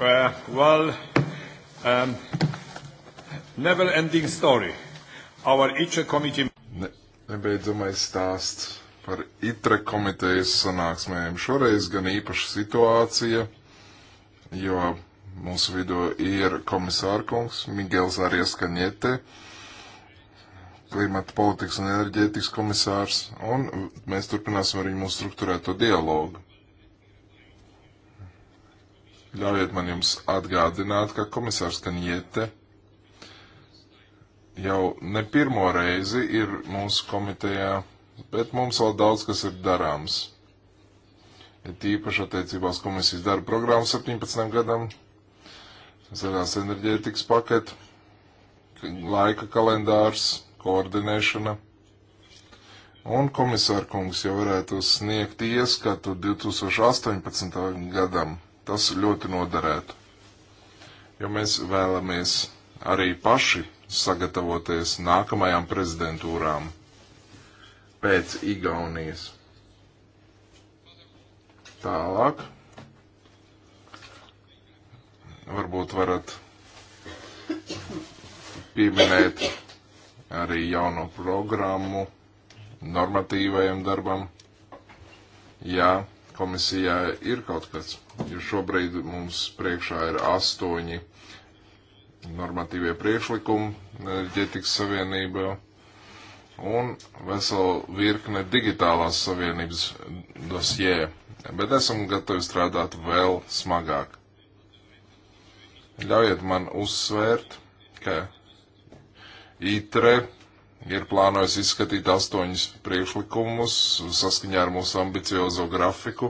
Uh, well, um, never ending story. Our ITRE committee. Ne, nebeidzamais stāsts par ITRE komitejas sanāksmēm. Šoreiz gan īpaša situācija, jo mūsu vidū ir komisārkungs Migels Arieskaņete, klimata politikas un enerģētikas komisārs, un mēs turpināsim arī mūsu struktūrēto dialogu. Ļaujiet man jums atgādināt, ka komisārs Kanjete jau ne pirmo reizi ir mūsu komitejā, bet mums vēl daudz kas ir darāms. Ir tīpaši attiecībās komisijas darba programmu 17 gadam, zaļās enerģētikas paketu, laika kalendārs, koordinēšana. Un komisāra kungs jau varētu sniegt ieskatu 2018. gadam Tas ļoti noderētu. Jo mēs vēlamies arī paši sagatavoties nākamajām prezidentūrām pēc Igaunijas. Tālāk. Varbūt varat pieminēt arī jauno programmu normatīvajam darbam. Jā. Ja komisijā ir kaut kas, jo šobrīd mums priekšā ir astoņi normatīvie priekšlikumi enerģetikas savienībā un vesela virkne digitālās savienības dosjē, bet esam gatavi strādāt vēl smagāk. Ļaujiet man uzsvērt, ka ITRE ir plānojis izskatīt astoņus priekšlikumus saskaņā ar mūsu ambiciozo grafiku,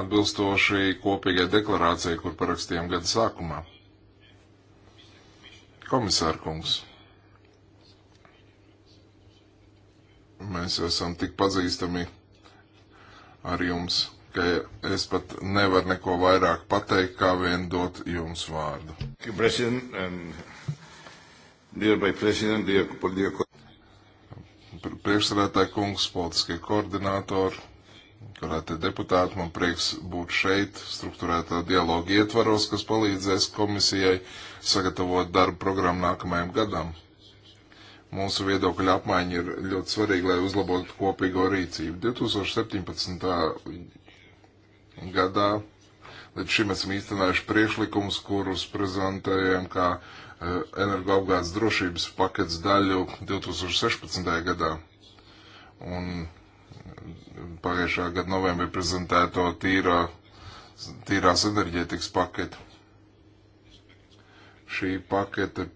atbilstoši kopīgai deklarācijai, kur parakstījām gada sākumā. Komisārkungs, mēs esam tik pazīstami ar jums, ka es pat nevaru neko vairāk pateikt, kā vien dot jums vārdu. Thank you, Dear by President, dear, dear... Priekšsarētāji kungs, politiskie koordinātori, kurētie deputāti, man prieks būt šeit, struktūrētā dialoga ietvaros, kas palīdzēs komisijai sagatavot darbu programmu nākamajam gadam. Mūsu viedokļa apmaiņa ir ļoti svarīga, lai uzlabotu kopīgo rīcību. 2017. gadā līdz šim esam īstenojuši priešlikumus, kurus prezentējam kā uh, Eh, energoapgādes drošības pakets daļu 2016. gadā. Un eh, pagājušā gada novembrī prezentēto tīrā, tīrās enerģētikas paketu. Šī pakete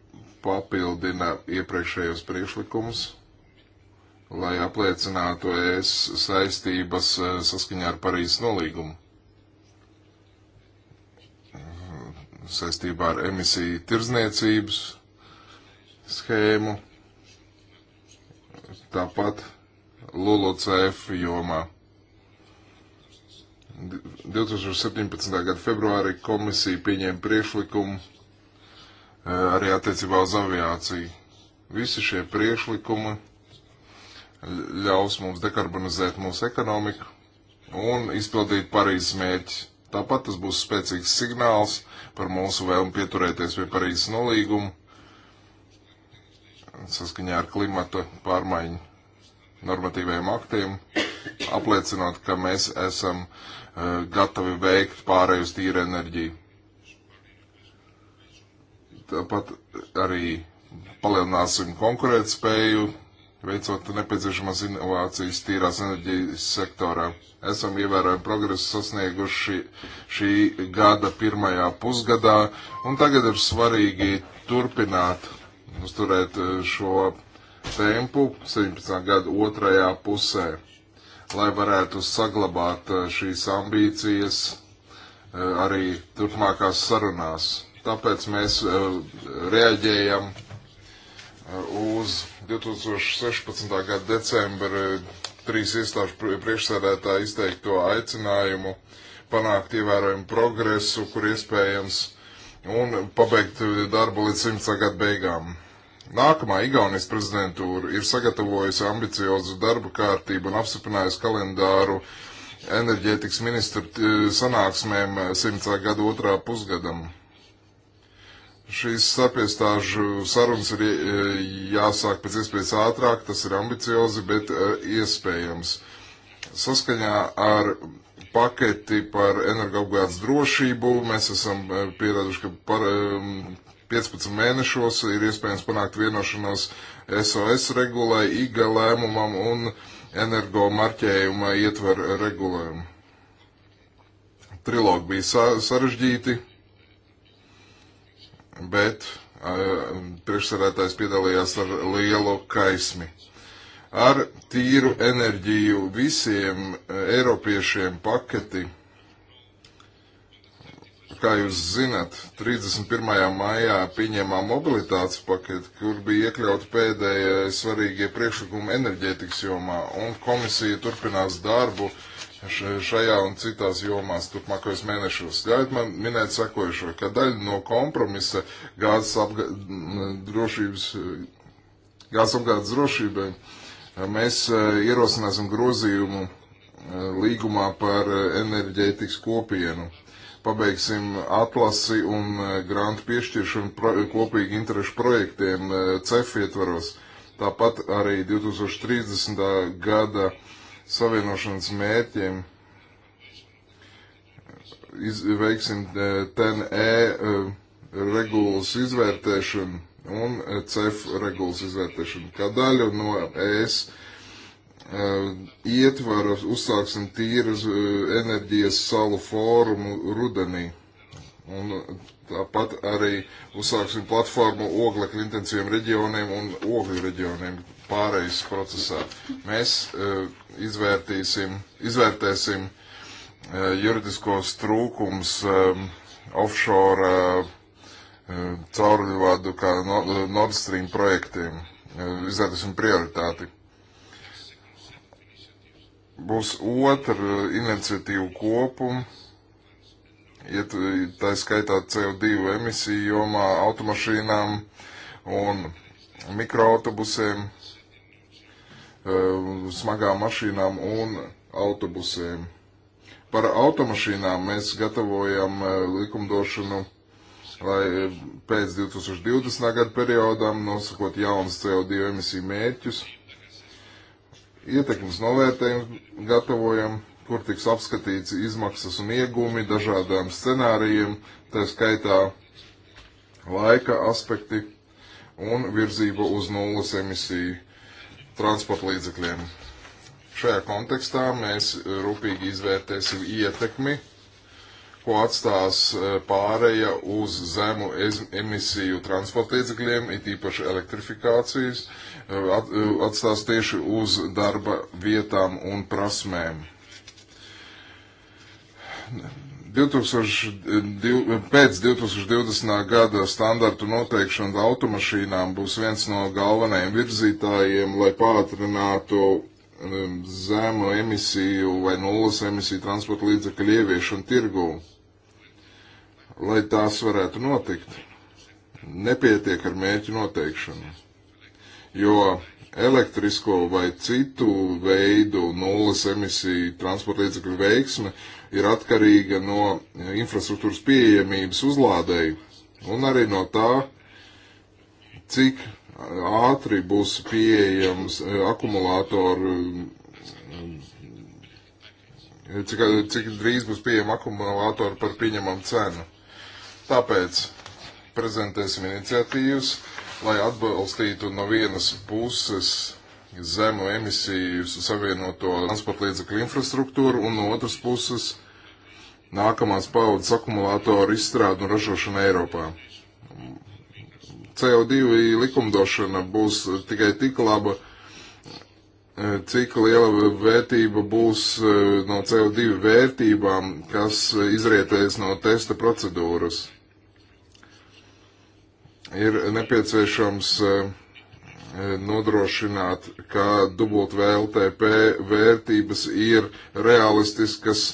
papildina iepriekšējos priekšlikumus, lai apliecinātu es saistības eh, saskaņā ar Parīzes nolīgumu. saistībā ar emisiju tirzniecības schēmu, tāpat LULOCF jomā. 2017. gada februārī komisija pieņēma priekšlikumu eh, arī attiecībā uz aviāciju. Visi šie priekšlikumi ļaus mums dekarbonizēt mūsu ekonomiku un izpildīt Parīzes mērķi Tāpat tas būs spēcīgs signāls par mūsu vēlmu pieturēties pie Parīzes nolīguma saskaņā ar klimata pārmaiņu normatīviem aktiem, apliecinot, ka mēs esam uh, gatavi veikt pārējus tīru enerģiju. Tāpat arī palielināsim konkurētspēju veicot nepieciešamās inovācijas tīrās enerģijas sektorā. Esam ievērojami progresu sasnieguši šī gada pirmajā pusgadā, un tagad ir svarīgi turpināt uzturēt e, šo tempu 17. gada otrajā pusē, lai varētu saglabāt e, šīs ambīcijas e, arī turpmākās sarunās. Tāpēc mēs reaģējam uz 2016. gada decembra trīs iestāžu priekšsēdētā izteikto aicinājumu panākt ievērojumu progresu, kur iespējams, un pabeigt darbu līdz 100. gada beigām. Nākamā Igaunijas prezidentūra ir sagatavojusi ambiciozu darbu kārtību un apstiprinājusi kalendāru enerģētikas ministru eh, sanāksmēm 100. Eh, gada otrā pusgadam. Šīs sapiestāžu sarunas ir e, jāsāk pēc iespējas ātrāk, tas ir ambiciozi, bet e, iespējams. Saskaņā ar paketi par energoapgādes drošību mēs esam e, pieraduši, ka par, 15 mēnešos ir iespējams panākt vienošanos SOS regulai, IGA lēmumam un energo marķējuma ietver regulējumu. Trilogi bija sa sarežģīti, bet eh, priekšsēdētājs piedalījās ar lielu kaismi. Ar tīru enerģiju visiem eh, Eiropiešiem paketi, kā jūs zinat, 31. maijā pieņēmām mobilitātes paketi, kur bija iekļauti pēdējie svarīgie priekšlikumi enerģētikas jomā, un komisija turpinās darbu uh, šajā un citās jomās turpmākajos mēnešos. Ļaujiet man minēt sekojušo, ka daļa no kompromisa gāzes apga drošības, gāzes apgādes drošībai mēs ierosināsim grozījumu līgumā par enerģētikas kopienu. Pabeigsim atlasi un grantu piešķiršanu kopīgi interešu projektiem CEF ietvaros. Tāpat arī 2030. gada uh, savienošanas mērķiem iz, veiksim TNE e, e, regulas izvērtēšanu un e, CEF regulas izvērtēšanu. Kā daļa no ES ietvaru uzsāksim tīras enerģijas salu fórumu rudenī. Un Tāpat arī uzsāksim platformu oglekļu intensīviem reģioniem un ogļu reģioniem pārejas procesā. Mēs uh, izvērtīsim, izvērtēsim uh, juridiskos trūkums um, offshore uh, caurļvadu kā no, Nord Stream projektiem. Izvērtēsim prioritāti būs otra iniciatīva kopuma, ja tā skaitā CO2 emisiju jomā automašīnām un mikroautobusiem, eh, smagām mašīnām un autobusiem. Par automašīnām mēs gatavojam eh, likumdošanu, lai eh, pēc 2020. gada periodam nosakot jaunas CO2 emisiju mērķus. Ietekmes novērtējumu gatavojam kur tiks apskatīts izmaksas un iegūmi dažādām scenārijiem, tā skaitā laika aspekti un virzība uz nulles emisiju transporta līdzekļiem. Šajā kontekstā mēs rūpīgi izvērtēsim ietekmi, ko atstās e, pāreja uz zemu emisiju transporta līdzekļiem, it īpaši elektrifikācijas, e, e, atstās tieši uz darba vietām un prasmēm. 2000, pēc 2020. gada standartu noteikšana automašīnām būs viens no galvenajiem virzītājiem, lai pātrinātu um, zemu emisiju vai nulles emisiju transporta līdzekļu ieviešanu tirgū. Lai tās varētu notikt, nepietiek ar mērķu noteikšanu, jo elektrisko vai citu veidu nulles emisiju transporta līdzekļu veiksme ir atkarīga no eh, infrastruktūras pieejamības uzlādēju un arī no tā, cik eh, ātri būs pieejams eh, akumulātoru mm, cik, cik drīz būs pieejama akumulātori par pieņemamu cenu. Tāpēc prezentēsim iniciatīvas, lai atbalstītu no vienas puses zemu emisiju savienoto transporta līdzekļu infrastruktūru un no otras puses nākamās paudzes akumulātoru izstrādu un ražošanu Eiropā. CO2 likumdošana būs tikai tik laba, cik liela vērtība būs eh, no CO2 vērtībām, kas izrietēs no testa procedūras ir nepieciešams e, e, nodrošināt, ka dubult VLTP vērtības ir realistiskas,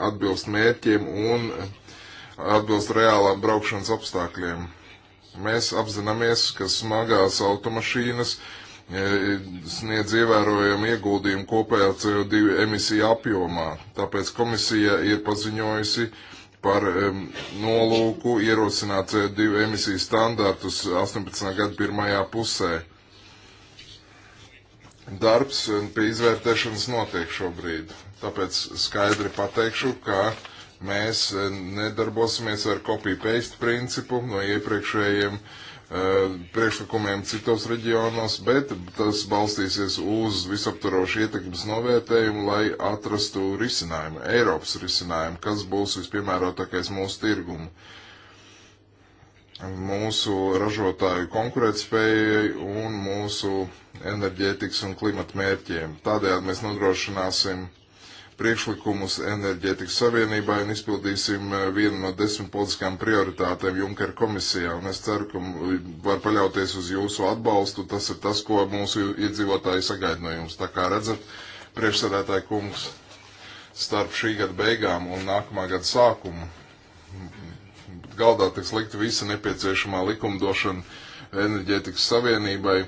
atbilst mērķiem un atbilst reālām braukšanas apstākļiem. Mēs apzināmies, ka smagās automašīnas e, sniedz ievērojumu ieguldījumu kopējā CO2 emisiju apjomā, tāpēc komisija ir paziņojusi, uh, par um, nolūku ierosināt eh, divu emisiju standartus 18. gada pirmajā pusē. Darbs pie izvērtēšanas notiek šobrīd, tāpēc skaidri pateikšu, ka mēs nedarbosimies ar copy-paste principu no iepriekšējiem uh, priekšlikumiem citos reģionos, bet tas balstīsies uz visaptvarošu ietekmes novērtējumu, lai atrastu risinājumu, Eiropas risinājumu, kas būs vispiemērotākais mūsu tirgumu, mūsu ražotāju konkurētspējai un mūsu enerģētikas un klimata mērķiem. Tādējādi mēs nodrošināsim priekšlikumus enerģētikas savienībai un izpildīsim eh, vienu no desmit politiskām prioritātēm Junkera komisijā. Un es ceru, ka var paļauties uz jūsu atbalstu. Tas ir tas, ko mūsu iedzīvotāji sagaida no jums. Tā kā redzat, priekšsēdētāji kungs, starp šī gada beigām un nākamā gada sākumu galdā tiks likt visa nepieciešamā likumdošana enerģētikas savienībai.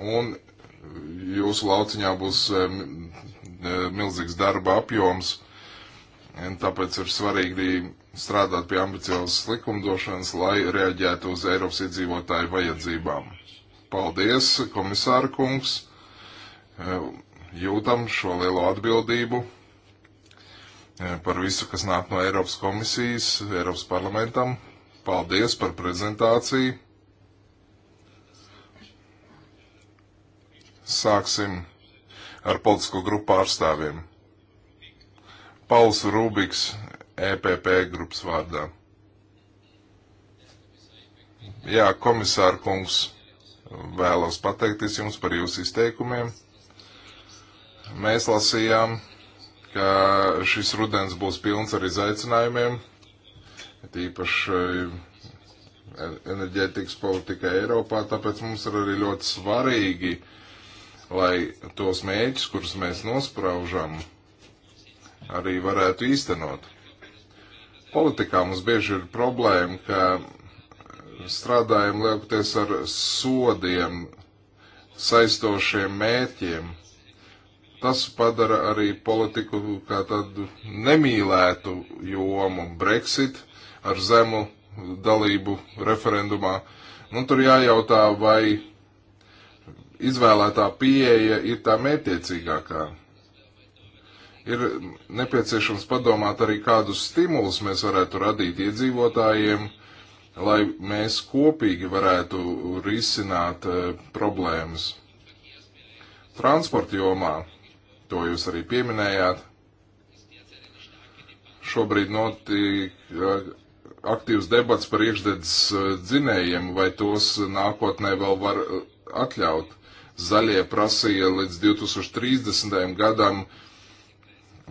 Un jūsu lauciņā būs E, milzīgs darba apjoms, un tāpēc ir svarīgi strādāt pie ambiciozas likumdošanas, lai reaģētu uz Eiropas iedzīvotāju vajadzībām. Paldies, komisāra kungs! E, jūtam šo lielo atbildību e, par visu, kas nāk no Eiropas komisijas, Eiropas parlamentam. Paldies par prezentāciju! sāksim ar politisko grupu pārstāvjiem. Pauls Rubiks, EPP grupas vārdā. Jā, komisāra kungs, vēlos pateikties jums par jūsu izteikumiem. Mēs lasījām, ka šis rudens būs pilns ar izaicinājumiem, tīpaši eh, enerģētikas politika Eiropā, tāpēc mums ir arī ļoti svarīgi uh, lai tos mēģus, kurus mēs nospraužam, arī varētu īstenot. Politikā mums bieži ir problēma, ka strādājam lielākoties ar sodiem, saistošiem mērķiem. Tas padara arī politiku kā tādu nemīlētu jomu Brexit ar zemu dalību referendumā. Nu, tur jājautā, vai izvēlētā pieeja ir tā mērķiecīgākā. Ir nepieciešams padomāt arī, kādus stimulus mēs varētu radīt iedzīvotājiem, lai mēs kopīgi varētu risināt uh, problēmas. Transporta jomā, to jūs arī pieminējāt, šobrīd notiek uh, aktīvs debats par iekšdedzes e, dzinējiem, vai tos nākotnē vēl var atļaut. Zaļie prasīja līdz 2030. gadam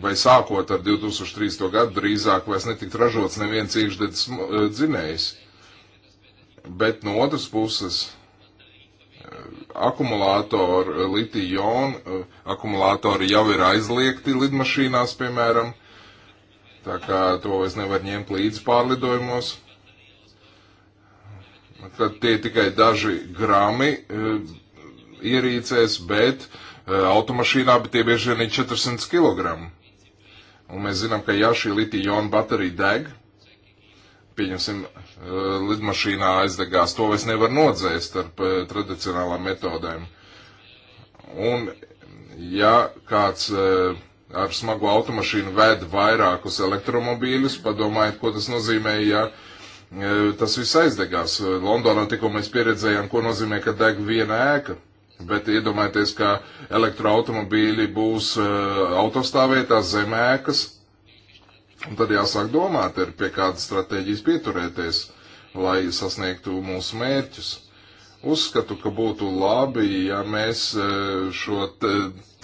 vai sākot ar 2030. gadu drīzāk vairs netikt ražots neviens iekšdedzes eh, dzinējs. Bet no otras puses eh, akumulātori, eh, litijonu akumulātori jau ir aizliegti lidmašīnās, piemēram, tā kā to vairs nevar ņemt līdzi pārlidojumos. Tad tie tikai daži grami ierīcēs, bet e, automašīnā bet tie bieži vien ir 400 kg. Un mēs zinām, ka ja šī litija-jona baterija deg, pieņemsim, e, lidmašīnā aizdegās, to vairs nevar nodzēst ar e, tradicionālām metodēm. Un ja kāds ar smagu automašīnu ved vairākus elektromobīļus, padomājiet, ko tas nozīmē, ja tas viss aizdegās. Londonā tikko mēs pieredzējām, ko nozīmē, ka deg viena ēka. Bet iedomājieties, ka elektroautomobīļi būs uh, autostāvētās zemēkas, un tad jāsāk domāt, ir pie kādas stratēģijas pieturēties, lai sasniegtu mūsu mērķus uzskatu, ka būtu labi, ja mēs eh, šo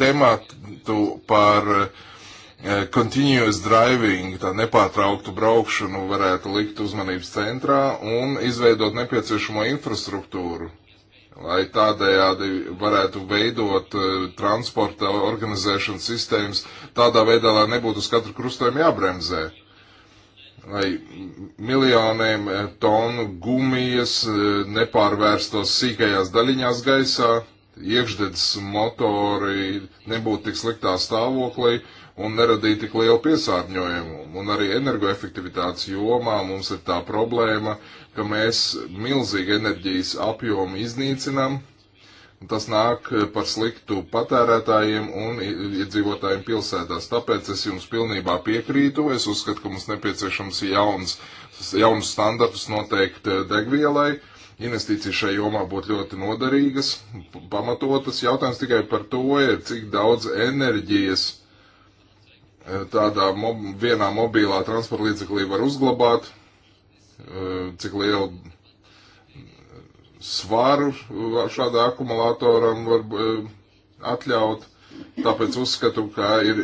tematu par eh, continuous driving, tā nepārtrauktu braukšanu varētu likt uzmanības centrā un izveidot nepieciešamo infrastruktūru lai tādējādi varētu veidot uh, transporta organizēšanas sistēmas tādā veidā, lai nebūtu uz katru krustojumu jābremzē. Lai miljoniem e, tonu gumijas uh, nepārvērstos sīkajās daļiņās gaisā, iekšdedzes motori nebūtu tik sliktā stāvoklī un neradītu tik lielu piesārņojumu. Un arī energoefektivitātes jomā mums ir tā problēma, uh, ka mēs milzīgi enerģijas apjomu iznīcinām, un tas nāk par sliktu patērētājiem un iedzīvotājiem pilsētās. Tāpēc es jums pilnībā piekrītu. Es uzskatu, ka mums nepieciešams jauns, jauns standartus noteikti eh, degvielai. Investīcijas šai jomā būtu ļoti noderīgas, pamatotas. Jautājums tikai par to, ir, cik daudz enerģijas eh, tādā mob vienā mobilā transporta līdzeklī var uzglabāt, Eh, cik lielu svaru šādā akumulātoram var eh, atļaut. Tāpēc uzskatu, ka ir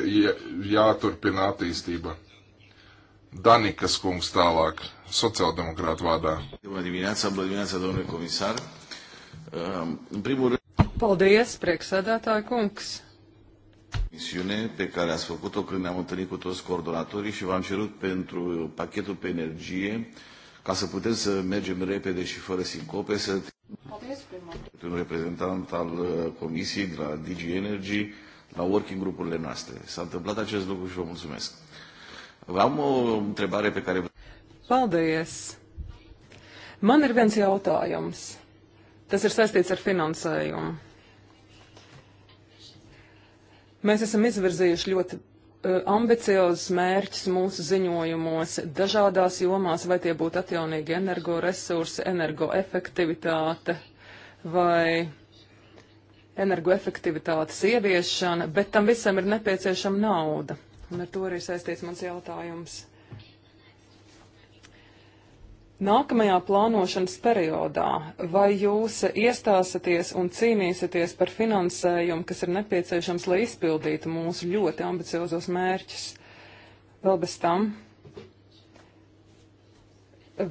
jāturpina attīstība. Danikas kungs tālāk, sociāldemokrāta vārdā. Ehm, Paldies, prieksēdētāja kungs! misiune pe care ați făcut-o când ne-am întâlnit cu toți coordonatorii și v-am cerut pentru pachetul pe energie ca să putem să mergem repede și fără sincope, să un reprezentant al uh, Comisiei de la DG Energy la working grupurile noastre. S-a întâmplat acest lucru și vă mulțumesc. Am o întrebare pe care... Paldies! Man ir viens jautājums. Tas ir saistīts ar finansējumu. Mēs esam izvirzījuši ļoti Eh, ambiciozus mērķus mūsu ziņojumos dažādās jomās, vai tie būtu atjaunīgi energoresursi, energoefektivitāte vai energoefektivitātes ieviešana, bet tam visam ir nepieciešama nauda. Un ar to arī saistīts mans jautājums. Nākamajā plānošanas periodā vai jūs iestāsieties un cīnīsieties par finansējumu, kas ir nepieciešams, lai izpildītu mūsu ļoti ambiciozos mērķus? Vēl bez tam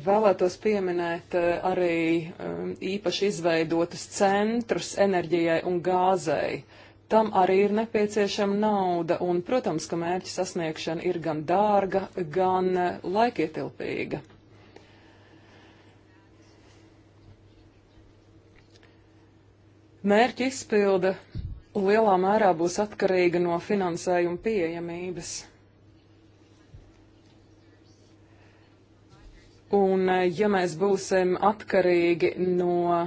vēlētos pieminēt eh, arī um, īpaši izveidotus centrus enerģijai un gāzei. Tam arī ir nepieciešama nauda, un, protams, ka mērķa sasniegšana ir gan dārga, gan eh, laikietilpīga. Mērķi izpilda lielā mērā būs atkarīga no finansējuma pieejamības. Un eh, ja mēs būsim atkarīgi no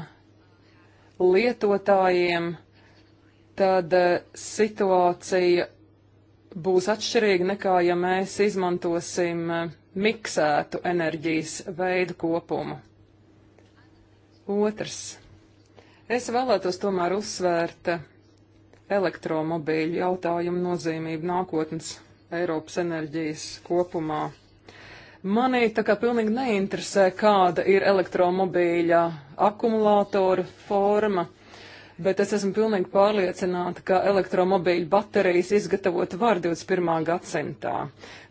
lietotājiem, tad eh, situācija būs atšķirīga nekā, ja mēs izmantosim eh, miksētu enerģijas veidu kopumu. Otrs. Es vēlētos tomēr uzsvērt elektromobīļu jautājumu nozīmību nākotnes Eiropas enerģijas kopumā. Manī tā kā pilnīgi neinteresē, kāda ir elektromobīļa akumulātora forma. Uh, bet es esmu pilnīgi pārliecināta, ka elektromobīļu baterijas izgatavot var 21. gadsimtā.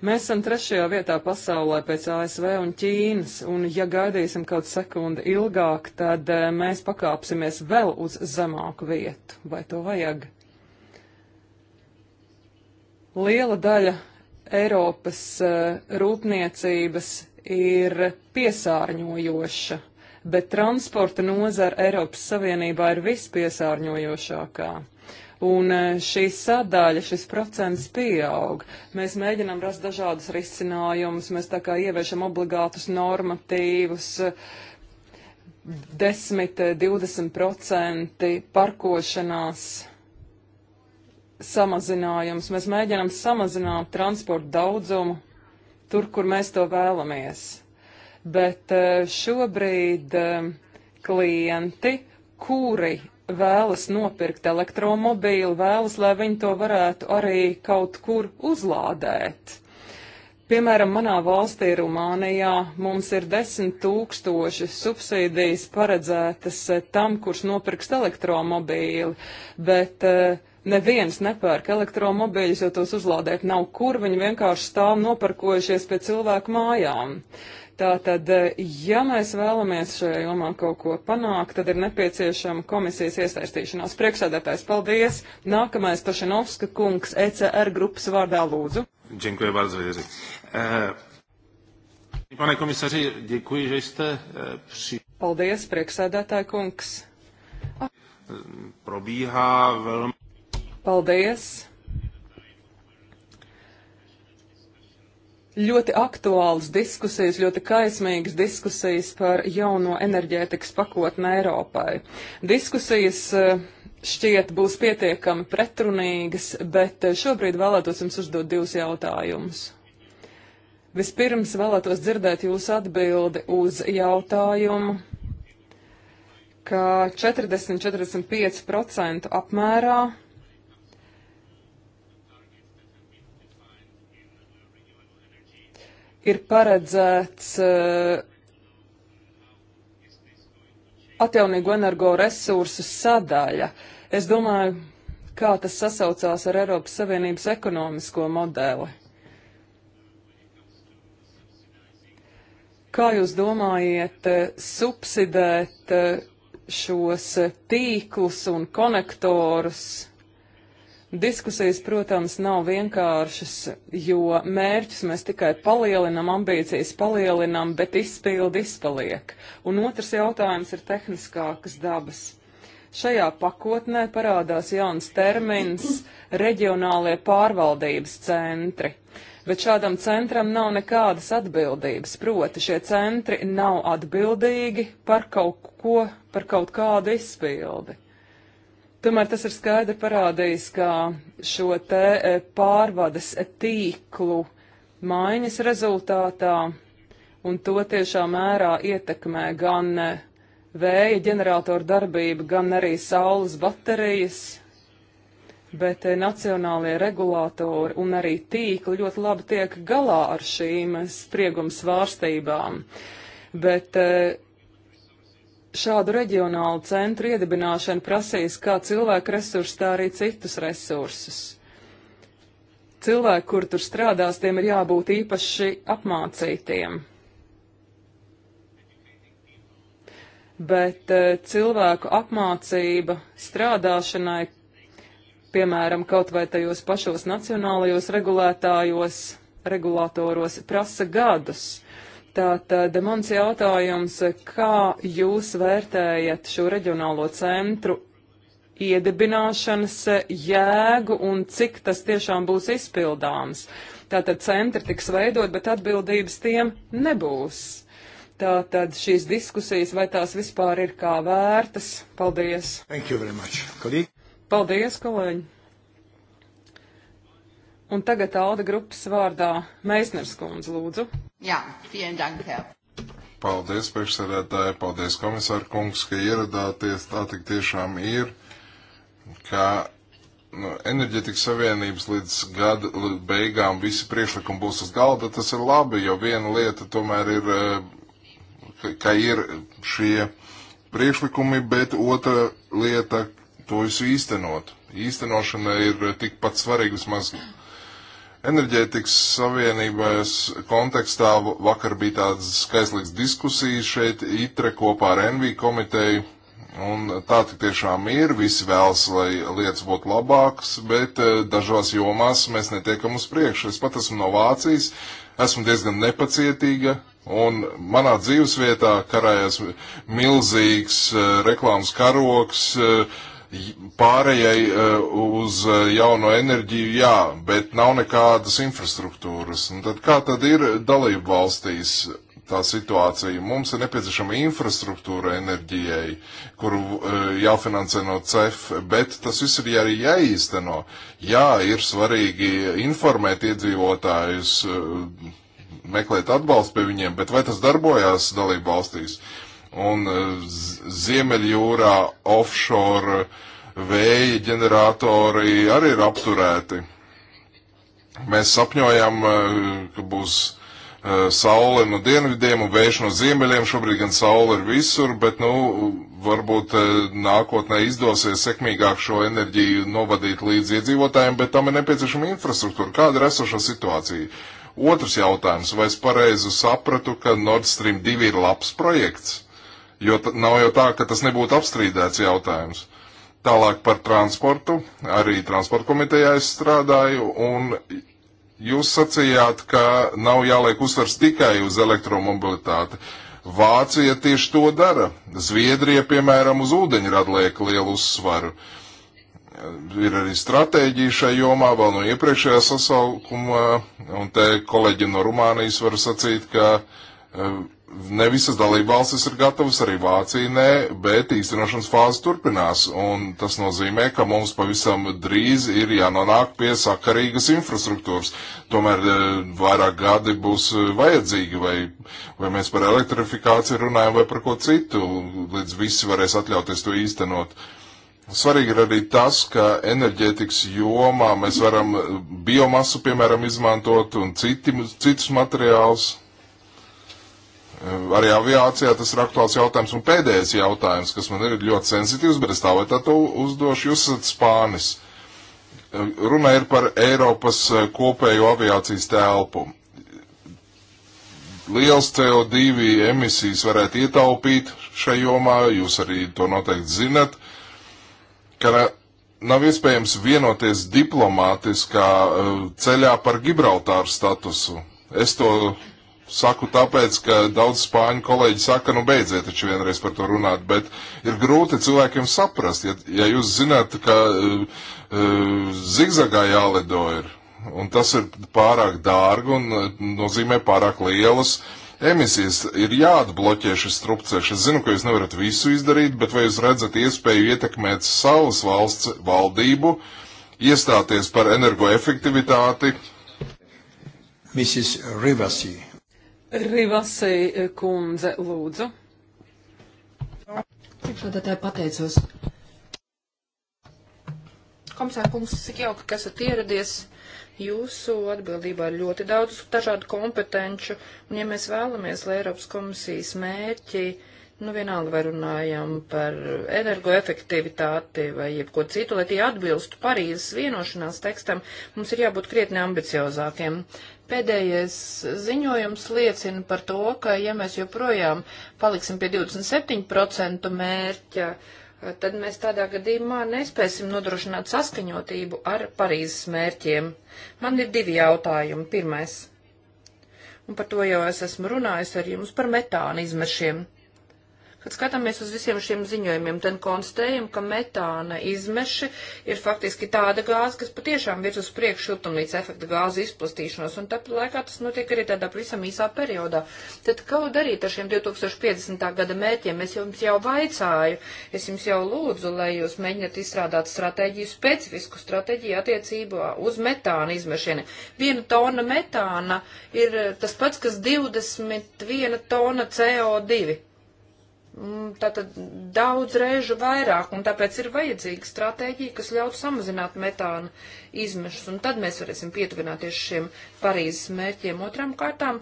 Mēs esam trešajā vietā pasaulē pēc ASV un Ķīnas, un ja gaidīsim kaut sekundi ilgāk, tad eh, mēs pakāpsimies vēl uz zemāku vietu. Vai to vajag? Liela daļa Eiropas eh, rūpniecības ir piesārņojoša bet transporta nozara Eiropas Savienībā ir vispiesārņojošākā. Un e, šī sadaļa, šis procents pieaug. Mēs mēģinām rast dažādas risinājumus, mēs tā kā ieviešam obligātus normatīvus, 10-20% e, e, parkošanās samazinājums. Mēs mēģinām samazināt transporta daudzumu tur, kur mēs to vēlamies bet e, šobrīd e, klienti, kuri vēlas nopirkt elektromobīlu, vēlas, lai viņi to varētu arī kaut kur uzlādēt. Piemēram, manā valstī Rumānijā mums ir desmit tūkstoši subsīdijas paredzētas e, tam, kurš nopirks elektromobīli, bet uh, neviens nepērk elektromobīļus, jo tos uzlādēt nav kur, viņi vienkārši stāv noparkojušies pie cilvēku mājām. Uh, Tātad, ja mēs vēlamies šajā jomā kaut ko panākt, tad ir nepieciešama komisijas iesaistīšanās. Priekšsēdētājs, paldies! Nākamais Tošinovska kungs ECR grupas vārdā lūdzu. Dziękuję bardzo, Jerzy. E, Pane komisāri, dziękuję, že jste e, při... Paldies, priekšsēdētāja kungs. E, Probīhā vēl... Paldies! ļoti aktuāls diskusijas, ļoti kaismīgas diskusijas par jauno enerģētikas pakotni Eiropai. Diskusijas eh, šķiet būs pietiekami pretrunīgas, bet eh, šobrīd vēlētos jums uzdot divus jautājumus. Vispirms vēlētos dzirdēt jūsu atbildi uz jautājumu, ka 40-45% apmērā ir paredzēts eh, atjaunīgo energoresursu sadaļa. Es domāju, kā tas sasaucās ar Eiropas Savienības ekonomisko modeli. Kā jūs domājat, eh, subsidēt eh, šos tīklus un konektorus? Diskusijas, protams, nav vienkāršas, jo mērķus mēs tikai palielinam, ambīcijas palielinam, bet izpildi izpaliek. Un otrs jautājums ir tehniskākas dabas. Šajā pakotnē parādās jauns termins - reģionālie pārvaldības centri. Bet šādam centram nav nekādas atbildības, proti šie centri nav atbildīgi par kaut ko, par kaut kādu izpildi. Tomēr tas ir skaidri parādījis, ka šo te e, pārvades tīklu maiņas rezultātā un to tiešā mērā ietekmē gan e, vēja ģeneratoru darbība, gan arī saules baterijas, bet e, nacionālie regulātori un arī tīkli ļoti labi tiek galā ar šīm spriegums vārstībām. Bet Šādu reģionālu centru iedibināšana prasīs kā cilvēku resursus, tā arī citus resursus. Cilvēki, kur tur strādās, tiem ir jābūt īpaši apmācītiem. Bet eh, cilvēku apmācība strādāšanai, piemēram, kaut vai tajos pašos nacionālajos regulētājos, regulātoros, prasa gadus. Tātad mans jautājums, kā jūs vērtējat šo reģionālo centru iedibināšanas jēgu un cik tas tiešām būs izpildāms? Tātad centri tiks veidot, bet atbildības tiem nebūs. Tātad šīs diskusijas, vai tās vispār ir kā vērtas? Paldies! Thank you very much, kolēģi! Paldies, kolēģi! Un tagad Alda grupas vārdā Meisners kundze, lūdzu. Jā, vielen dank, Herr. Paldies, priekšsēdētāji, paldies, komisāra kungs, ka ieradāties. Tā tik tiešām ir, ka nu, enerģetikas savienības līdz gada līdz beigām visi priekšlikumi būs uz galda. Tas ir labi, jo viena lieta tomēr ir, eh, ka ir šie priekšlikumi, bet otra lieta to visu īstenot. Īstenošana ir tikpat svarīga vismaz. Mm Enerģētikas savienības kontekstā vakar bija tādas skaistlīgas diskusijas šeit, ITRE kopā ar NV komiteju, un tā tik tiešām ir, visi vēlas, lai lietas būtu labākas, bet eh, dažās jomās mēs netiekam uz priekšu. Es pat esmu no Vācijas, esmu diezgan nepacietīga, Un manā dzīves vietā karājās milzīgs uh, reklāmas karoks, uh, Pārējai eh, uz eh, jauno enerģiju, jā, bet nav nekādas infrastruktūras. Un tad kā tad ir dalību valstīs tā situācija? Mums ir nepieciešama infrastruktūra enerģijai, kuru eh, jāfinansē no CEF, bet tas viss ir arī jāīsteno. Jā, ir svarīgi informēt iedzīvotājus meklēt atbalstu pie viņiem, bet vai tas darbojās dalību valstīs? un e, Ziemeļjūrā offshore vēja ģeneratori arī ir apturēti. Mēs sapņojam, e, ka būs e, saule no dienvidiem un vējš no ziemeļiem. Šobrīd gan saule ir visur, bet nu, varbūt nākotnē izdosies sekmīgāk šo enerģiju novadīt līdz iedzīvotājiem, bet tam ir nepieciešama infrastruktūra. Kāda ir esošā situācija? Otrs jautājums, vai es pareizi sapratu, ka Nord Stream 2 ir labs projekts? jo nav jau tā, ka tas nebūtu apstrīdēts jautājums. Tālāk par transportu, arī transporta komitejā es strādāju, un jūs sacījāt, ka nav jāliek uzsvars tikai uz elektromobilitāti. Vācija tieši to dara. Zviedrija, piemēram, uz ūdeņradu liek lielu uzsvaru. Ir arī stratēģija šai jomā vēl no iepriekšējā sasaukuma, un te kolēģi no Rumānijas var sacīt, ka uh, Ne visas dalībvalstis ir gatavas, arī Vācija nē, bet īstenošanas fāze turpinās, un tas nozīmē, ka mums pavisam drīz ir jānonāk pie sakarīgas infrastruktūras. Tomēr e, vairāk gadi būs e, vajadzīgi, vai, vai mēs par elektrifikāciju runājam vai par ko citu, līdz visi varēs atļauties to īstenot. Svarīgi ir arī tas, ka enerģētikas jomā mēs varam biomasu, piemēram, izmantot un citi, citus materiālus. Eh, arī aviācijā tas ir aktuāls jautājums. Un pēdējais jautājums, kas man ir ļoti sensitīvs, bet es tā vai tā to uzdošu, jūs esat spānis. Eh, runa ir par Eiropas eh, kopējo aviācijas telpu. Liels CO2 emisijas varētu ietaupīt šajā jomā, jūs arī to noteikti zinat, ka nav iespējams vienoties diplomātiskā ceļā par Gibraltāru statusu. Es to saku tāpēc, ka daudz spāņu kolēģi saka, nu beidziet taču vienreiz par to runāt, bet ir grūti cilvēkiem saprast, ja, ja jūs zināt, ka uh, zigzagā jālido ir, un tas ir pārāk dārgi un eh, nozīmē pārāk lielas emisijas. Ir jāatbloķē šis strupceļš. Es zinu, ka jūs nevarat visu izdarīt, bet vai jūs redzat iespēju ietekmēt savas valsts valdību, iestāties par energoefektivitāti? Mrs. Rivasi. Rivasī eh, kundze, lūdzu. Priekšādātāji pateicos. Komisāra kungs, cik jauki, ka esat ieradies. Jūsu atbildībā ir ļoti daudz dažādu kompetenču, un ja mēs vēlamies, lai Eiropas komisijas mērķi, nu vienalga vai runājam par energoefektivitāti vai jebko citu, lai tie atbilstu Parīzes vienošanās tekstam, mums ir jābūt krietni ambiciozākiem. Uh, Pēdējais ziņojums liecina par to, ka ja mēs joprojām paliksim pie 27% mērķa, tad mēs tādā gadījumā nespēsim nodrošināt saskaņotību ar Parīzes mērķiem. Man ir divi jautājumi. Pirmais. Un par to jau es esmu runājis ar jums par metāna izmešiem. Kad skatāmies uz visiem šiem ziņojumiem, tad konstatējam, ka metāna izmeši ir faktiski tāda gāze, kas patiešām virz uz priekšu siltumnīca efekta gāzi izplatīšanos, un tāpat laikā tas notiek arī tādā pavisam īsā periodā. Tad ko darīt ar šiem 2050. gada mērķiem? Es jums jau vaicāju, es jums jau lūdzu, lai jūs mēģiniet izstrādāt stratēģiju, specifisku stratēģiju attiecībā uz metāna izmešiem. Viena tona metāna ir tas pats, kas 21 tona CO2. Mm, tātad daudz reižu vairāk, un tāpēc ir vajadzīga stratēģija, kas ļautu samazināt metāna izmešus, un tad mēs varēsim pietuvināties šiem Parīzes mērķiem otram kārtām.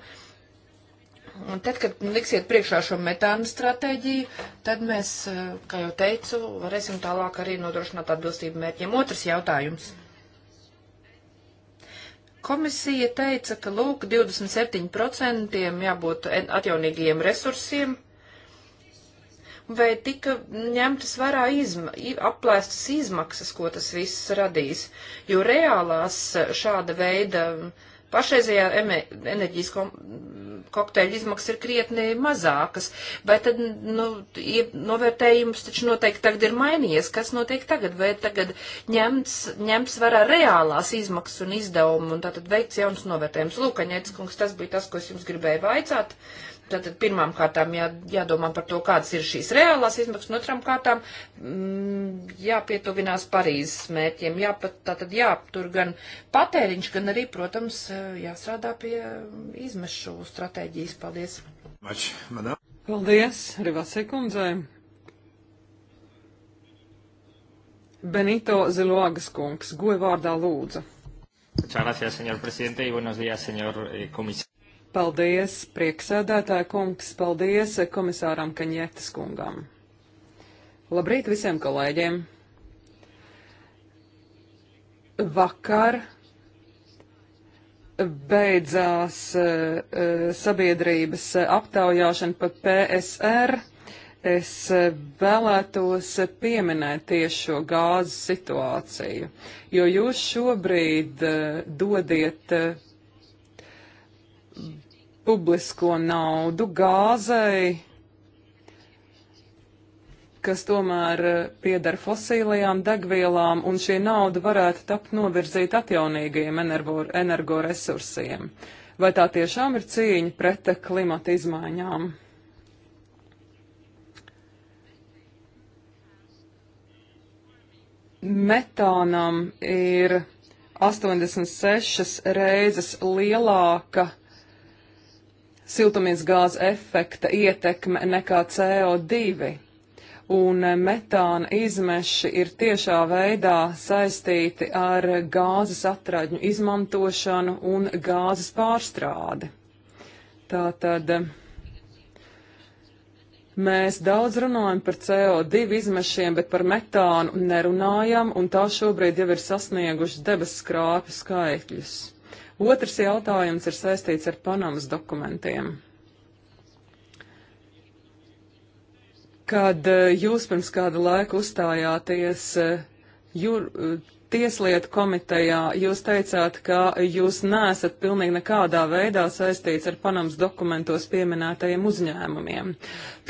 Un tad, kad liksiet priekšā šo metāna stratēģiju, tad mēs, eh, kā jau teicu, varēsim tālāk arī nodrošināt atbilstību mērķiem. Otrs jautājums. Komisija teica, ka lūk, 27% jābūt atjaunīgajiem resursiem vai tika ņemtas vērā izma, aplēstas izmaksas, ko tas viss radīs, jo reālās eh, šāda veida mm, pašreizējā enerģijas ko kokteļa izmaksas ir krietni mazākas, vai tad, nu, novērtējums taču noteikti tagad ir mainījies, kas notiek tagad, vai tagad ņemts, ņemts vērā reālās izmaksas un izdevumu, un tātad veikts jauns novērtējums. Lūkaņēts kungs, tas bija tas, ko es jums gribēju vaicāt. Uh, Tātad pirmām kārtām jā, jādomā par to, kādas ir šīs reālās izmaksas, un otram kārtām mm, jāpietuvinās Parīzes mērķiem, jāpat, tātad jāaptur gan patēriņš, gan arī, protams, jāstrādā pie izmešu stratēģijas. Paldies! Mač, Paldies, Rivasē kundzei! Benito Ziloagas kungs, goja vārdā lūdzu. Muchas gracias, señor presidente, y buenos días, señor eh, comisario. Paldies, prieksēdētāja kungs, paldies komisāram Kaņietis kungam. Labrīt visiem kolēģiem! Vakar beidzās eh, eh, sabiedrības aptaujāšana pa PSR. Es eh, vēlētos pieminēt tieši šo gāzes situāciju, jo jūs šobrīd dodiet publisko naudu gāzei, kas tomēr eh, piedara fosīlajām degvielām, un šī nauda varētu tapt novirzīt atjaunīgajiem energoresursiem. Vai tā tiešām ir cīņa pret klimata izmaiņām? Metānam ir 86 reizes lielāka siltumizgāzes efekta ietekme nekā CO2. Un eh, metāna izmeši ir tiešā veidā saistīti ar gāzes atradņu izmantošanu un gāzes pārstrādi. Tātad eh, mēs daudz runājam par CO2 izmešiem, bet par metānu nerunājam, un tā šobrīd jau ir sasnieguši debes skrāpju skaitļus. Otrs jautājums ir saistīts ar Panamas dokumentiem. Kad eh, jūs pirms kāda laika uzstājāties eh, jūr, eh, Tieslietu komitejā jūs teicāt, ka jūs nesat pilnīgi nekādā veidā saistīts ar Panamas dokumentos pieminētajiem uzņēmumiem.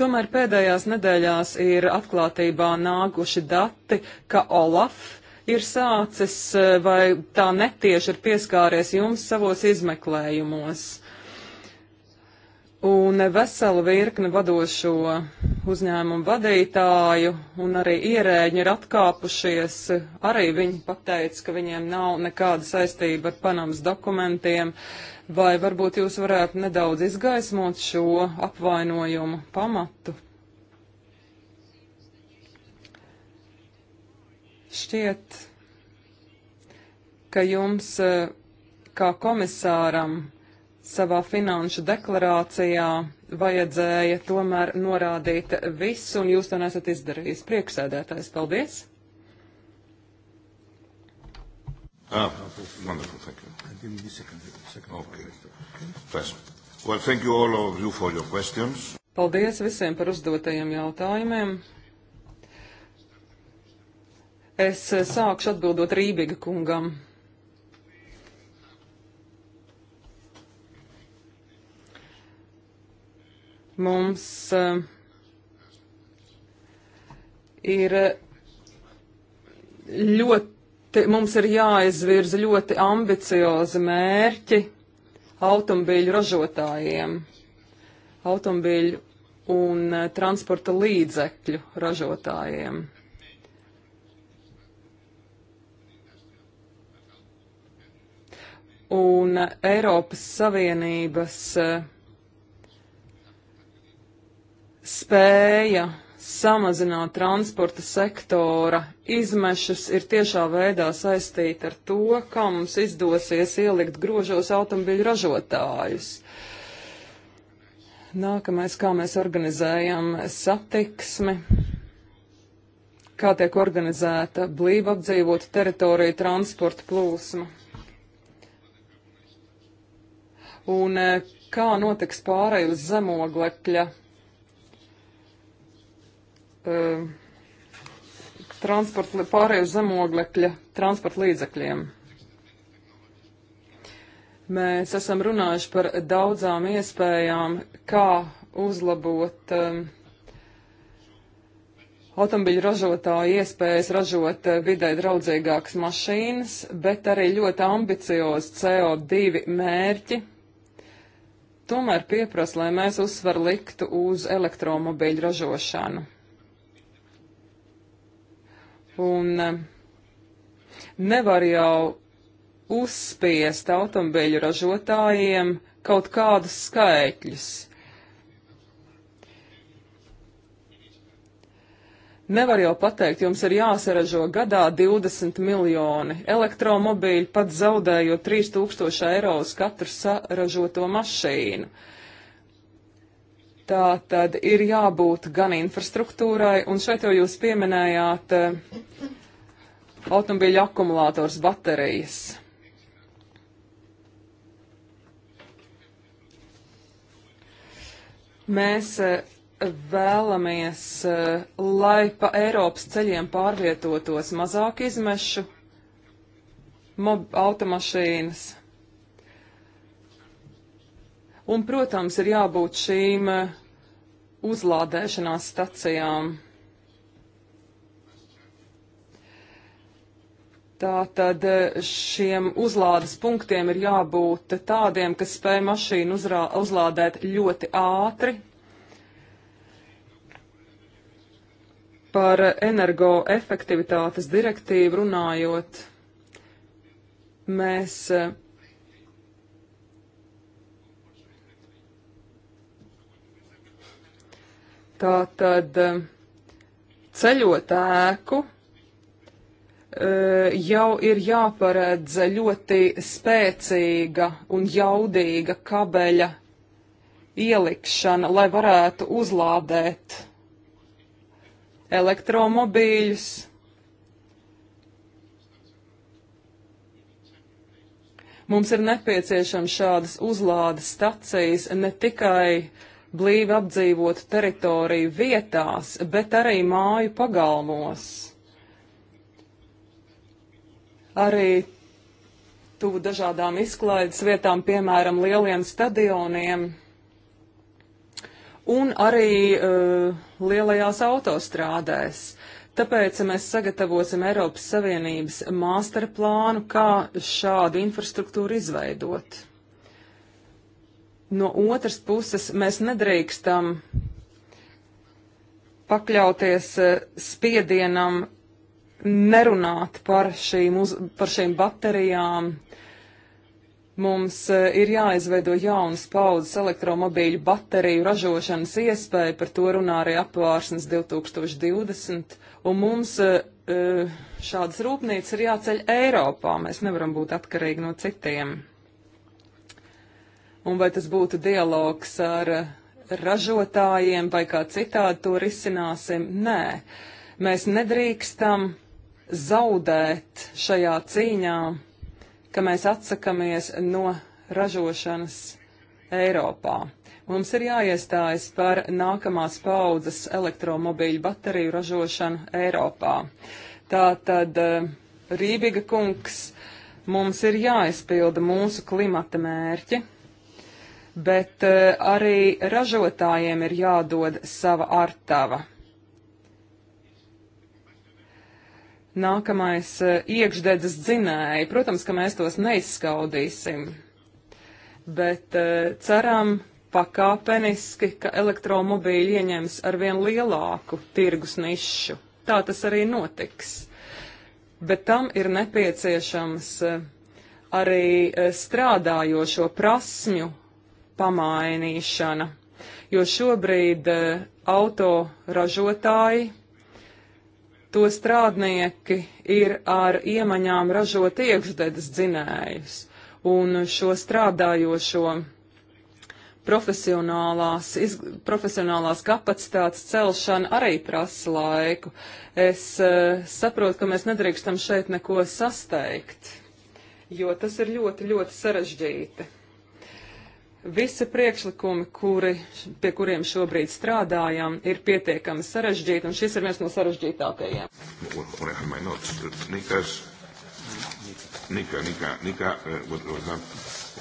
Tomēr pēdējās nedēļās ir atklātībā nākuši dati, ka Olaf ir sācis eh, vai tā netieši ir pieskāries jums savos izmeklējumos. Un vesela virkne vadošo uzņēmumu vadītāju un arī ierēģi ir atkāpušies. Arī viņi pateica, ka viņiem nav nekāda saistība ar Panamas dokumentiem. Vai varbūt jūs varētu nedaudz izgaismot šo apvainojumu pamatu? Šķiet, ka jums eh, kā komisāram savā finanšu deklarācijā vajadzēja tomēr norādīt visu, un jūs to nesat izdarījis. Prieksēdētājs, paldies! Ah, wonderful, thank you. I didn't second, second okay. First. Well, thank you all of you for your questions. Paldies visiem par uzdotajiem jautājumiem. Es eh, sākšu atbildot Rībiga kungam. Mums uh, ir eh, ļoti, mums ir jāizvirza ļoti ambiciozi mērķi automobīļu ražotājiem, automobīļu un transporta līdzekļu ražotājiem. un Eiropas Savienības eh, spēja samazināt transporta sektora izmešas ir tiešā veidā saistīta ar to, kā mums izdosies ielikt grožos automobiļu ražotājus. Nākamais, kā mēs organizējam satiksmi, kā tiek organizēta blīva apdzīvota teritorija transporta plūsma un eh, kā notiks pārēj uz zemoglekļa uh, eh, transporta, pārēj uz zemoglekļa transporta līdzekļiem. Mēs esam runājuši par daudzām iespējām, kā uzlabot um, eh, automobiļu ražotāju iespējas ražot vidē draudzīgākas mašīnas, bet arī ļoti ambiciozi CO2 mērķi, tomēr pieprasa, lai mēs uzsvaru liktu uz elektromobīļu ražošanu. Un eh, nevar jau uzspiest automobīļu ražotājiem kaut kādus skaitļus. Nevar jau pateikt, jums ir jāsaražo gadā 20 miljoni elektromobīļu, pat zaudējot 3000 eiro uz katru saražoto mašīnu. Tā tad ir jābūt gan infrastruktūrai, un šeit jau jūs pieminējāt eh, automobīļu akumulātors baterijas. Mēs eh, vēlamies, eh, lai pa Eiropas ceļiem pārvietotos mazāk izmešu automašīnas. Un, protams, ir jābūt šīm eh, uzlādēšanās stacijām. Tātad eh, šiem uzlādes punktiem ir jābūt tādiem, kas spēj mašīnu uzlādēt ļoti ātri, Par energoefektivitātes direktīvu runājot, mēs tā tad ceļot ēku e, jau ir jāparedz ļoti spēcīga un jaudīga kabeļa ielikšana, lai varētu uzlādēt elektromobīļus. Mums ir nepieciešams šādas uzlādes stacijas ne tikai blīvi apdzīvotu teritoriju vietās, bet arī māju pagalmos. Arī tuvu dažādām izklaides vietām, piemēram, lieliem stadioniem un arī uh, lielajās autostrādēs. Tāpēc mēs sagatavosim Eiropas Savienības masterplānu, kā šādu infrastruktūru izveidot. No otras puses, mēs nedrīkstam pakļauties eh, spiedienam nerunāt par šīm, uz, par šīm baterijām, Mums eh, ir jāizveido jaunas paudzes elektromobīļu bateriju ražošanas iespēja, par to runā arī apvārsnes 2020, un mums eh, eh, šādas rūpnīcas ir jāceļ Eiropā, mēs nevaram būt atkarīgi no citiem. Un vai tas būtu dialogs ar ražotājiem vai kā citādi to risināsim? Nē, mēs nedrīkstam zaudēt šajā cīņā ka mēs atsakamies no ražošanas Eiropā. Mums ir jāiestājas par nākamās paudzes elektromobīļu bateriju ražošanu Eiropā. Tā tad eh, Rībiga kungs, mums ir jāizpilda mūsu klimata mērķi, bet eh, arī ražotājiem ir jādod sava artava. Nākamais eh, - iekšdedzes dzinēji. Protams, ka mēs tos neizskaudīsim, bet eh, ceram pakāpeniski, ka elektromobīļi ieņems arvien lielāku tirgus nišu. Tā tas arī notiks. Bet tam ir nepieciešams eh, arī strādājošo prasmju pamainīšana, jo šobrīd autoražotāji to strādnieki ir ar iemaņām ražot iekšdedes dzinējus, un šo strādājošo profesionālās, iz, profesionālās kapacitātes celšana arī prasa laiku. Es uh, saprotu, ka mēs nedrīkstam šeit neko sasteigt, jo tas ir ļoti, ļoti sarežģīti. Visi priekšlikumi, kuri, pie kuriem šobrīd strādājam, ir pietiekami sarežģīti, un šis ir viens no sarežģītākajiem. Nika, Nika, Nika uh, was, uh,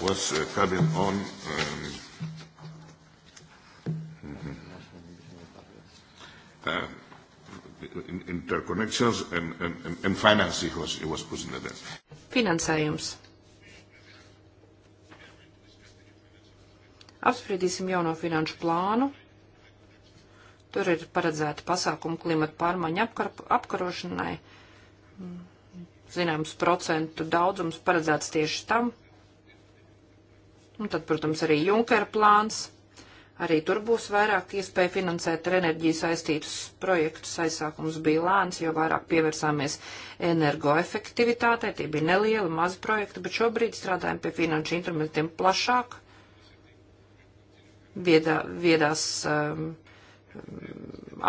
was uh, coming on. Um, uh, interconnections and, and, and financing was, was put in the desk. Finansējums. Apspriedīsim jauno finanšu plānu. Tur ir paredzēta pasākuma klimata pārmaiņa apkar apkarošanai. Zināms, procentu daudzums paredzēts tieši tam. Un tad, protams, arī Junkera plāns. Arī tur būs vairāk iespēja finansēt ar enerģiju saistītus projektus. Aizsākums bija lēns, jo vairāk pievērsāmies energoefektivitātei. Tie bija nelieli, mazi projekti, bet šobrīd strādājam pie finanšu instrumentiem plašāk viedā, viedās um,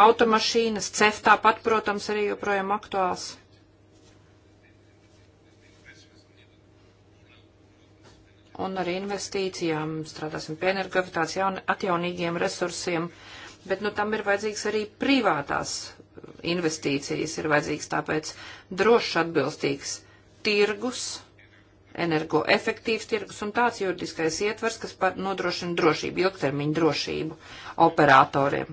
automašīnas, cef tāpat, protams, arī joprojām aktuāls. Un ar investīcijām strādāsim pie energoefektāts atjaunīgiem resursiem, bet nu tam ir vajadzīgs arī privātās investīcijas, ir vajadzīgs tāpēc drošs atbilstīgs tirgus energoefektīvs tirgus un tāds juridiskais ietvers, kas nodrošina drošību, ilgtermiņu drošību operatoriem.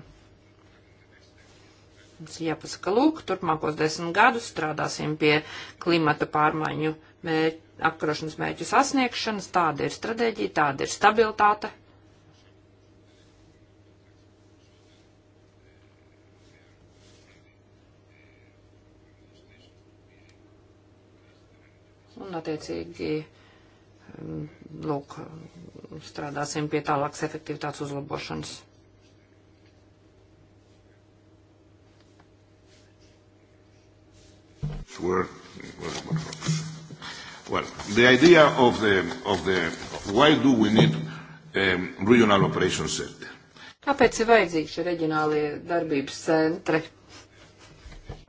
Mums jāpasaka, lūk, turpmākos desmit gadus strādāsim pie klimata pārmaiņu mērķu, apkarošanas mērķu sasniegšanas, tāda ir stratēģija, tāda ir stabilitāte. un, attiecīgi, um, lūk, strādāsim pie tālākas efektivitātes uzlabošanas. Sure. Well, the idea of the, of the why do we need um, regional operation center? Kāpēc ir vajadzīgi šie reģionālie darbības centri?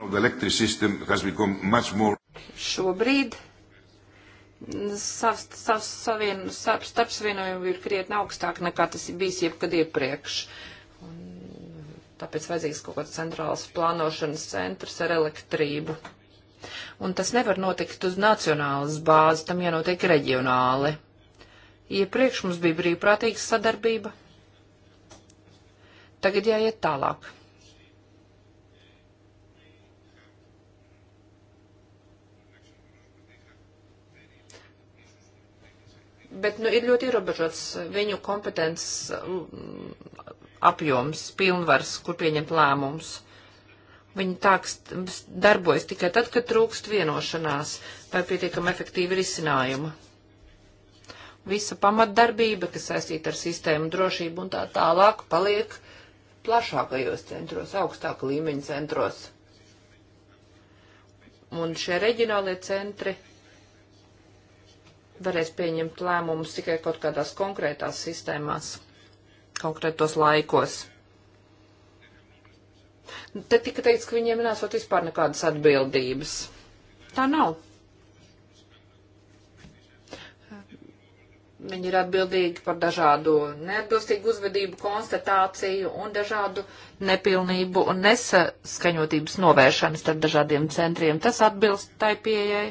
The electric system has become much more. Šobrīd savs, savs, savien, starp, starpsavienojumi ir krietni augstāk nekā tas ir bijis jebkad iepriekš. Un tāpēc vajadzīgs kaut kāds centrāls plānošanas centrs ar elektrību. Un tas nevar notikt uz nacionālas bāzes, tam jānotiek reģionāli. Iepriekš mums bija brīvprātīga sadarbība. Tagad jāiet tālāk. bet nu, ir ļoti ierobežots viņu kompetences mm, apjoms, pilnvars, kur pieņemt lēmumus. Viņi tā darbojas tikai tad, kad trūkst vienošanās vai pietiekami efektīvi risinājuma. Visa pamatdarbība, kas saistīta ar sistēmu drošību un tā tālāk, paliek plašākajos centros, augstāka līmeņa centros. Un šie reģionālie centri varēs pieņemt lēmumus tikai kaut kādās konkrētās sistēmās, konkrētos laikos. Te tika teikts, ka viņiem nesot vispār nekādas atbildības. Tā nav. Viņi ir atbildīgi par dažādu neatbilstīgu uzvedību, konstatāciju un dažādu nepilnību un nesaskaņotības novēršanu starp dažādiem centriem. Tas atbilst tai pieejai,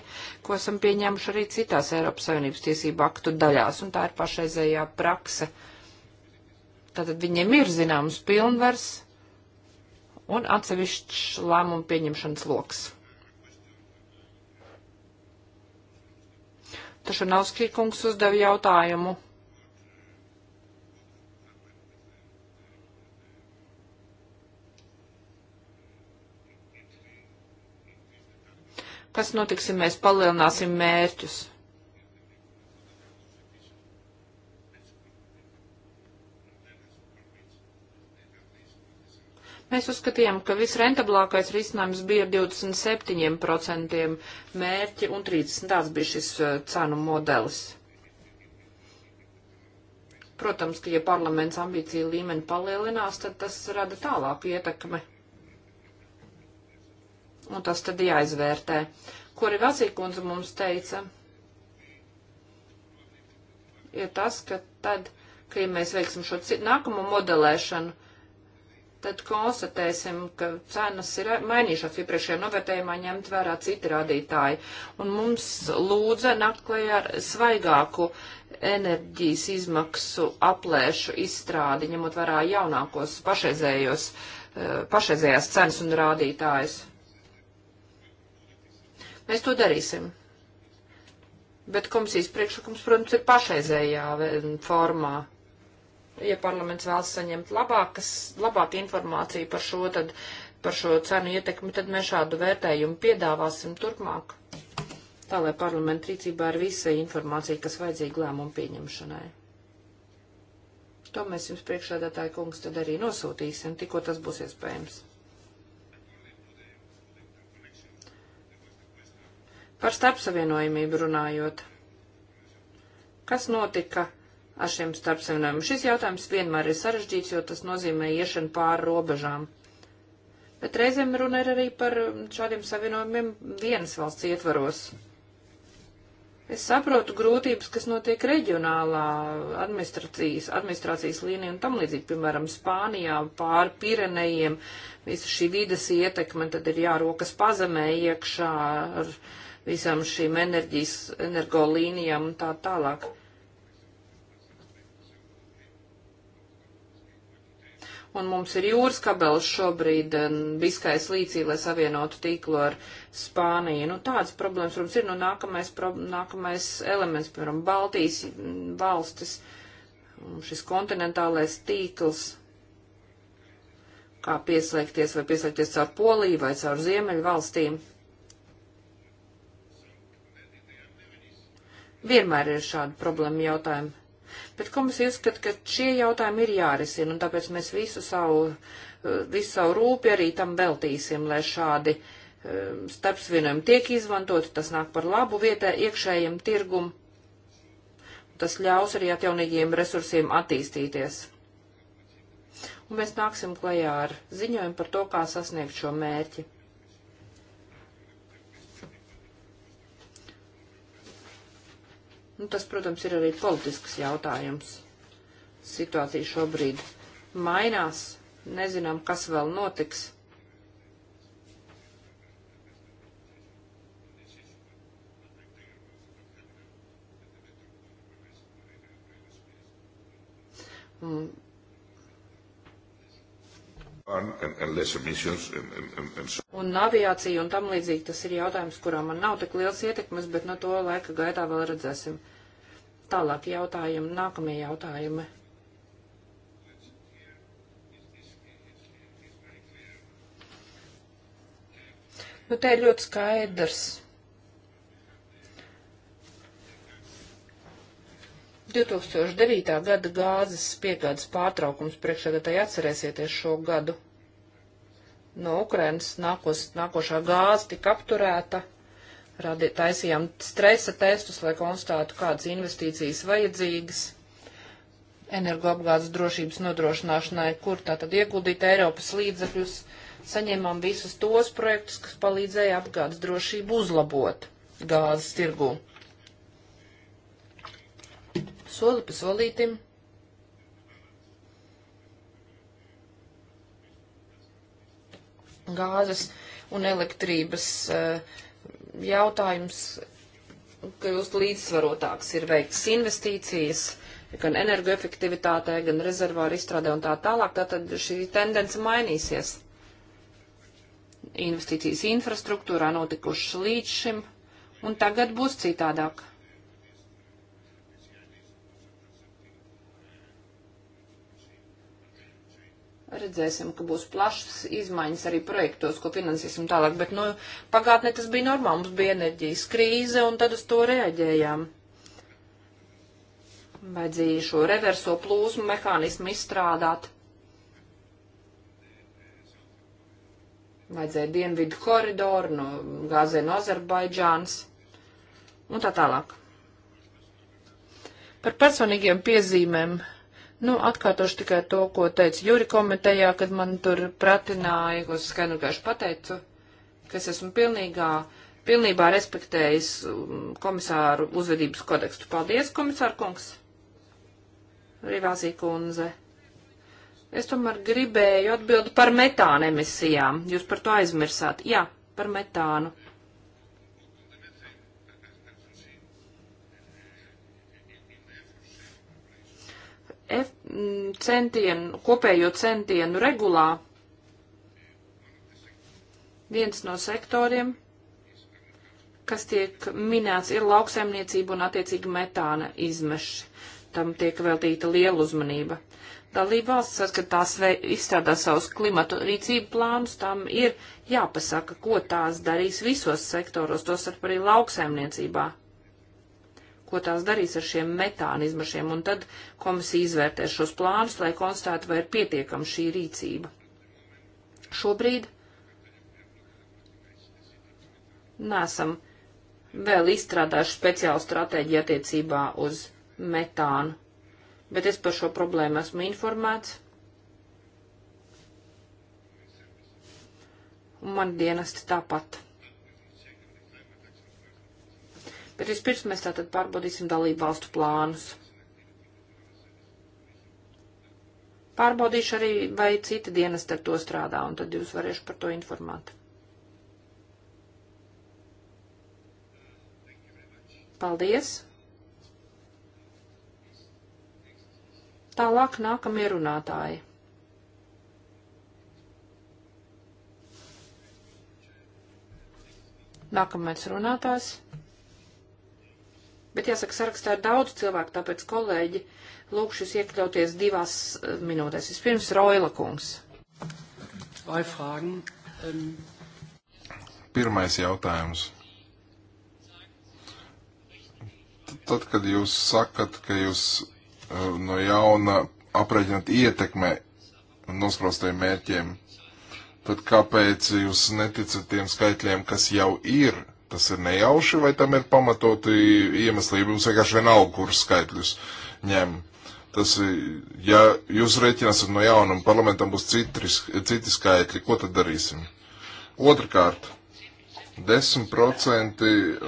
ko esam pieņēmuši arī citās Eiropas Savienības tiesību aktu daļās, un tā ir pašreizējā prakse. Tātad viņiem ir zināms pilnvers un atsevišķs lēmumu pieņemšanas loks. Tašanovskī kungs uzdeva jautājumu. Kas notiks, ja mēs palielināsim mērķus? Mēs uzskatījām, ka visrentablākais risinājums bija 27% mērķi un 30% tāds bija šis uh, cenu modelis. Protams, ka ja parlaments ambīciju līmeni palielinās, tad tas rada tālāku ietekmi. Un tas tad jāizvērtē. Ko arī Vasīkundze mums teica, ir tas, ka tad, ka ja mēs veiksim šo nākamo modelēšanu, tad konstatēsim, ka cenas ir mainījušās iepriekšējā novērtējumā ņemt vērā citi rādītāji. Un mums lūdza naklējā ar svaigāku enerģijas izmaksu aplēšu izstrādi, ņemot vērā jaunākos pašreizējos, eh, pašreizējās cenas un rādītājus. Mēs to darīsim. Bet komisijas priekšlikums, protams, ir pašreizējā formā ja parlaments vēlas saņemt labākas, labāk informāciju par šo, tad, par šo cenu ietekmi, tad mēs šādu vērtējumu piedāvāsim turpmāk. Tā, lai parlamenta rīcībā ir visa informācija, kas vajadzīga lēmumu pieņemšanai. To mēs jums priekšādātāju kungs tad arī nosūtīsim, tikko tas būs iespējams. Par starpsavienojumību runājot. Kas notika ar šiem starpsavienojumiem. Šis jautājums vienmēr ir sarežģīts, jo tas nozīmē iešanu pāri robežām. Bet reizēm runa ir arī par šādiem savienojumiem vienas valsts ietvaros. Es saprotu grūtības, kas notiek reģionālā administrācijas, administrācijas līnija un tam līdzīgi, piemēram, Spānijā pāri Pirenejiem, visa šī vides ietekme, tad ir jārokas pazemē iekšā ar visām šīm enerģijas, energo līnijām un tā tālāk. un mums ir jūras kabels šobrīd viskais eh, līcī, lai savienotu tīklu ar Spāniju. Nu, tāds problēmas, protams, ir, nu, nākamais, pro, nākamais elements, piemēram, Baltijas mm, valstis, šis kontinentālais tīkls, kā pieslēgties vai pieslēgties caur Poliju vai caur Ziemeļu valstīm. Vienmēr ir šādi problēma jautājumi. Bet komisija uzskata, ka šie jautājumi ir jārisina, un tāpēc mēs visu savu, visu savu rūpi arī tam veltīsim, lai šādi um, starpsvienojumi tiek izmantoti, tas nāk par labu vietē iekšējiem tirgum. Tas ļaus arī atjaunīgiem resursiem attīstīties. Un mēs nāksim klajā ar ziņojumu par to, kā sasniegt šo mērķi. Nu, tas, protams, ir arī politisks jautājums. Situācija šobrīd mainās, nezinām, kas vēl notiks. Un Un aviācija un tam līdzīgi tas ir jautājums, kurā man nav tik liels ietekmes, bet no to laika gaitā vēl redzēsim. Tālāk jautājumi, nākamie jautājumi. Nu, te ir ļoti skaidrs 2009. gada gāzes piegādes pārtraukums priekšsēdētāji atcerēsieties šo gadu. No Ukrainas nākos, nākošā gāze tika apturēta. Radi, taisījām stresa testus, lai konstatētu, kādas investīcijas vajadzīgas energoapgādes drošības nodrošināšanai, kur tātad ieguldīt Eiropas līdzekļus, saņēmām visus tos projektus, kas palīdzēja apgādes drošību uzlabot gāzes tirgū soli pa solītim. Gāzes un elektrības eh, jautājums kļūst līdzsvarotāks, ir veikts investīcijas gan energoefektivitātē, gan rezervāru izstrādē un tā tālāk, tātad šī tendence mainīsies. Investīcijas infrastruktūrā notikušas līdz šim, un tagad būs citādāk. Redzēsim, ka būs plašas izmaiņas arī projektos, ko finansēsim tālāk, bet nu, pagātnē tas bija normāli, mums bija enerģijas krīze un tad uz to reaģējām. Vajadzēja šo reverso plūsmu mehānismu izstrādāt. Vajadzēja dienvidu koridoru no Gāzē no Azerbaidžānas un tā tālāk. Par personīgiem piezīmēm Nu, atkārtošu tikai to, ko teicu Juri komitejā, kad man tur pratināja, ko skaidru gaišu pateicu, ka es esmu pilnīgā, pilnībā respektējis um, komisāru uzvedības kodekstu. Paldies, komisāra kungs! Rivāzī kundze. Es tomēr gribēju atbildi par metāna emisijām. Jūs par to aizmirsāt. Jā, par metānu. Mm, centienu, kopējo centienu regulā viens no sektoriem, kas tiek minēts, ir lauksaimniecība un attiecīgi metāna izmeši. Tam tiek veltīta liela uzmanība. Dalība valsts, kad tās izstrādā savus klimatu rīcību plānus, tam ir jāpasaka, ko tās darīs visos sektoros, tos arī lauksaimniecībā ko tās darīs ar šiem metāna izmešiem, un tad komisija izvērtēs šos plānus, lai konstatētu, vai ir pietiekama šī rīcība. Šobrīd nesam vēl izstrādājuši speciālu stratēģiju attiecībā uz metānu, bet es par šo problēmu esmu informēts. Un man dienesti tāpat. Bet vispirms mēs tātad pārbaudīsim dalību valstu plānus. Pārbaudīšu arī, vai cita dienas ar to strādā, un tad jūs varēšu par to informāt. Paldies! Tālāk nākamie runātāji. Nākamais runātājs bet jāsaka, sarakstā ir daudz cilvēku, tāpēc kolēģi lūkšu jūs iekļauties divās eh, minūtēs. Vispirms Roila kungs. Vai frāgi? Um... Pirmais jautājums. Tad, kad jūs sakat, ka jūs uh, no jauna aprēķināt ietekme nosprostajiem mērķiem, tad kāpēc jūs neticat tiem skaitļiem, kas jau ir tas ir nejauši, vai tam ir pamatoti iemesli, jums vienkārši vienalga, kurus skaitļus ņem. Tas, ja jūs rēķināsiet no jauna un parlamentam būs citri, citi skaitļi, ko tad darīsim? Otrakārt, 10% eh,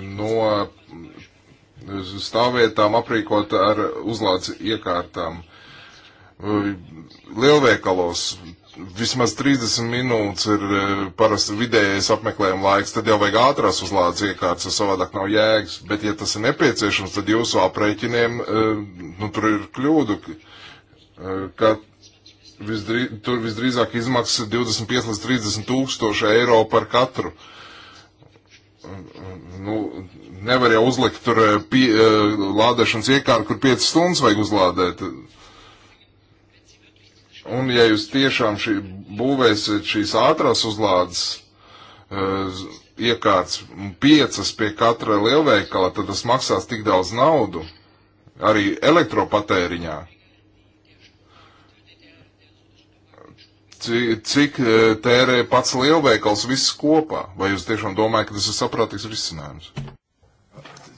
no stāvvietām aprīkot ar uzlādes iekārtām. Lielveikalos vismaz 30 minūtes ir e, parasti vidējais apmeklējuma laiks, tad jau vajag ātrās uzlādes iekārtas, jo savādāk nav jēgas. Bet, ja tas ir nepieciešams, tad jūsu aprēķiniem e, nu, tur ir kļūdu, e, ka visdrīz, tur visdrīzāk izmaksas 25 līdz 30 tūkstoši eiro par katru. Nu, nevar jau uzlikt tur pie, lādēšanas iekārtu, kur 5 stundas vajag uzlādēt. Un ja jūs tiešām šī, būvēsiet šīs ātrās uzlādes uh, iekārts piecas pie katra lielveikala, tad tas maksās tik daudz naudu arī elektropatēriņā. Cik, cik eh, tērē pats lielveikals viss kopā? Vai jūs tiešām domājat, ka tas ir saprātīgs risinājums?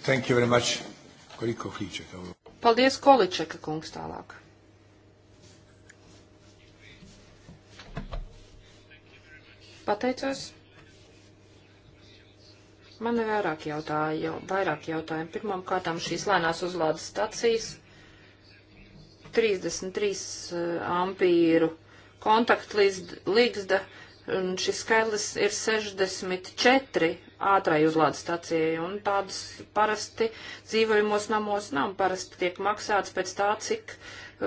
Thank you very much. Paldies, Količeka kungs tālāk. Pateicos. Man ir vairāk jautājumu, vairāk jautājumu. Pirmam kārtām šīs lēnās uzlādes stacijas, 33 eh, ampīru kontaktlīgzda, un šis skaitlis ir 64 ātrai uzlādes stacijai, un tādas parasti dzīvojumos namos nav, parasti tiek maksāts pēc tā, cik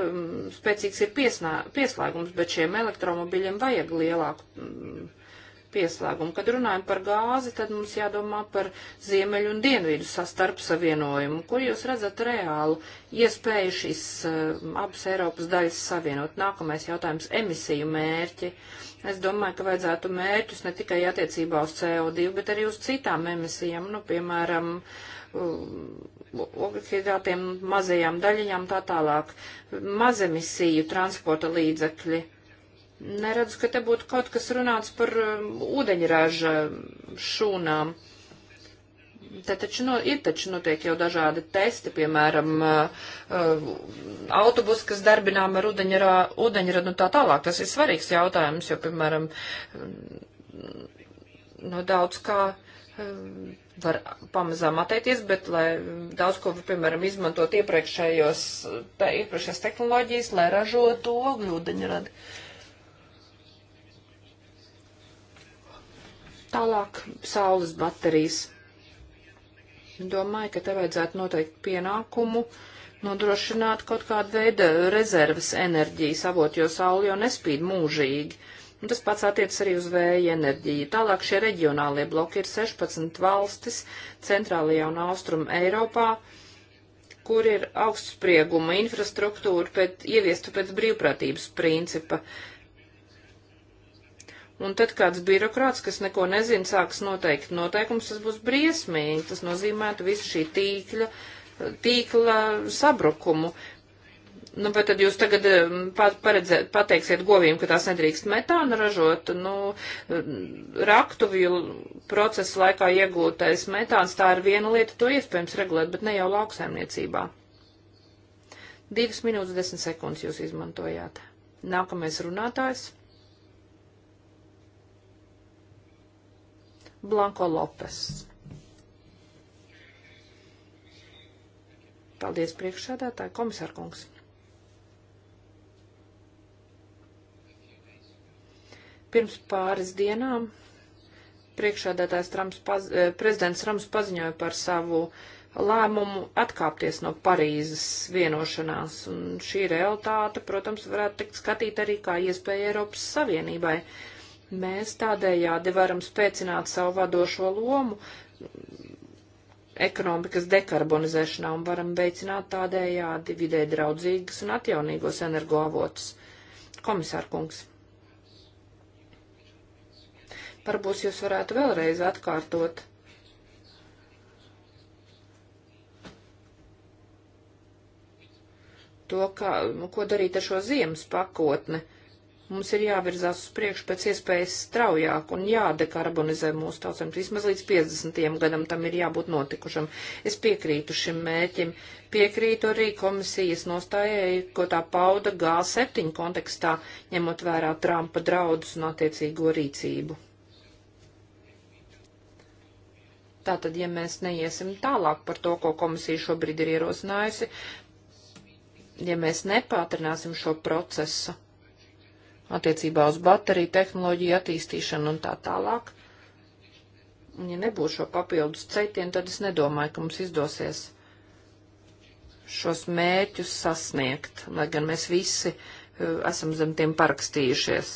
um, spēcīgs ir piesnā, pieslēgums, bet šiem elektromobiļiem vajag lielāku. Um, pieslēgumu. Kad runājam par gāzi, tad mums jādomā par ziemeļu un dienvidu sastarp savienojumu. Kur jūs redzat reālu iespēju šīs uh, abas Eiropas daļas savienot? Nākamais jautājums - emisiju mērķi. Es domāju, ka vajadzētu mērķus ne tikai attiecībā uz CO2, bet arī uz citām emisijām, nu, piemēram, ogļhidrātiem, mazajām daļiņām tā tālāk, mazemisiju transporta līdzekļi neredzu, ka te būtu kaut kas runāts par um, ūdeņraža šūnām. Te taču no, ir taču notiek jau dažādi testi, piemēram, uh, autobusu, kas darbinām ar ūdeņradu un tā tālāk. Tas ir svarīgs jautājums, jo, piemēram, mm, no daudz kā uh, var pamazām atteikties, bet lai daudz ko, piemēram, izmantot iepriekšējos, tā, iepriekšējās tehnoloģijas, lai ražotu ogļu ūdeņradi. Uh, Tālāk saules baterijas. Domāju, ka te vajadzētu noteikt pienākumu nodrošināt kaut kādu veidu rezerves enerģijas avot, jo saule jau nespīd mūžīgi. Un tas pats attiecas arī uz vēja enerģiju. Tālāk šie reģionālie bloki ir 16 valstis centrālajā un austrum Eiropā, kur ir augstsprieguma infrastruktūra pēc, ieviestu pēc brīvprātības principa. Un tad kāds birokrāts, kas neko nezina, sāks noteikt noteikums, tas būs briesmīgi. Tas nozīmētu visu šī tīkļa, tīkla sabrukumu. Nu, bet tad jūs tagad um, paredzē, pateiksiet govīm, ka tās nedrīkst metānu ražot, nu, raktuvju procesa laikā iegūtais metāns, tā ir viena lieta, to iespējams regulēt, bet ne jau lauksaimniecībā. Divas minūtes, desmit sekundes jūs izmantojāt. Nākamais runātājs. Blanko Lopes. Paldies priekšsādātāji, komisārkungs. Pirms pāris dienām priekšādātājs Trumps paz, eh, prezidents Trumps paziņoja par savu lēmumu atkāpties no Parīzes vienošanās, un šī realitāte, protams, varētu tikt skatīt arī kā iespēja Eiropas Savienībai. Uh, Mēs tādējādi varam spēcināt savu vadošo lomu ekonomikas dekarbonizēšanā un varam veicināt tādējādi vidē draudzīgas un atjaunīgos energoavotus. Komisārkungs, varbūt jūs varētu vēlreiz atkārtot. To, kā, nu, ko darīt ar šo ziemas pakotni. Uh, Mums ir jāvirzās uz priekšu pēc iespējas straujāk un jādekarbonizē mūsu tautsēm. Vismaz līdz 50. gadam tam ir jābūt notikušam. Es piekrītu šim mēķim. Piekrītu arī komisijas nostājai, ko tā pauda G7 kontekstā, ņemot vērā Trumpa draudus un attiecīgo rīcību. Tātad, ja mēs neiesim tālāk par to, ko komisija šobrīd ir ierosinājusi, ja mēs nepātrināsim šo procesu, attiecībā uz bateriju tehnoloģiju attīstīšanu un tā tālāk. Un ja nebūs šo papildus ceitienu, tad es nedomāju, ka mums izdosies šos mērķus sasniegt, lai gan mēs visi uh, esam zem tiem parakstījušies.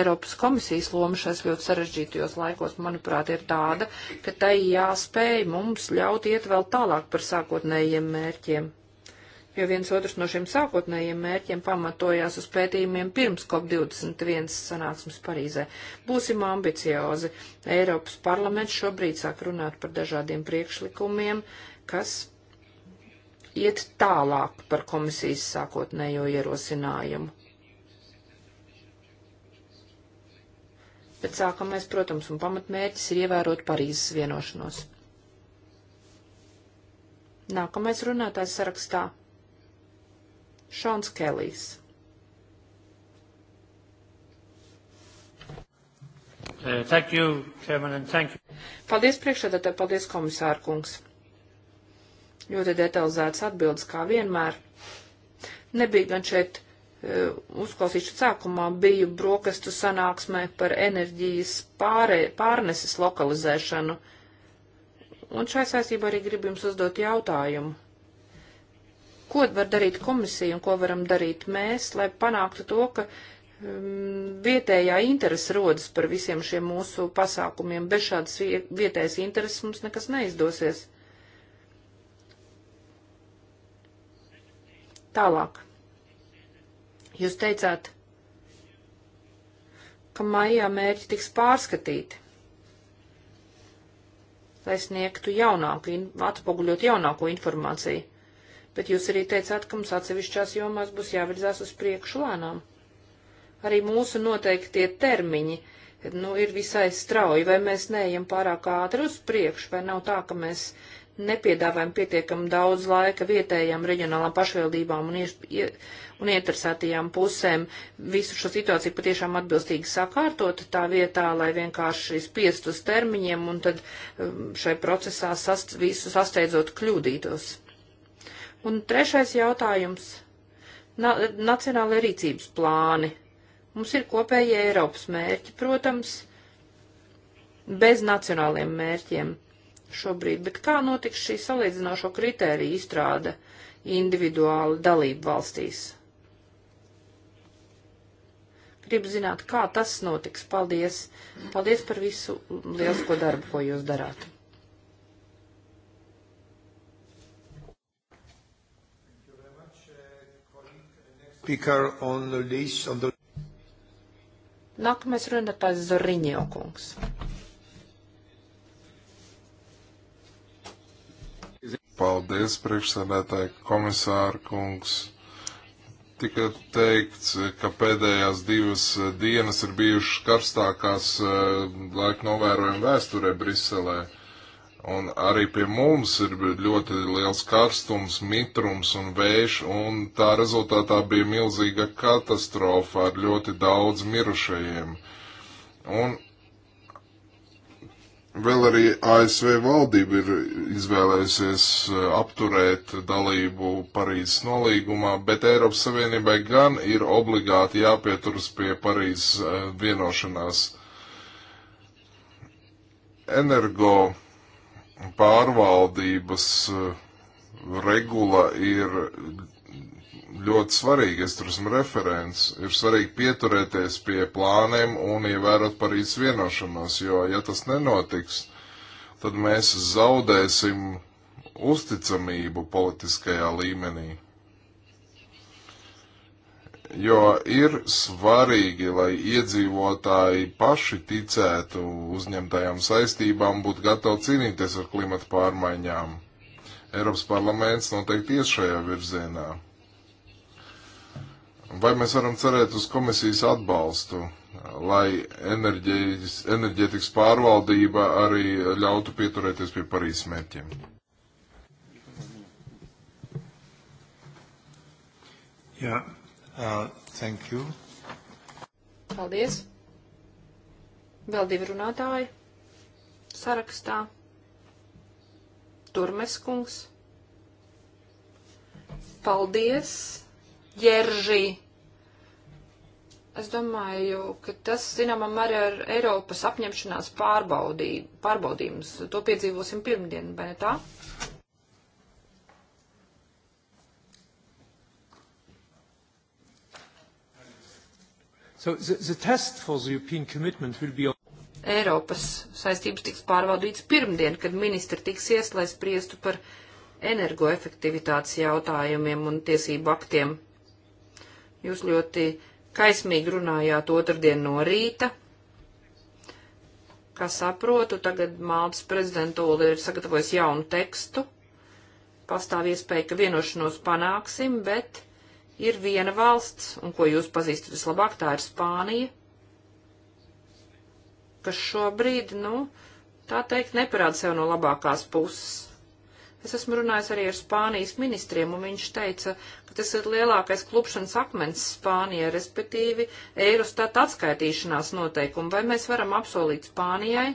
Eiropas komisijas loma šais ļoti sarežģītajos laikos, manuprāt, ir tāda, ka tai jāspēj mums ļaut iet vēl tālāk par sākotnējiem mērķiem jo viens otrs no šiem sākotnējiem mērķiem pamatojās uz pētījumiem pirms COP21 sanāksmes Parīzē. Būsim ambiciozi. Eiropas parlaments šobrīd sāk runāt par dažādiem priekšlikumiem, kas iet tālāk par komisijas sākotnējo ierosinājumu. Bet sākamais, protams, un pamatmērķis ir ievērot Parīzes vienošanos. Nākamais runātājs sarakstā Šons Kelijs. Uh, thank you, Chairman, and thank you. Paldies priekšsēdētāji, paldies komisārkungs. Ļoti detalizēts atbildes, kā vienmēr. Nebija gan šeit uh, uzklausīšu sākumā, biju brokastu sanāksmē par enerģijas pārē, pārneses lokalizēšanu. Un šai saistībā arī gribu jums uzdot jautājumu. Ko var darīt komisija un ko varam darīt mēs, lai panāktu to, ka um, vietējā interese rodas par visiem šiem mūsu pasākumiem. Bez šādas vietējas intereses mums nekas neizdosies. Tālāk. Jūs teicāt, ka maijā mērķi tiks pārskatīti, lai sniegtu jaunāku, atspoguļot jaunāko informāciju bet jūs arī teicāt, ka mums atsevišķās jomās būs jāvirzās uz priekšu lēnām. Arī mūsu noteiktie termiņi nu, ir visai strauji, vai mēs neejam pārāk ātri uz priekšu, vai nav tā, ka mēs nepiedāvājam pietiekam daudz laika vietējām reģionālām pašvaldībām un, ie, un interesētajām pusēm visu šo situāciju patiešām atbilstīgi sakārtot tā vietā, lai vienkārši spiest uz termiņiem un tad um, šai procesā sast, visu sasteidzot kļūdītos. Un trešais jautājums na - nacionālai rīcības plāni. Mums ir kopēji Eiropas mērķi, protams, bez nacionāliem mērķiem šobrīd, bet kā notiks šī salīdzinošo kritēriju izstrāde individuāli dalību valstīs? Gribu zināt, kā tas notiks. Paldies! Paldies par visu lielisko darbu, ko jūs darāt! speaker on the list on the... Nākamais runātājs Zoriņo kungs. Paldies, priekšsēdētāji, komisāra kungs. Tika teikts, ka pēdējās divas dienas ir bijušas karstākās eh, laika novērojuma vēsturē Briselē. Uh, Un arī pie mums ir ļoti liels karstums, mitrums un vējš, un tā rezultātā bija milzīga katastrofa ar ļoti daudz mirušajiem. Un vēl arī ASV valdība ir izvēlējusies eh, apturēt dalību Parīzes nolīgumā, bet Eiropas Savienībai gan ir obligāti jāpieturas pie Parīzes eh, vienošanās. Energo pārvaldības eh, regula ir ļoti svarīga, es tur esmu referents, ir svarīgi pieturēties pie plāniem un ievērot Parīzes vienošanos, jo ja tas nenotiks, tad mēs zaudēsim uzticamību politiskajā līmenī. Jo ir svarīgi, lai iedzīvotāji paši ticētu uzņemtajām saistībām, būtu gatavi cīnīties ar klimatu pārmaiņām. Eiropas parlaments noteikti ies šajā virzienā. Vai mēs varam cerēt uz komisijas atbalstu, lai enerģētikas pārvaldība arī ļautu pieturēties pie Parīzes mērķiem? Jā, ja. Uh, thank you. Paldies. Vēl divi runātāji sarakstā. Turmes kungs. Paldies, Jeržī. Es domāju, ka tas, zināmā mērā, ir Eiropas apņemšanās pārbaudījums. To piedzīvosim pirmdien, vai ne tā? So the, the test for the European commitment will be on. Eiropas saistības tiks pārvaldīts pirmdien, kad ministri tiksies, lai spriestu par energoefektivitātes jautājumiem un tiesību aktiem. Jūs ļoti kaismīgi runājāt otrdien no rīta. Kā saprotu, tagad Maltas prezidentūra ir sagatavojis jaunu tekstu. Pastāv iespēja, ka vienošanos panāksim, bet ir viena valsts, un ko jūs pazīstat vislabāk, tā ir Spānija, kas šobrīd, nu, tā teikt, neparāda sev no labākās puses. Es esmu runājis arī ar Spānijas ministriem, un viņš teica, ka tas ir lielākais klupšanas akmens Spānijai, respektīvi Eirostat atskaitīšanās noteikumi. Vai mēs varam apsolīt Spānijai,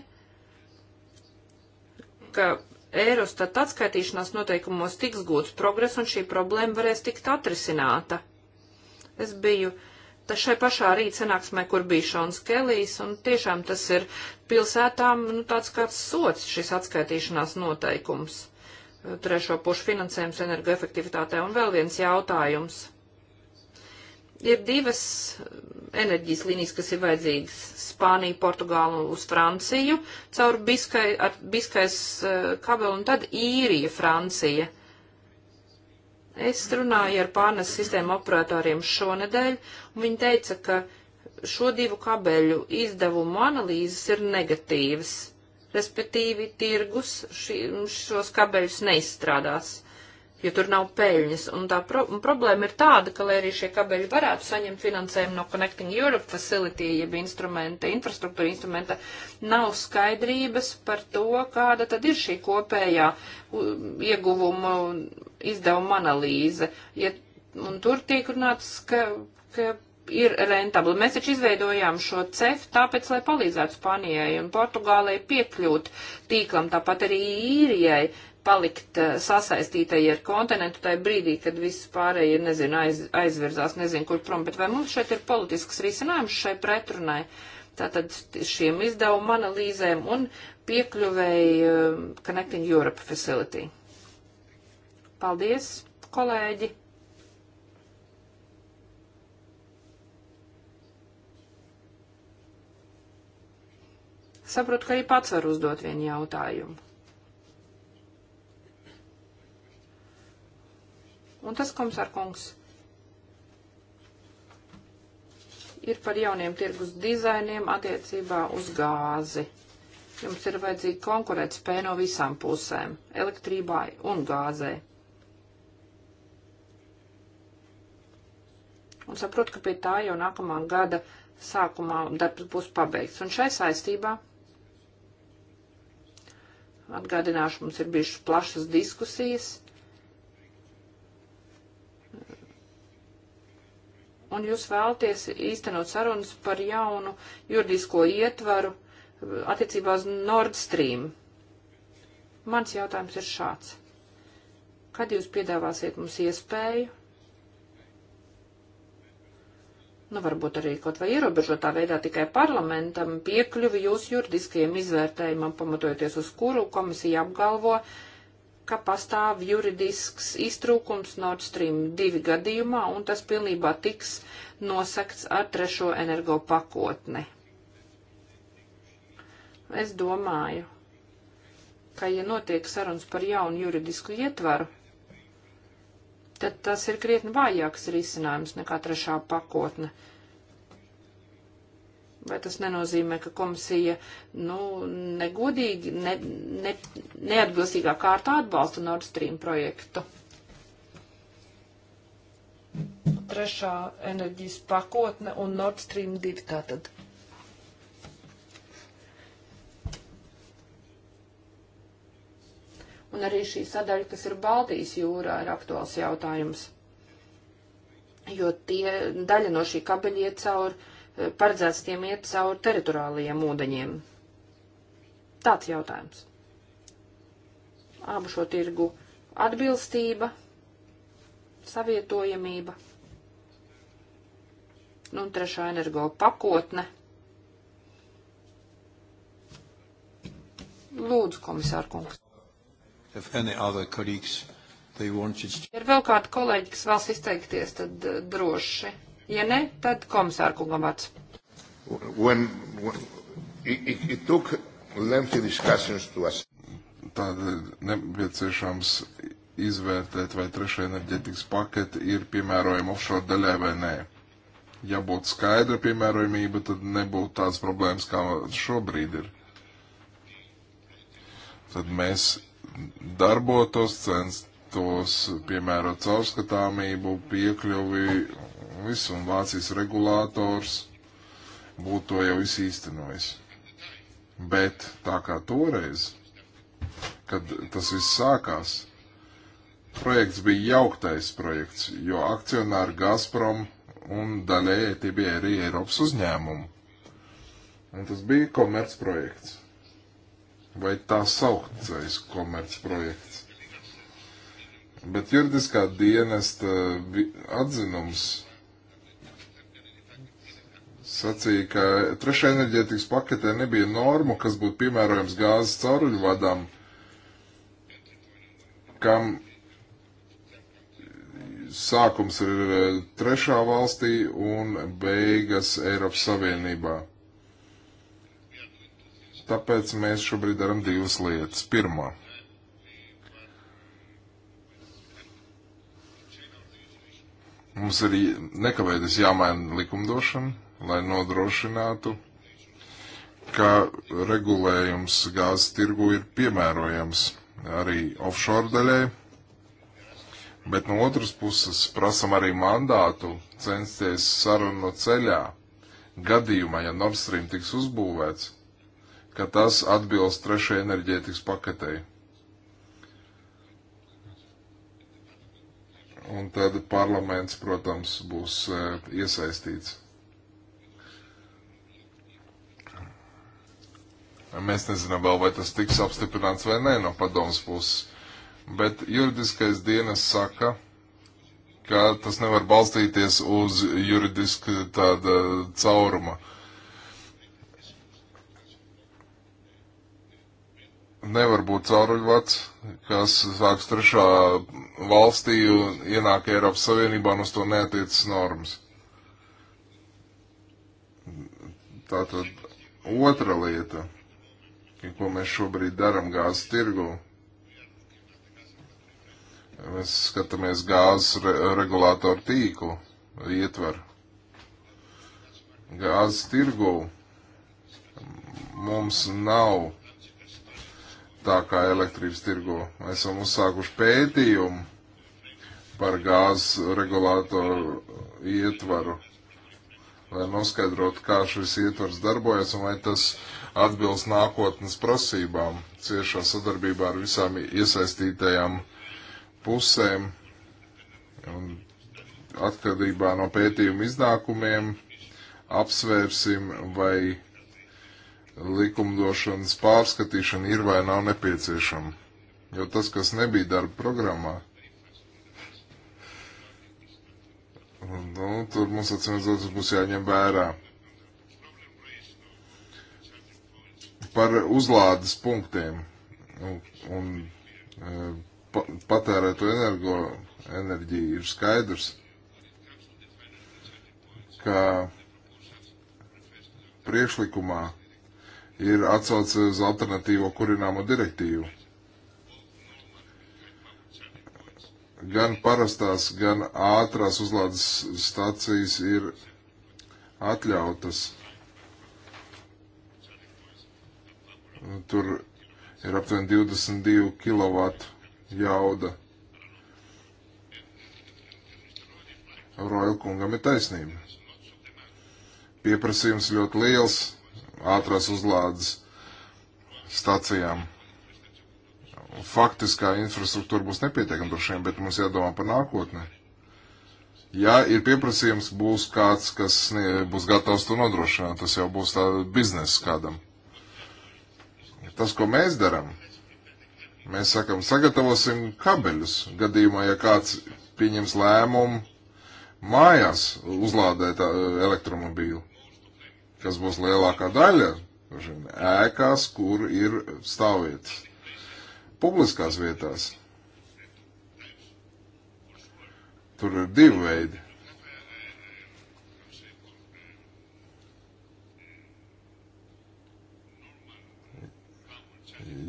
ka Eurostat atskaitīšanās noteikumos tiks gūts progress un šī problēma varēs tikt atrisināta. Es biju tas šai pašā rīt sanāksmē, kur bija Šons Kelijs, un tiešām tas ir pilsētām nu, tāds kāds sots šis atskaitīšanās noteikums. Trešo pušu finansējums energoefektivitātē un vēl viens jautājums. Ir divas eh, enerģijas līnijas, kas ir vajadzīgas Spāniju, Portugālu uz Franciju, caur Biskai, ar Biskais eh, kabeli un tad īrija Francija. Es runāju ar pārnes sistēmu operatoriem šonedēļ, un viņi teica, ka šo divu kabeļu izdevumu analīzes ir negatīvas, respektīvi tirgus šī, šos kabeļus neizstrādās jo tur nav peļņas. Un tā pro un problēma ir tāda, ka, lai arī šie kabeļi varētu saņemt finansējumu no Connecting Europe Facility, jeb instrumenta, infrastruktūra instrumenta, nav skaidrības par to, kāda tad ir šī kopējā ieguvuma izdevuma analīze. Ja, un tur tiek runāts, ka, ka ir rentabli. Mēs taču izveidojām šo cefu tāpēc, lai palīdzētu Spanijai un Portugālei piekļūt tīklam, tāpat arī īrijai palikt eh, sasaistītai ar kontinentu tajā brīdī, kad viss pārējie, nezinu, aiz, aizverzās, nezinu, kur prom, bet vai mums šeit ir politisks risinājums šai pretrunai? Tātad šiem izdevumu analīzēm un piekļuvēja eh, Connecting Europe Facility. Paldies, kolēģi! Saprotu, ka arī pats var uzdot vienu jautājumu. Un tas, komisārkungs, ir par jauniem tirgus dizainiem attiecībā uz gāzi. Jums ir vajadzīga konkurētspēja no visām pusēm - elektrībai un gāzē. Un saprotu, ka pie tā jau nākamā gada sākumā darbs būs pabeigts. Un šai saistībā atgādināšu, mums ir bijušas plašas diskusijas un jūs vēlaties īstenot sarunas par jaunu juridisko ietvaru uh, attiecībā uz Nord Stream. Mans jautājums ir šāds. Kad jūs piedāvāsiet mums iespēju, nu varbūt arī kaut vai ierobežotā veidā tikai parlamentam piekļuvi jūsu juridiskajiem izvērtējumam, pamatojoties uz kuru komisija apgalvo, uh, ka pastāv juridisks iztrūkums Nord Stream 2 gadījumā, un tas pilnībā tiks nosekts ar trešo energo pakotni. Es domāju, ka ja notiek sarunas par jaunu juridisku ietvaru, tad tas ir krietni vājāks risinājums nekā trešā pakotne. Uh, Vai tas nenozīmē, ka komisija nu, negodīgi, ne, ne, neatbilstīgā kārtā atbalsta Nord Stream projektu? Trešā enerģijas pakotne un Nord Stream 2 tātad. Un arī šī sadaļa, kas ir Baltijas jūrā, ir aktuāls jautājums. Jo tie daļa no šī kabeļa iet cauri paredzēts tiem iet cauri teritoriālajiem ūdeņiem? Tāds jautājums. Abu šo tirgu atbilstība, savietojamība, nu un trešā energo pakotne. Lūdzu, komisār kungs. Ja ir vēl kādi kolēģi, kas vēlas izteikties, tad eh, droši Ja ne, tad komisāra kungam vārds. When, when, it, it took lengthy discussions to us. Tad nepieciešams izvērtēt, vai trešā enerģetikas pakete ir piemērojama offshore daļai vai nē. Ja būtu skaidra piemērojamība, tad nebūtu tādas problēmas, kā šobrīd ir. Tad mēs darbotos, censtos piemērot caurskatāmību, piekļuvi Viss un Vācijas regulators būtu to jau visu īstenojis. Bet tā kā toreiz, kad tas viss sākās, projekts bija jauktais projekts, jo akcionāri Gazprom un daļēji tie bija arī Eiropas uzņēmumi. Un tas bija komercprojekts. Vai tā sauktais komercprojekts. Bet juridiskā dienesta atzinums sacīja, ka trešajā enerģētikas paketē nebija normu, kas būtu piemērojams gāzes cauruļvadam, kam sākums ir e, trešā valstī un beigas Eiropas Savienībā. Tāpēc mēs šobrīd darām divas lietas. Pirmā. Mums ir nekavēties jāmaina likumdošana lai nodrošinātu, ka regulējums gāzes tirgu ir piemērojams arī offshore daļai, bet no otras puses prasam arī mandātu censties sarunu ceļā gadījumā, ja Nord Stream tiks uzbūvēts, ka tas atbilst trešajai enerģētikas paketei. Un tad parlaments, protams, būs eh, iesaistīts. Mēs nezinām vēl, vai tas tiks apstiprināts vai nē no padomas puses. Bet juridiskais dienas saka, ka tas nevar balstīties uz juridiska tāda cauruma. nevar būt cauruļvats, kas sāks trešā valstī un ienāk Eiropas Savienībā un uz to neatiecas normas. Tātad otra lieta ko mēs šobrīd darām gāzes tirgu. Mēs skatāmies gāzes re regulātoru tīklu ietvaru. Gāzes tirgu mums nav tā kā elektrības tirgu. Mēs esam uzsākuši pētījumu par gāzes regulātoru ietvaru, lai noskaidrotu, kā šis ietvars darbojas un vai tas uh, atbilst nākotnes prasībām, ciešā sadarbībā ar visām iesaistītajām pusēm un atkarībā no pētījuma iznākumiem apsvērsim, vai likumdošanas pārskatīšana ir vai nav nepieciešama. Jo tas, kas nebija darba programmā, nu, tur mums atcīmredzot, tas būs jāņem vērā. par uzlādes punktiem un, un e, pa, patērēto energo, enerģiju ir skaidrs, ka priekšlikumā ir atsauce uz alternatīvo kurināmo direktīvu. Gan parastās, gan ātrās uzlādes stacijas ir atļautas Tur ir aptuveni 22 kW jauda. Roilkungam ir taisnība. Pieprasījums ļoti liels ātrās uzlādes stacijām. Faktiskā infrastruktūra būs nepietiekama droši vien, bet mums jādomā par nākotni. Ja ir pieprasījums, būs kāds, kas būs gatavs to nodrošināt, tas jau būs tā biznesa kādam. Tas, ko mēs darām, mēs sakam, sagatavosim kabeļus gadījumā, ja kāds pieņems lēmumu mājās uzlādēt uh, elektromobīlu, kas būs lielākā daļa ēkās, kur ir stāvvietas, publiskās vietās. Tur ir divi veidi.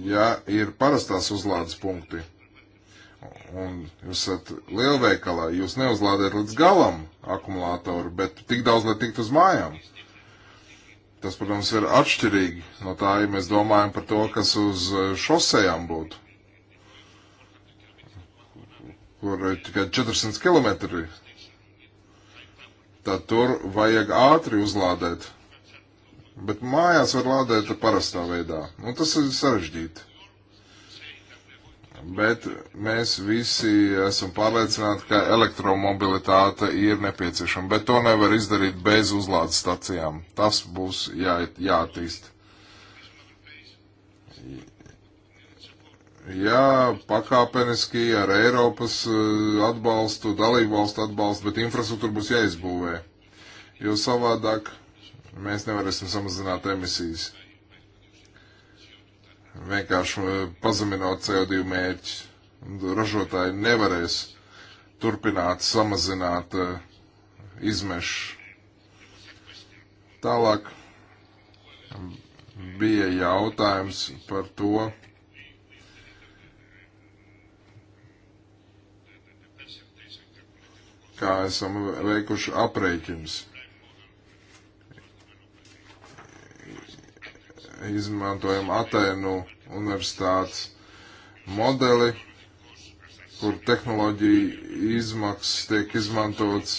ja ir parastās uzlādes punkti. Un jūs esat lielveikalā, jūs neuzlādējat līdz galam akumulātoru, bet tik daudz, lai tiktu uz mājām. Tas, protams, ir atšķirīgi no tā, ja mēs domājam par to, kas uz eh, šosejām būtu, kur tikai 400 km. Tad tur vajag ātri uzlādēt Bet mājās var lādēt parastā veidā. Un tas ir sarežģīti. Bet mēs visi esam pārliecināti, ka elektromobilitāte ir nepieciešama. Bet to nevar izdarīt bez uzlādes stacijām. Tas būs jā, jāattīst. Jā, pakāpeniski ar Eiropas eh, atbalstu, dalību valstu atbalstu, bet infrastruktūra būs jāizbūvē. Jo savādāk Mēs nevarēsim samazināt emisijas. Vienkārši uh, pazeminot CO2 mērķus. Ražotāji nevarēs turpināt samazināt uh, izmešu. Tālāk bija jautājums par to, kā esam veikuši aprēķins. izmantojam Atēnu universitātes modeli, kur tehnoloģija izmaksas tiek izmantots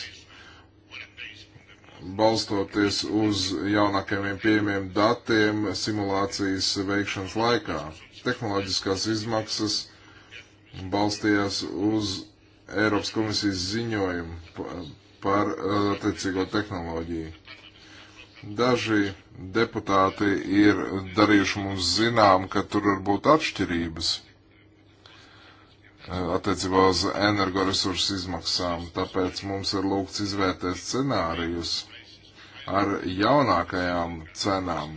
balstoties uz jaunākajiem pieejamiem datiem simulācijas veikšanas laikā. Tehnoloģiskās izmaksas balstījās uz Eiropas komisijas ziņojumu par uh, attiecīgo tehnoloģiju. Daži deputāti ir darījuši mums zinām, ka tur var būt atšķirības eh, attiecībā uz energoresursu izmaksām, tāpēc mums ir lūgts izvērtēt scenārijus ar jaunākajām cenām.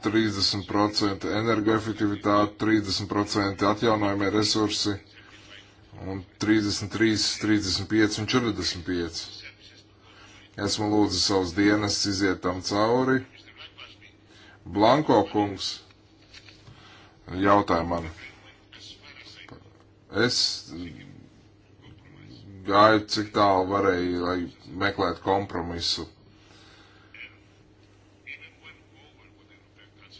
30% energoefektivitāte, 30% atjaunojumie resursi un 33, 35 un 45. Esmu lūdzu savus dienas iziet tam cauri. Blanko kungs jautāja man. Es gāju, cik tālu varēju, lai meklētu kompromisu.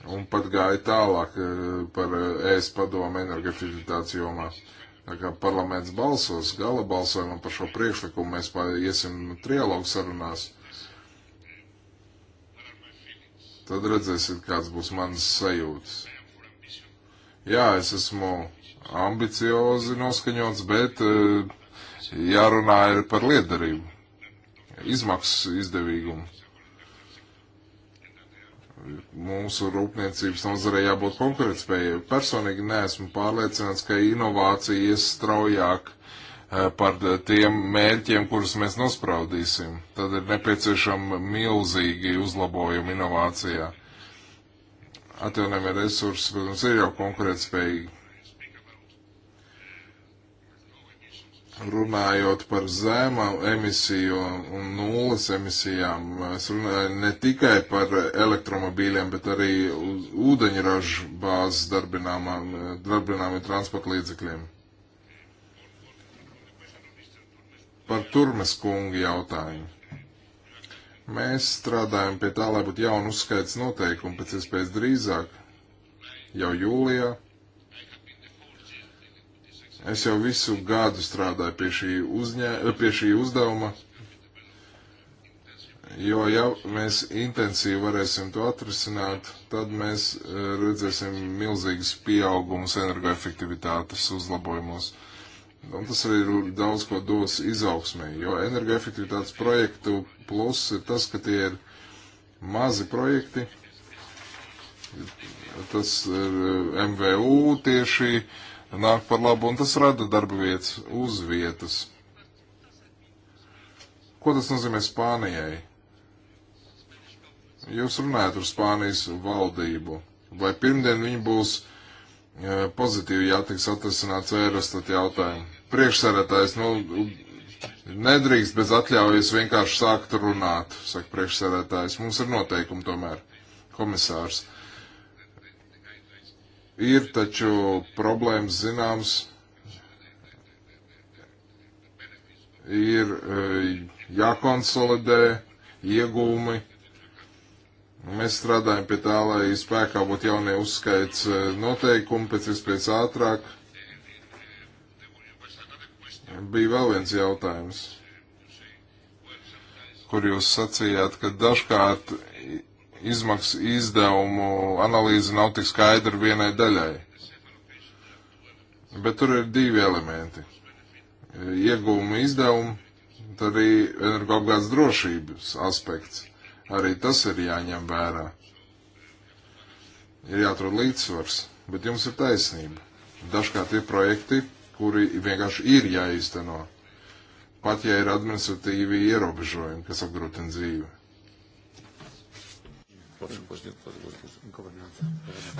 Un pat gāju tālāk eh, par ES eh, padomu energoefektivitātes jomās. Tā kā parlaments balsos, gala balsojumā par šo priekšlikumu mēs iesim trialogu sarunās. Tad redzēsiet, kāds būs mans sajūtas. Jā, es esmu ambiciozi noskaņots, bet eh, jārunā ir par liederību, izmaksu izdevīgumu mūsu rūpniecības nozarei jābūt konkurētspējai. Personīgi neesmu pārliecināts, ka inovācija ies straujāk eh, par tiem mērķiem, kurus mēs nospraudīsim. Tad ir nepieciešama milzīgi uzlabojumi inovācijā. Atjaunojumie resursi, protams, ir jau konkurētspējīgi runājot par zemām emisiju un nulles emisijām, es runāju ne tikai par elektromobīļiem, bet arī ūdeņražu bāzes darbināmiem transporta līdzekļiem. Par turmes kungu jautājumu. Mēs strādājam pie tā, lai būtu jauna uzskaits noteikumi pēc iespējas drīzāk, jau jūlijā Es jau visu gadu strādāju pie šī, uzņē, pie šī uzdevuma, jo ja mēs intensīvi varēsim to atrisināt, tad mēs e, redzēsim milzīgas pieaugumus energoefektivitātes uzlabojumos. Un tas arī daudz ko dos izaugsmē, jo energoefektivitātes projektu pluss ir tas, ka tie ir mazi projekti. Tas ir e, MVU tieši nāk par labu, un tas rada darba vietas uz vietas. Ko tas nozīmē Spānijai? Jūs runājat ar Spānijas valdību, vai pirmdien viņi būs e, pozitīvi jātiks atrasināts ērastat jautājumu. Priekšsēdētājs, nu, nedrīkst bez atļaujas vienkārši sākt runāt, saka priekšsēdētājs. Mums ir noteikumi tomēr, komisārs. Uh, Ir taču problēmas zināms. Ir e, jākonsolidē iegūmi. Mēs strādājam pie tā, lai spēkā būtu jaunie uzskaits e, noteikumi pēc iespējas ātrāk. Bija vēl viens jautājums, kur jūs sacījāt, ka dažkārt izmaksu izdevumu analīze nav tik skaidra vienai daļai. Bet tur ir divi elementi. Ieguvumi izdevumi, tad arī energoapgādes drošības aspekts. Arī tas ir jāņem vērā. Ir jāatrod līdzsvars, bet jums ir taisnība. Dažkārt ir projekti, kuri vienkārši ir jāizteno, pat ja ir administratīvi ierobežojumi, kas apgrūtina dzīvi.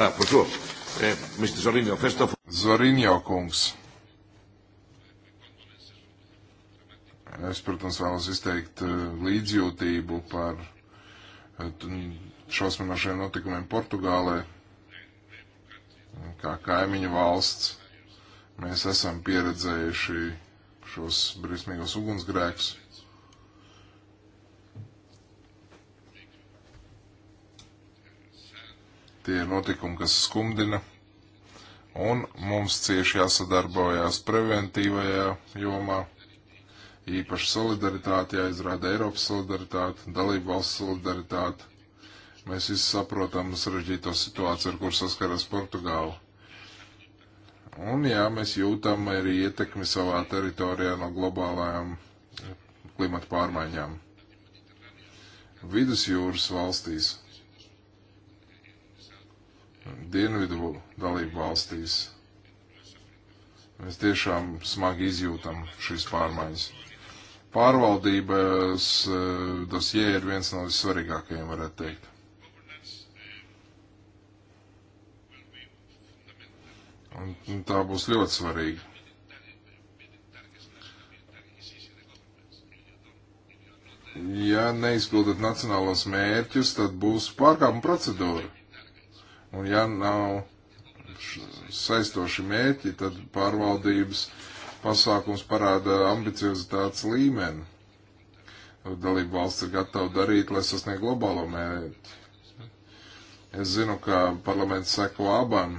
Ah, par to. Mr. Zorinjo, first of all. Zorinjo kungs. Es, protams, vēlos izteikt eh, līdzjūtību par eh, šausminošiem notikumiem Portugālē. Kā kaimiņu valsts mēs esam pieredzējuši šos briesmīgos ugunsgrēkus. Tie ir notikumi, kas skumdina, un mums cieši jāsadarbojās preventīvajā jomā, īpaši solidaritāte, jāizrāda Eiropas solidaritāte, dalību valsts solidaritāte. Mēs visi saprotam sarežģīto situāciju, ar kur saskaras Portugāla. Un jā, mēs jūtam arī ietekmi savā teritorijā no globālajām klimata pārmaiņām. Vidusjūras valstīs dienvidu dalību valstīs mēs tiešām smagi izjūtam šīs pārmaiņas. Pārvaldības e, dosjē ir viens no vissvarīgākajiem, varētu teikt. Un tā būs ļoti svarīga. Ja neizpildat nacionālos mērķus, tad būs pārkāpuma procedūra. Un ja nav saistoši mērķi, tad pārvaldības pasākums parāda ambiciozitātes līmeni. Dalību valsts ir gatava darīt, lai sasniegtu globālo mērķi. Es zinu, ka parlaments seko abām,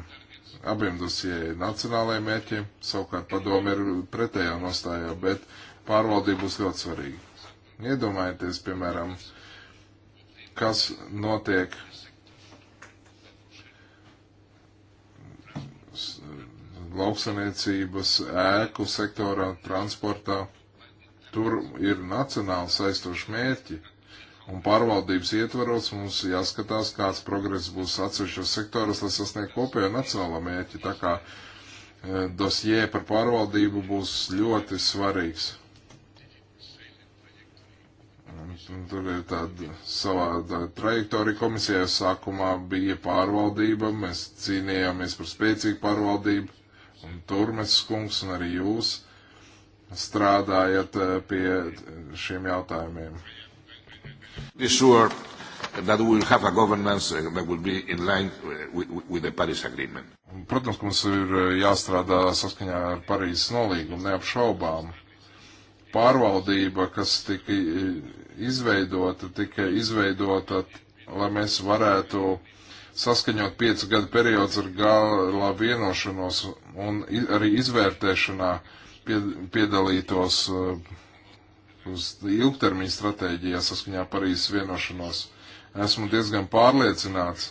abiem dosijai nacionālajiem mērķiem, savukārt padomi ir pretējā nostājā, bet pārvaldība būs ļoti svarīga. Iedomājieties, piemēram, kas notiek lauksaniecības, ēku sektorā, transportā. Tur ir nacionāli saistoši mērķi, un pārvaldības ietvaros mums jāskatās, kāds progress būs atsevišķos sektoros, lai sasniegtu kopējo nacionālo mērķi. Tā kā eh, dosjē par pārvaldību būs ļoti svarīgs. Tur ir tāda savāda trajektorija komisijā. Sākumā bija pārvaldība, mēs cīnījāmies par spēcīgu pārvaldību, un tur mēs skunks un arī jūs strādājat eh, pie šiem jautājumiem. Sure eh, with, with Protams, mums ir eh, jāstrādā saskaņā ar Parīzes nolīgumu, neapšaubām pārvaldība, kas tika izveidota, tika izveidota, lai mēs varētu saskaņot piecu gadu periods ar gala vienošanos un arī izvērtēšanā piedalītos eh, uz ilgtermiņa stratēģijā saskaņā Parīzes vienošanos. Esmu diezgan pārliecināts,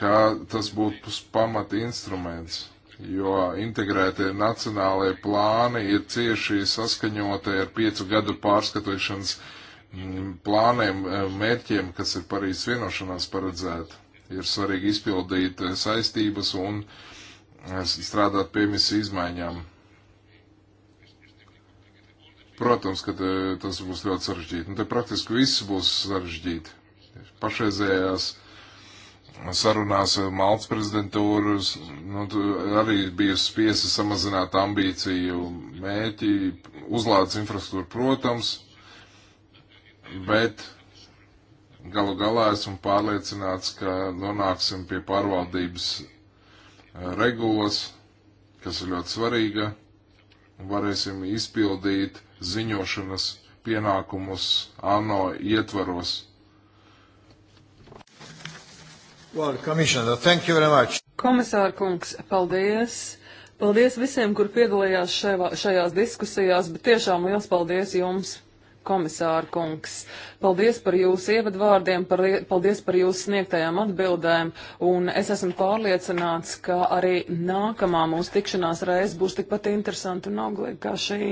ka tas būtu pamat instruments jo integrētie nacionālajie plāni ir cieši saskaņoti ar piecu gadu pārskatīšanas mm, plāniem, eh, mērķiem, kas ir Parīzes vienošanās paredzēti. Ir svarīgi izpildīt eh, saistības un eh, strādāt pie misiju izmaiņām. Protams, ka te, tas būs ļoti sarežģīti. Un nu, te praktiski viss būs sarežģīti. Pašreizējās sarunās Maltas prezidentūras, nu, arī bija spiesti samazināt ambīciju mēķi, uzlādes infrastruktūru, protams, bet galu galā esmu pārliecināts, ka nonāksim pie pārvaldības eh, regulas, kas ir ļoti svarīga, un varēsim izpildīt ziņošanas pienākumus ANO ietvaros Well, Komisāra kungs, paldies! Paldies visiem, kur piedalījās šajā, šajās diskusijās, bet tiešām liels paldies jums, komisāra kungs! Paldies par jūsu ievadvārdiem, par, paldies par jūsu sniegtajām atbildēm, un es esmu pārliecināts, ka arī nākamā mūsu tikšanās reize būs tikpat interesanta un auglīga kā šī.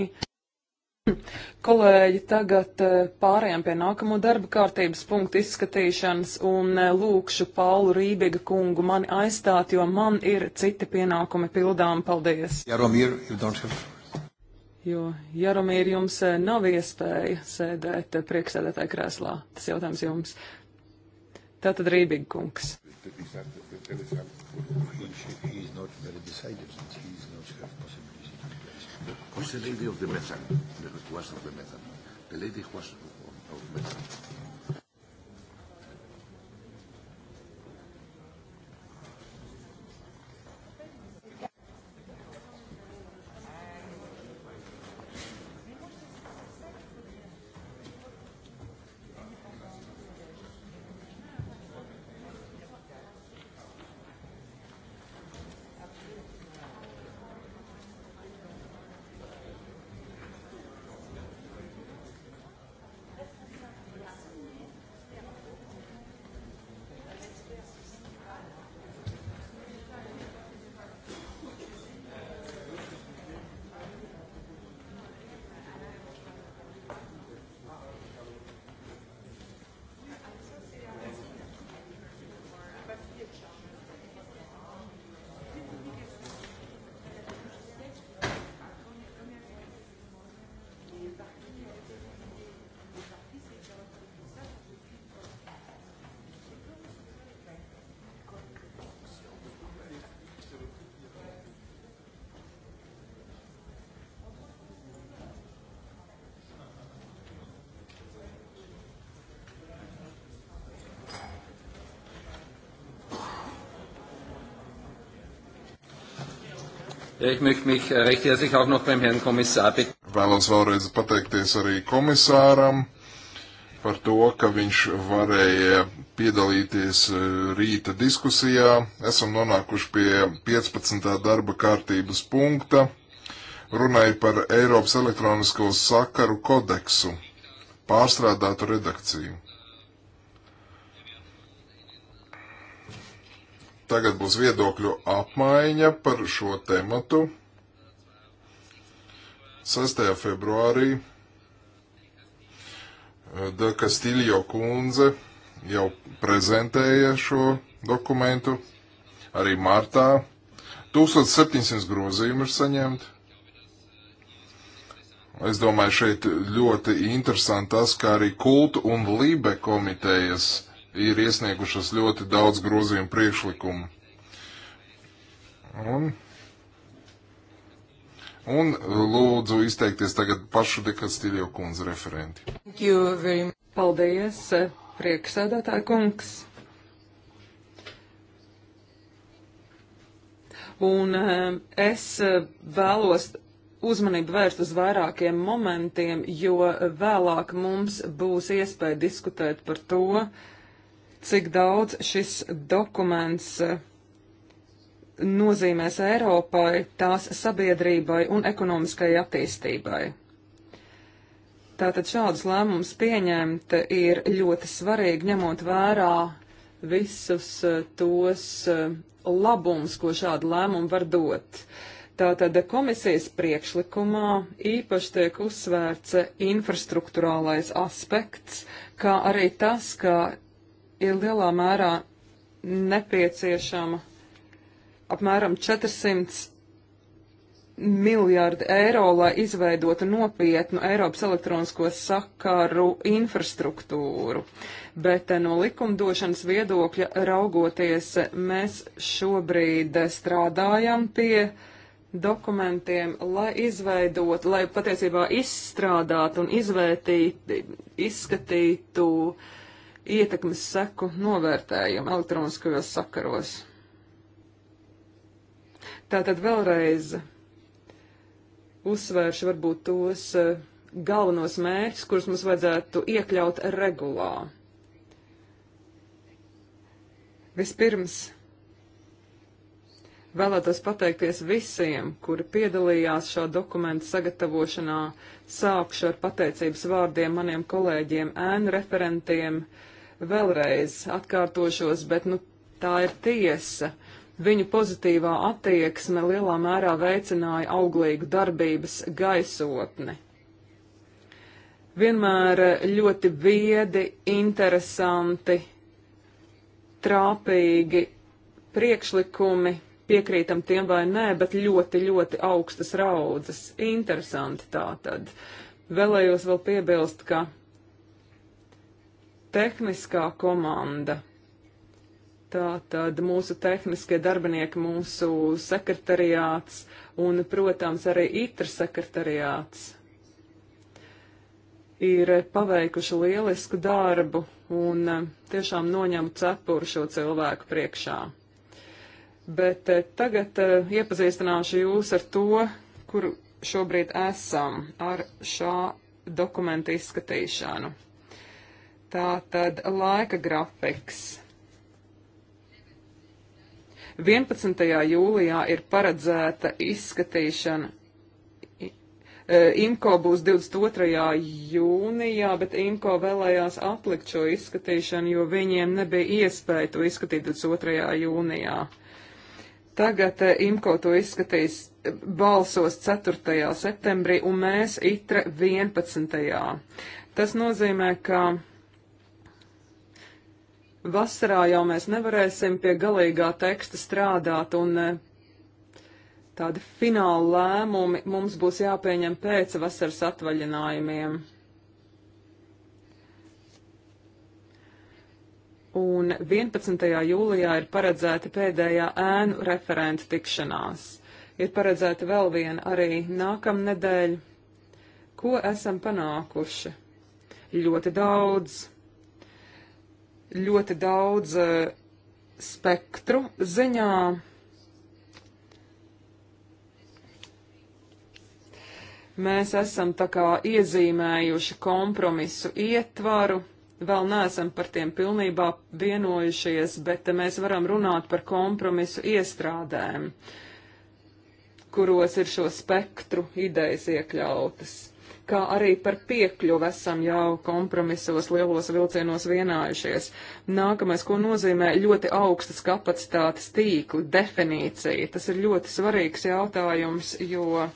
Kolēģi, tagad eh, pārējām pie nākamo darba kārtības punktu izskatīšanas un eh, lūkšu Paulu Rībiga kungu mani aizstāt, jo man ir citi pienākumi pildām. Paldies! Jaromir, have... Jo Jaromīr jums eh, nav iespēja sēdēt priekšsēdētāja krēslā. Tas jautājums jums. Tātad Rībiga kungs. He is not very decided. Who's the lady of the method? The request of the method. The lady was of method. Ich möchte mich recht herzlich auch noch beim Herrn Kommissar bedanken. Vēlos vēlreiz pateikties arī komisāram par to, ka viņš varēja piedalīties e, rīta diskusijā. Esam nonākuši pie 15. darba kārtības punkta. Runāja par Eiropas elektronisko sakaru kodeksu, pārstrādātu redakciju. Tagad būs viedokļu apmaiņa par šo tematu. 6. februārī eh, Da Kastiljo kundze jau prezentēja šo dokumentu, arī martā. 1700 grozījumu ir saņemti. Es domāju, šeit ļoti interesanti tas, ka arī kultu un libe komitejas ir iesniegušas ļoti daudz grozījumu priekšlikumu. Un, un lūdzu izteikties tagad pašu dekastīļo kundze referenti. Paldies, prieksēdētāja kungs. Un eh, es eh, vēlos uzmanību vērst uz vairākiem momentiem, jo eh, vēlāk mums būs iespēja diskutēt par to, uh, cik daudz šis dokuments eh, nozīmēs Eiropai, tās sabiedrībai un ekonomiskai attīstībai. Tātad šādus lēmumus pieņemt ir ļoti svarīgi, ņemot vērā visus eh, tos eh, labums, ko šādi lēmumi var dot. Tātad komisijas priekšlikumā īpaši tiek uzsvērts infrastruktūrālais aspekts, kā arī tas, ka ir lielā mērā nepieciešama apmēram 400 miljārdi eiro, lai izveidotu nopietnu Eiropas elektronisko sakaru infrastruktūru. Bet eh, no likumdošanas viedokļa raugoties, mēs šobrīd eh, strādājam pie dokumentiem, lai izveidot, lai patiesībā izstrādātu un izvērtītu, izskatītu uh, ietekmes seku novērtējumu elektroniskajos sakaros. Tātad vēlreiz uzsvēršu varbūt tos eh, galvenos mērķus, kurus mums vajadzētu iekļaut regulā. Vispirms vēlētos pateikties visiem, kuri piedalījās šā dokumenta sagatavošanā. Sākšu ar pateicības vārdiem maniem kolēģiem, ēnu referentiem, uh, vēlreiz atkārtošos, bet nu, tā ir tiesa. Viņu pozitīvā attieksme lielā mērā veicināja auglīgu darbības gaisotni. Vienmēr ļoti viedi, interesanti, trāpīgi priekšlikumi, piekrītam tiem vai nē, bet ļoti, ļoti augstas raudzes. Interesanti tā tad. Vēlējos vēl piebilst, ka tehniskā komanda. Tā tad mūsu tehniskie darbinieki, mūsu sekretariāts un, protams, arī itra sekretariāts ir paveikuši lielisku darbu un eh, tiešām noņemu cepuru šo cilvēku priekšā. Bet eh, tagad eh, iepazīstināšu jūs ar to, kur šobrīd esam ar šā dokumenta izskatīšanu. Tā tad laika grafiks. 11. jūlijā ir paredzēta izskatīšana. E, IMCO būs 22. jūnijā, bet IMCO vēlējās atlikt šo izskatīšanu, jo viņiem nebija iespēja to izskatīt 22. jūnijā. Tagad e, IMCO to izskatīs e, balsos 4. septembrī un mēs ITRE 11. Tas nozīmē, ka vasarā jau mēs nevarēsim pie galīgā teksta strādāt, un e, tādi fināli lēmumi mums būs jāpieņem pēc vasaras atvaļinājumiem. Un 11. jūlijā ir paredzēta pēdējā ēnu referenta tikšanās. Ir paredzēta vēl viena arī nākamnedēļ. Ko esam panākuši? Ļoti daudz ļoti daudz eh, spektru ziņā. Mēs esam tā kā iezīmējuši kompromisu ietvaru, vēl neesam par tiem pilnībā vienojušies, bet mēs varam runāt par kompromisu iestrādēm, kuros ir šo spektru idejas iekļautas kā arī par piekļuvu esam jau kompromisos lielos vilcienos vienājušies. Nākamais, ko nozīmē ļoti augstas kapacitātes tīkli, definīcija. Tas ir ļoti svarīgs jautājums, jo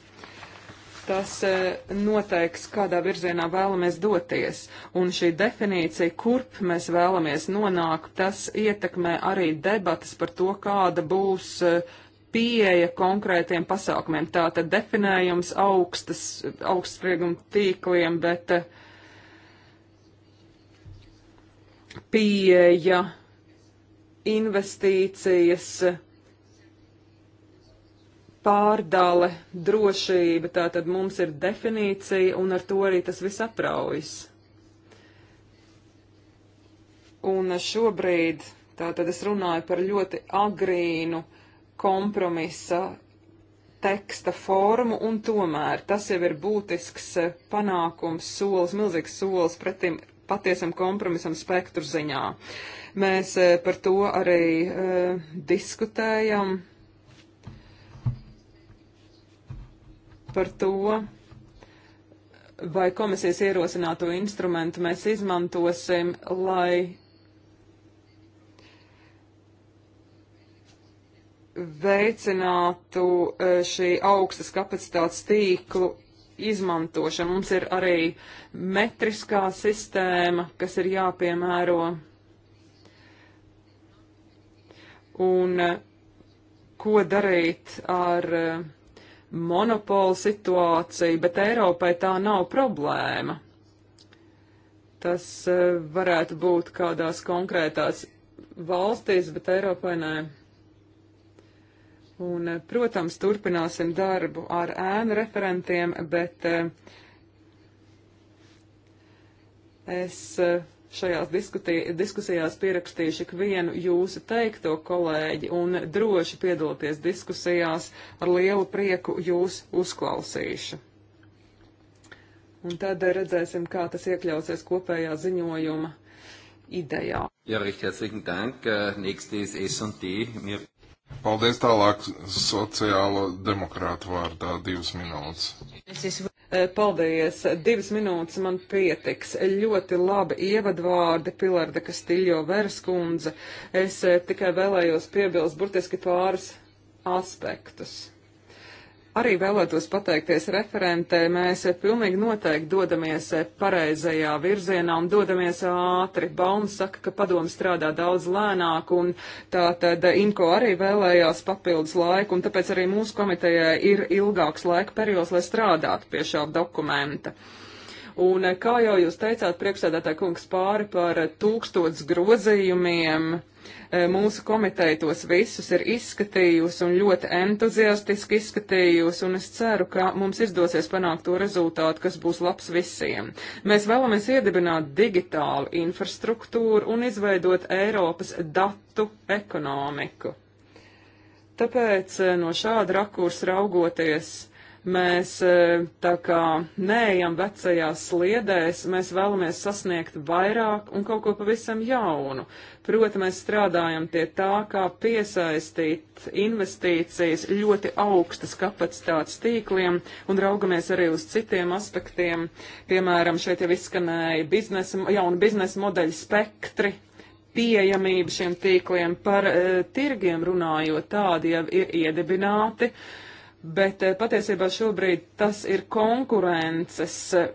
tas e, noteiks, kādā virzienā vēlamies doties. Un šī definīcija, kurp mēs vēlamies nonākt, tas ietekmē arī debatas par to, kāda būs uh, pieeja konkrētiem pasākumiem. Tātad definējums augstas, augstsprieguma tīkliem, bet eh, pieeja, investīcijas, pārdale, drošība, tātad mums ir definīcija un ar to arī tas viss apraujas. Un šobrīd, tātad es runāju par ļoti agrīnu uh, kompromisa teksta formu, un tomēr tas jau ir būtisks eh, panākums, solis, milzīgs solis pretim patiesam kompromisam spektru ziņā. Mēs eh, par to arī uh, diskutējam, par to, vai komisijas ierosināto instrumentu mēs izmantosim, lai veicinātu e, šī augstas kapacitātes tīklu izmantošanu. Mums ir arī metriskā sistēma, kas ir jāpiemēro. Un e, ko darīt ar e, monopolu situāciju, bet Eiropai tā nav problēma. Tas varētu būt kādās konkrētās valstīs, bet Eiropai nē. Ne. Un, eh, protams, turpināsim darbu ar ēnu referentiem, bet eh, es eh, šajās diskusijās pierakstīšu ikvienu jūsu teikto kolēģi un droši piedalīties diskusijās ar lielu prieku jūs uzklausīšu. Un tad redzēsim, kā tas iekļausies kopējā ziņojuma idejā. Ja, recht herzlichen Dank. Äh, Nächste ist S&D. Mir Paldies tālāk sociālo demokrātu vārdā divas minūtes. Eh, paldies, divas minūtes man pietiks. Ļoti labi ievadvārdi Pilarda Kastiljo Verskundze. Es eh, tikai vēlējos piebilst burtiski pāris aspektus. Arī vēlētos pateikties referentē, mēs pilnīgi noteikti dodamies pareizajā virzienā un dodamies ātri. Bauns saka, ka padomu strādā daudz lēnāk un tā tad Inko arī vēlējās papildus laiku un tāpēc arī mūsu komitejai ir ilgāks laika periods, lai strādātu pie šā dokumenta. Uh, Un eh, kā jau jūs teicāt, priekšsēdētā kungs pāri par tūkstots grozījumiem. Eh, mūsu komiteja tos visus ir izskatījusi un ļoti entuziastiski izskatījusi, un es ceru, ka mums izdosies panākt to rezultātu, kas būs labs visiem. Mēs vēlamies iedibināt digitālu infrastruktūru un izveidot Eiropas datu ekonomiku. Tāpēc eh, no šāda rakursa raugoties Mēs e, tā kā neejam vecajās sliedēs, mēs vēlamies sasniegt vairāk un kaut ko pavisam jaunu. Proti, mēs strādājam pie tā, kā piesaistīt investīcijas ļoti augstas kapacitātes tīkliem un raugamies arī uz citiem aspektiem. Piemēram, šeit jau izskanēja biznesa, jauna biznesa modeļa spektri, pieejamību šiem tīkliem, par e, tirgiem runājot, tādi jau ir iedibināti, bet eh, patiesībā šobrīd tas ir konkurences eh,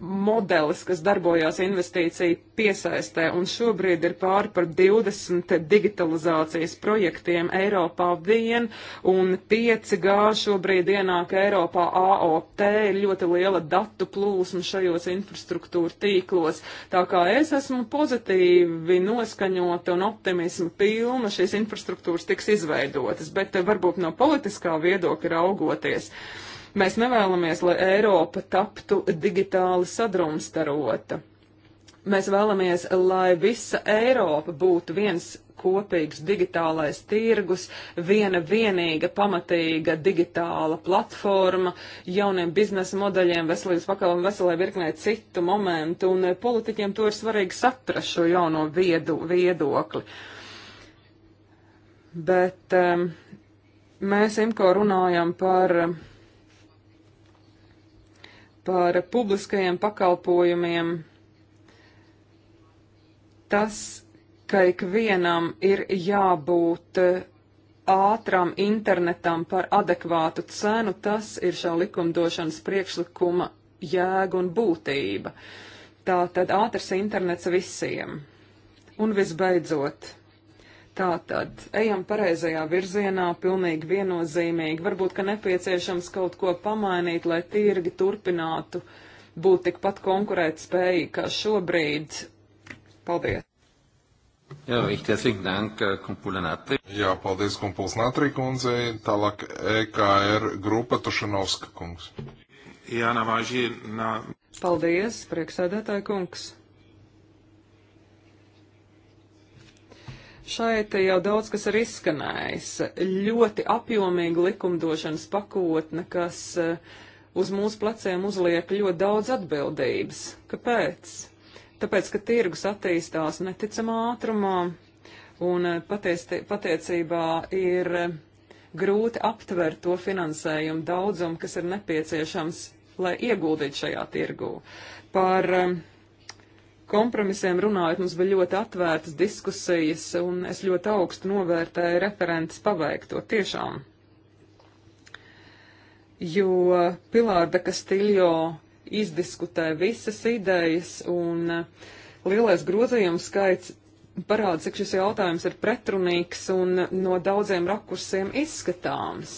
modelis, kas darbojās investīciju piesaistē, un šobrīd ir pāri par 20 digitalizācijas projektiem Eiropā vien, un 5G šobrīd ienāk Eiropā AOT, ir ļoti liela datu plūsma šajos infrastruktūra tīklos. Tā kā es esmu pozitīvi noskaņota un optimisma pilna, šīs infrastruktūras tiks izveidotas, bet varbūt no politiskā viedokļa raugoties. Yeah Mēs nevēlamies, lai Eiropa taptu digitāli sadrumstarota. Mēs vēlamies, lai visa Eiropa būtu viens kopīgs digitālais tirgus, viena vienīga pamatīga digitāla platforma, jauniem biznesa modeļiem, veselības pakalpojumu, veselai virknē citu momentu, un politiķiem to ir svarīgi saprast šo jauno viedu, viedokli. Bet um, mēs imko runājam par. Um, par publiskajiem pakalpojumiem, tas, ka ikvienam ir jābūt ātram internetam par adekvātu cenu, tas ir šā likumdošanas priekšlikuma jēga un būtība. Tā tad ātrs internets visiem. Un visbeidzot, Tātad, ejam pareizajā virzienā, pilnīgi viennozīmīgi. Varbūt, ka nepieciešams kaut ko pamainīt, lai tirgi turpinātu būt tikpat konkurētspēji kā šobrīd. Paldies! Jā, herzlichen Dank, äh, Kumpula Natri. Jā, paldies, Kumpuls Natri kundzei. Tālāk EKR grupa Tušanovska kungs. Jā, navāži, nā. Paldies, prieksēdētāji kungs. Šeit jau daudz kas ir izskanējis. Ļoti apjomīga likumdošanas pakotne, kas eh, uz mūsu pleciem uzliek ļoti daudz atbildības. Kāpēc? Tāpēc, ka tirgus attīstās neticamā ātrumā un eh, patiesti, patiecībā ir eh, grūti aptvert to finansējumu daudzumu, kas ir nepieciešams, lai ieguldītu šajā tirgū. Par um, kompromisiem runājot, mums bija ļoti atvērtas diskusijas, un es ļoti augstu novērtēju referentes paveikto tiešām. Jo Pilārda Kastiljo izdiskutē visas idejas, un uh, lielais grozījums skaits parāda, cik šis jautājums ir pretrunīgs un no daudziem rakursiem izskatāms.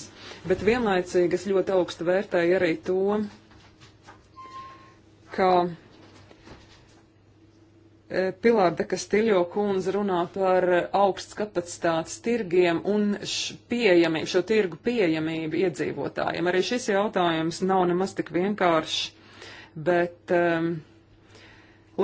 Bet vienlaicīgi es ļoti augstu vērtēju arī to, ka Pilārda Kastiljo kundze runā par augsts kapacitātes tirgiem un pieejamību, šo tirgu pieejamību iedzīvotājiem. Arī šis jautājums nav nemaz tik vienkāršs, bet um,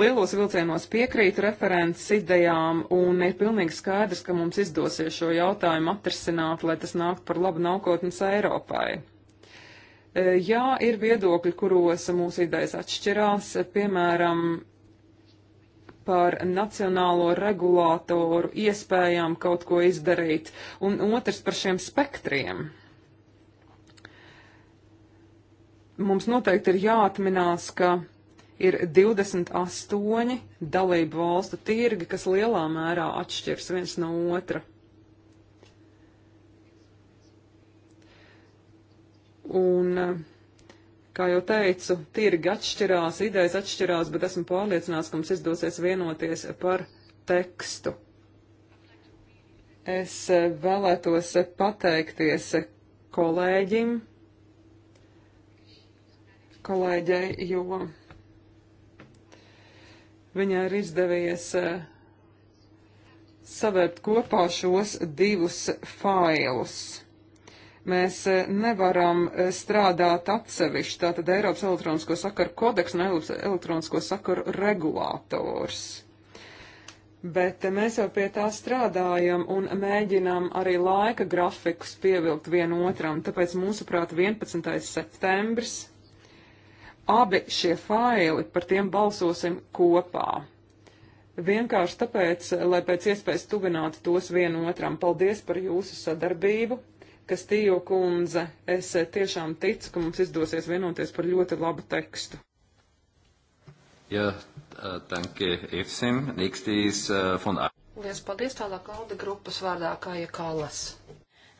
lielos vilcienos piekrītu referents idejām un ir pilnīgi skaidrs, ka mums izdosies šo jautājumu atrisināt, lai tas nāk par labu nākotnes Eiropai. Uh, jā, ir viedokļi, kuros mūsu idejas atšķirās, piemēram, par nacionālo regulātoru iespējām kaut ko izdarīt, un otrs par šiem spektriem. Mums noteikti ir jāatminās, ka ir 28 dalību valstu tirgi, kas lielā mērā atšķirs viens no otra. Un uh, Kā jau teicu, tirgi atšķirās, idejas atšķirās, bet esmu pārliecināts, ka mums izdosies vienoties par tekstu. Es eh, vēlētos pateikties kolēģim, kolēģei, jo viņai ir izdevies eh, savērt kopā šos divus failus. Mēs e, nevaram e, strādāt atsevišķi, tātad Eiropas elektronisko sakaru kodeks un elektronisko sakaru regulators. Bet e, mēs jau pie tā strādājam un mēģinām arī laika grafikus pievilkt vienotram, tāpēc mūsuprāt 11. septembris abi šie faili, par tiem balsosim kopā. Vienkārši tāpēc, lai pēc iespējas tuvinātu tos vienotram. Paldies par jūsu sadarbību! kas Tījo kundze, es eh, tiešām ticu, ka mums izdosies vienoties par ļoti labu tekstu. Jā, ja, eh, danke, Efsim. Nīkstīs uh, eh, von A. Liels paldies tālāk Alde grupas vārdā Kāja Kalas.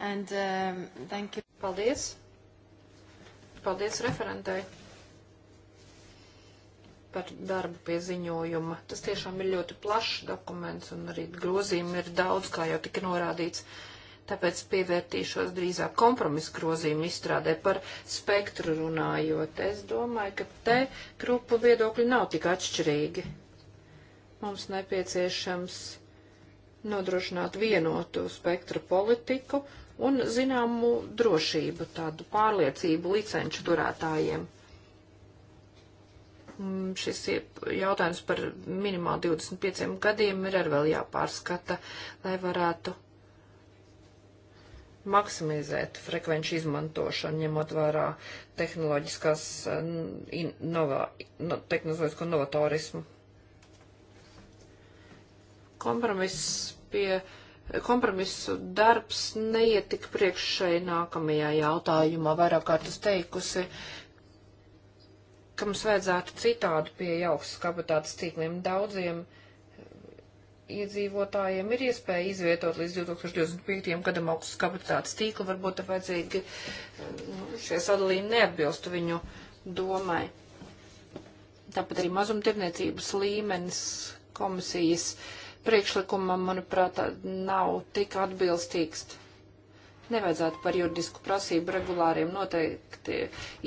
And, um, thank you. Paldies. Paldies referentai par darbu pie ziņojuma. Tas tiešām ir ļoti plašs dokuments un arī grozījumi ir daudz, kā jau tika norādīts. Uh, tāpēc pievērtīšos drīzāk kompromisu grozījumu izstrādē par spektru runājot. Es domāju, ka te grupu viedokļi nav tik atšķirīgi. Mums nepieciešams nodrošināt vienotu spektru politiku un zināmu drošību, tādu pārliecību licenču turētājiem. Mm, šis jautājums par minimāli 25 gadiem ir arī vēl jāpārskata, lai varētu maksimizēt frekvenču izmantošanu, ņemot vērā tehnoloģiskās eh, novā, no, tehnoloģisko novatorismu. Kompromiss pie kompromisu darbs neiet tik priekš šai nākamajā jautājumā. Vairāk kārt es teikusi, ka mums vajadzētu citādu pie jauks kapatātas tīkliem daudziem. Uh, iedzīvotājiem ir iespēja izvietot līdz 2025. gadam augstas kapacitātes tīklu, varbūt te vajadzīgi nu, šie sadalījumi neatbilst viņu domai. Tāpat arī mazumtirniecības līmenis komisijas priekšlikumam, manuprāt, nav tik atbilstīgs. Nevajadzētu par juridisku prasību regulāriem noteikti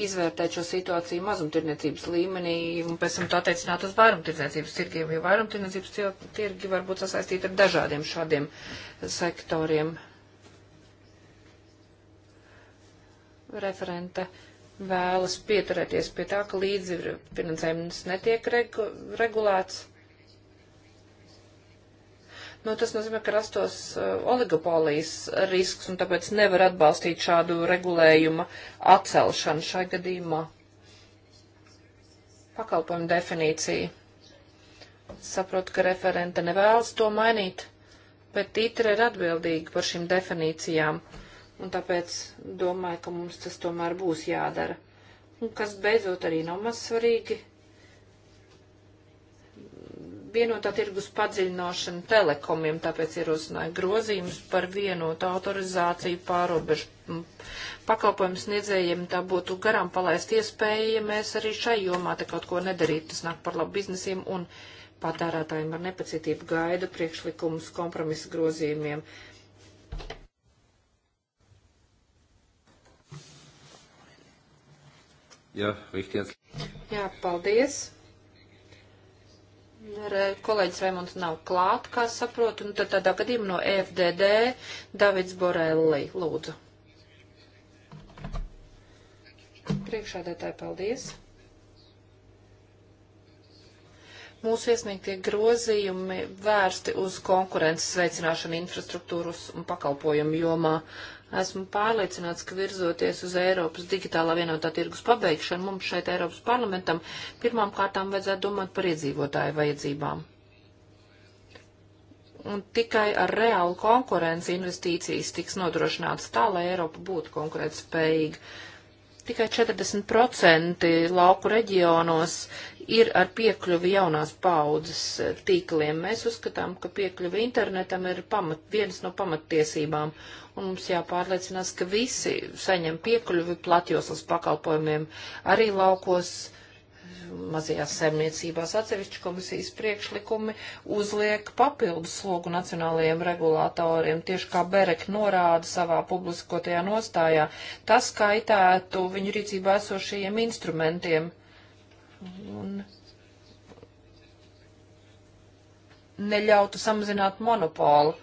izvērtēt šo situāciju mazumtirniecības līmenī un pēc tam to attiecināt uz vairumtirniecības tirgiem, jo vairumtirniecības tirgi var būt sasaistīti ar dažādiem šādiem sektoriem. Referente vēlas pieturēties pie tā, ka līdzi finansējums netiek regu regulēts nu, tas nozīmē, ka rastos uh, oligopolijas risks, un tāpēc nevar atbalstīt šādu regulējuma atcelšanu šai gadījumā. Pakalpojumu definīcija. Saprotu, ka referente nevēlas to mainīt, bet tītra ir atbildīga par šīm definīcijām, un tāpēc domāju, ka mums tas tomēr būs jādara. Un kas beidzot arī nav maz svarīgi vienotā tirgus padziļināšanu telekomiem, tāpēc ierosināja grozījumus par vienotu autorizāciju pārobežu pakalpojumu sniedzējiem. Tā būtu garām palaist iespēja, ja mēs arī šai jomā te kaut ko nedarītu. Tas nāk par labu biznesiem un patērētājiem ar nepacietību gaida priekšlikumus kompromisa grozījumiem. Jā, ja, Jā, paldies. Re, kolēģis Raimunds nav klāt, kā saprotu, un tad tādā gadījumā no e FDD Davids Borelli, lūdzu. Priekšādētāji, paldies. Mūsu iesniegtie grozījumi vērsti uz konkurences veicināšanu infrastruktūras un pakalpojumu jomā. Uh, Esmu pārliecināts, ka virzoties uz Eiropas digitālā vienotā tirgus pabeigšanu, mums šeit Eiropas parlamentam pirmām kārtām vajadzētu domāt par iedzīvotāju vajadzībām. Un tikai ar reālu konkurenci investīcijas tiks nodrošināts tā, lai Eiropa būtu konkurētspējīga. spējīga Tikai 40% lauku reģionos ir ar piekļuvi jaunās paudzes eh, tīkliem. Mēs uzskatām, ka piekļuvi internetam ir pamat, viens no pamattiesībām, un mums jāpārliecinās, ka visi saņem piekļuvi platjoslas pakalpojumiem arī laukos mazajās saimniecībās. Atsevišķi komisijas priekšlikumi uzliek papildus slogu nacionālajiem regulātoriem, tieši kā Berek norāda savā publiskotajā nostājā. Tas kaitētu viņu rīcībā esošajiem instrumentiem. Un neļautu samazināt monopolu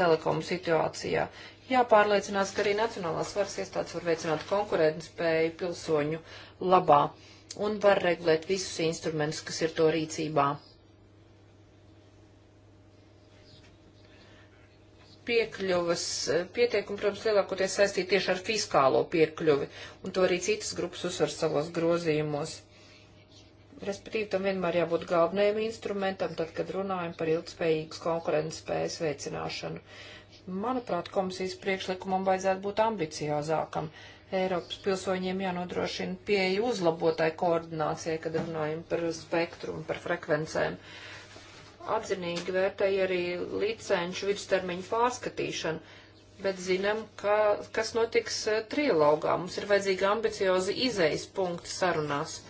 telekomu situācijā. Jāpārliecinās, ka arī nacionālās varas iestādes var veicināt konkurētnespēju pilsoņu labā. Uh, un var regulēt visus instrumentus, kas ir to rīcībā. Piekļuvas pieteikumi, protams, lielākoties saistīti tieši ar fiskālo piekļuvi, un to arī citas grupas uzsver savos grozījumos. Respektīvi, tam vienmēr jābūt galvenajam instrumentam, tad, kad runājam par ilgspējīgas konkurences spējas veicināšanu. Manuprāt, komisijas priekšlikumam vajadzētu būt ambiciozākam. Uh, Eiropas pilsoņiem jānodrošina pieeja uzlabotai koordinācijai, kad runājam par spektru un par frekvencēm. Atzinīgi vērtēja arī licenču vidustermiņu pārskatīšanu, bet zinām, ka, kas notiks eh, trialogā. Mums ir vajadzīga ambicioza izejas punkta sarunās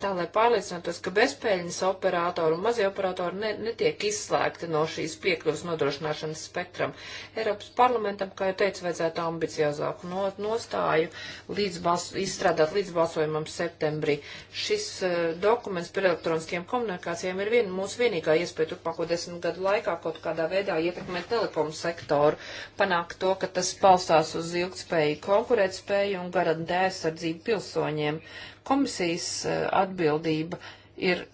tā lai pārliecinātos, ka bezpēļņas operātori un mazie operatori ne, netiek izslēgti no šīs piekļuvas nodrošināšanas spektram. Eiropas parlamentam, kā jau teicu, vajadzētu ambiciozāku no, nostāju līdz bals, izstrādāt līdz balsojumam septembrī. Šis uh, dokuments par elektroniskiem komunikācijām ir vien, mūsu vienīgā iespēja turpmāko desmit gadu laikā kaut kādā veidā ietekmēt telekomu sektoru, panākt to, ka tas palstās uz ilgtspēju konkurētspēju un garantē aizsardzību pilsoņiem. Uh, komisijas eh, atbildība ir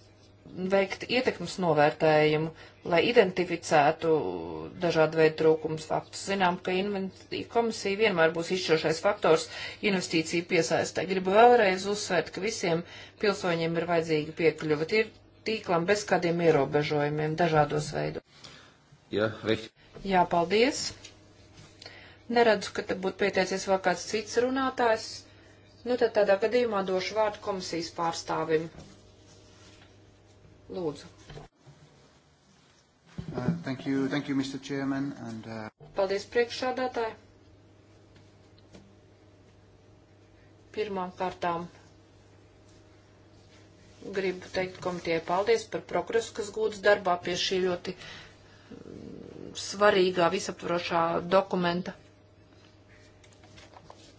veikt ietekmes novērtējumu, lai identificētu dažādu veidu trūkumus faktus. Zinām, ka komisija vienmēr būs izšķirošais faktors investīciju piesaistē. Gribu vēlreiz uzsvērt, ka visiem pilsoņiem ir vajadzīga piekļuva tīklam bez kādiem ierobežojumiem dažādos veidos. Jā, recht. Jā, paldies. Neredzu, ka te būtu pieteicies vēl kāds cits runātājs. Nu, tad tādā gadījumā došu vārdu komisijas pārstāvim. Lūdzu. Uh, thank you, thank you, Mr. Chairman, and, uh... Paldies priekšādātāji. Pirmām kārtām gribu teikt komitē paldies par progresu, kas gūts darbā pie šī ļoti mm, svarīgā visaptvarošā dokumenta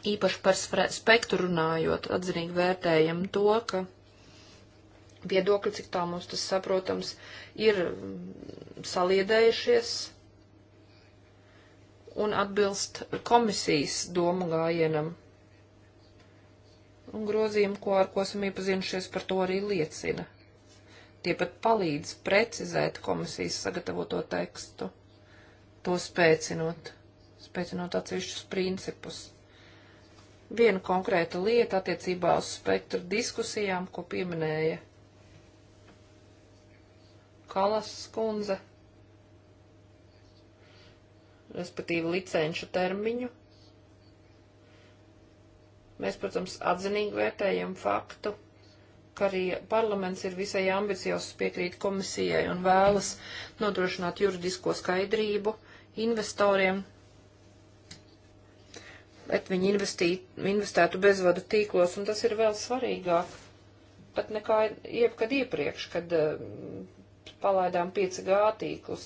īpaši par spektru runājot, atzinīgi vērtējam to, ka viedokļi, cik tā mums tas saprotams, ir mm, saliedējušies un atbilst komisijas domu gājienam. Un grozījumi, ko ar ko esam iepazinušies, par to arī liecina. Tie pat palīdz precizēt komisijas sagatavoto tekstu, to spēcinot, spēcinot atsevišķus principus vienu konkrētu lietu attiecībā uz spektru diskusijām, ko pieminēja Kalas skundze, respektīvi licenšu termiņu. Mēs, protams, atzinīgi vērtējam faktu, ka arī parlaments ir visai ambiciozs piekrīt komisijai un vēlas nodrošināt juridisko skaidrību investoriem bet viņi investī, investētu bezvadu tīklos, un tas ir vēl svarīgāk pat nekā jebkad iepriekš, kad uh, palaidām 5G tīklus.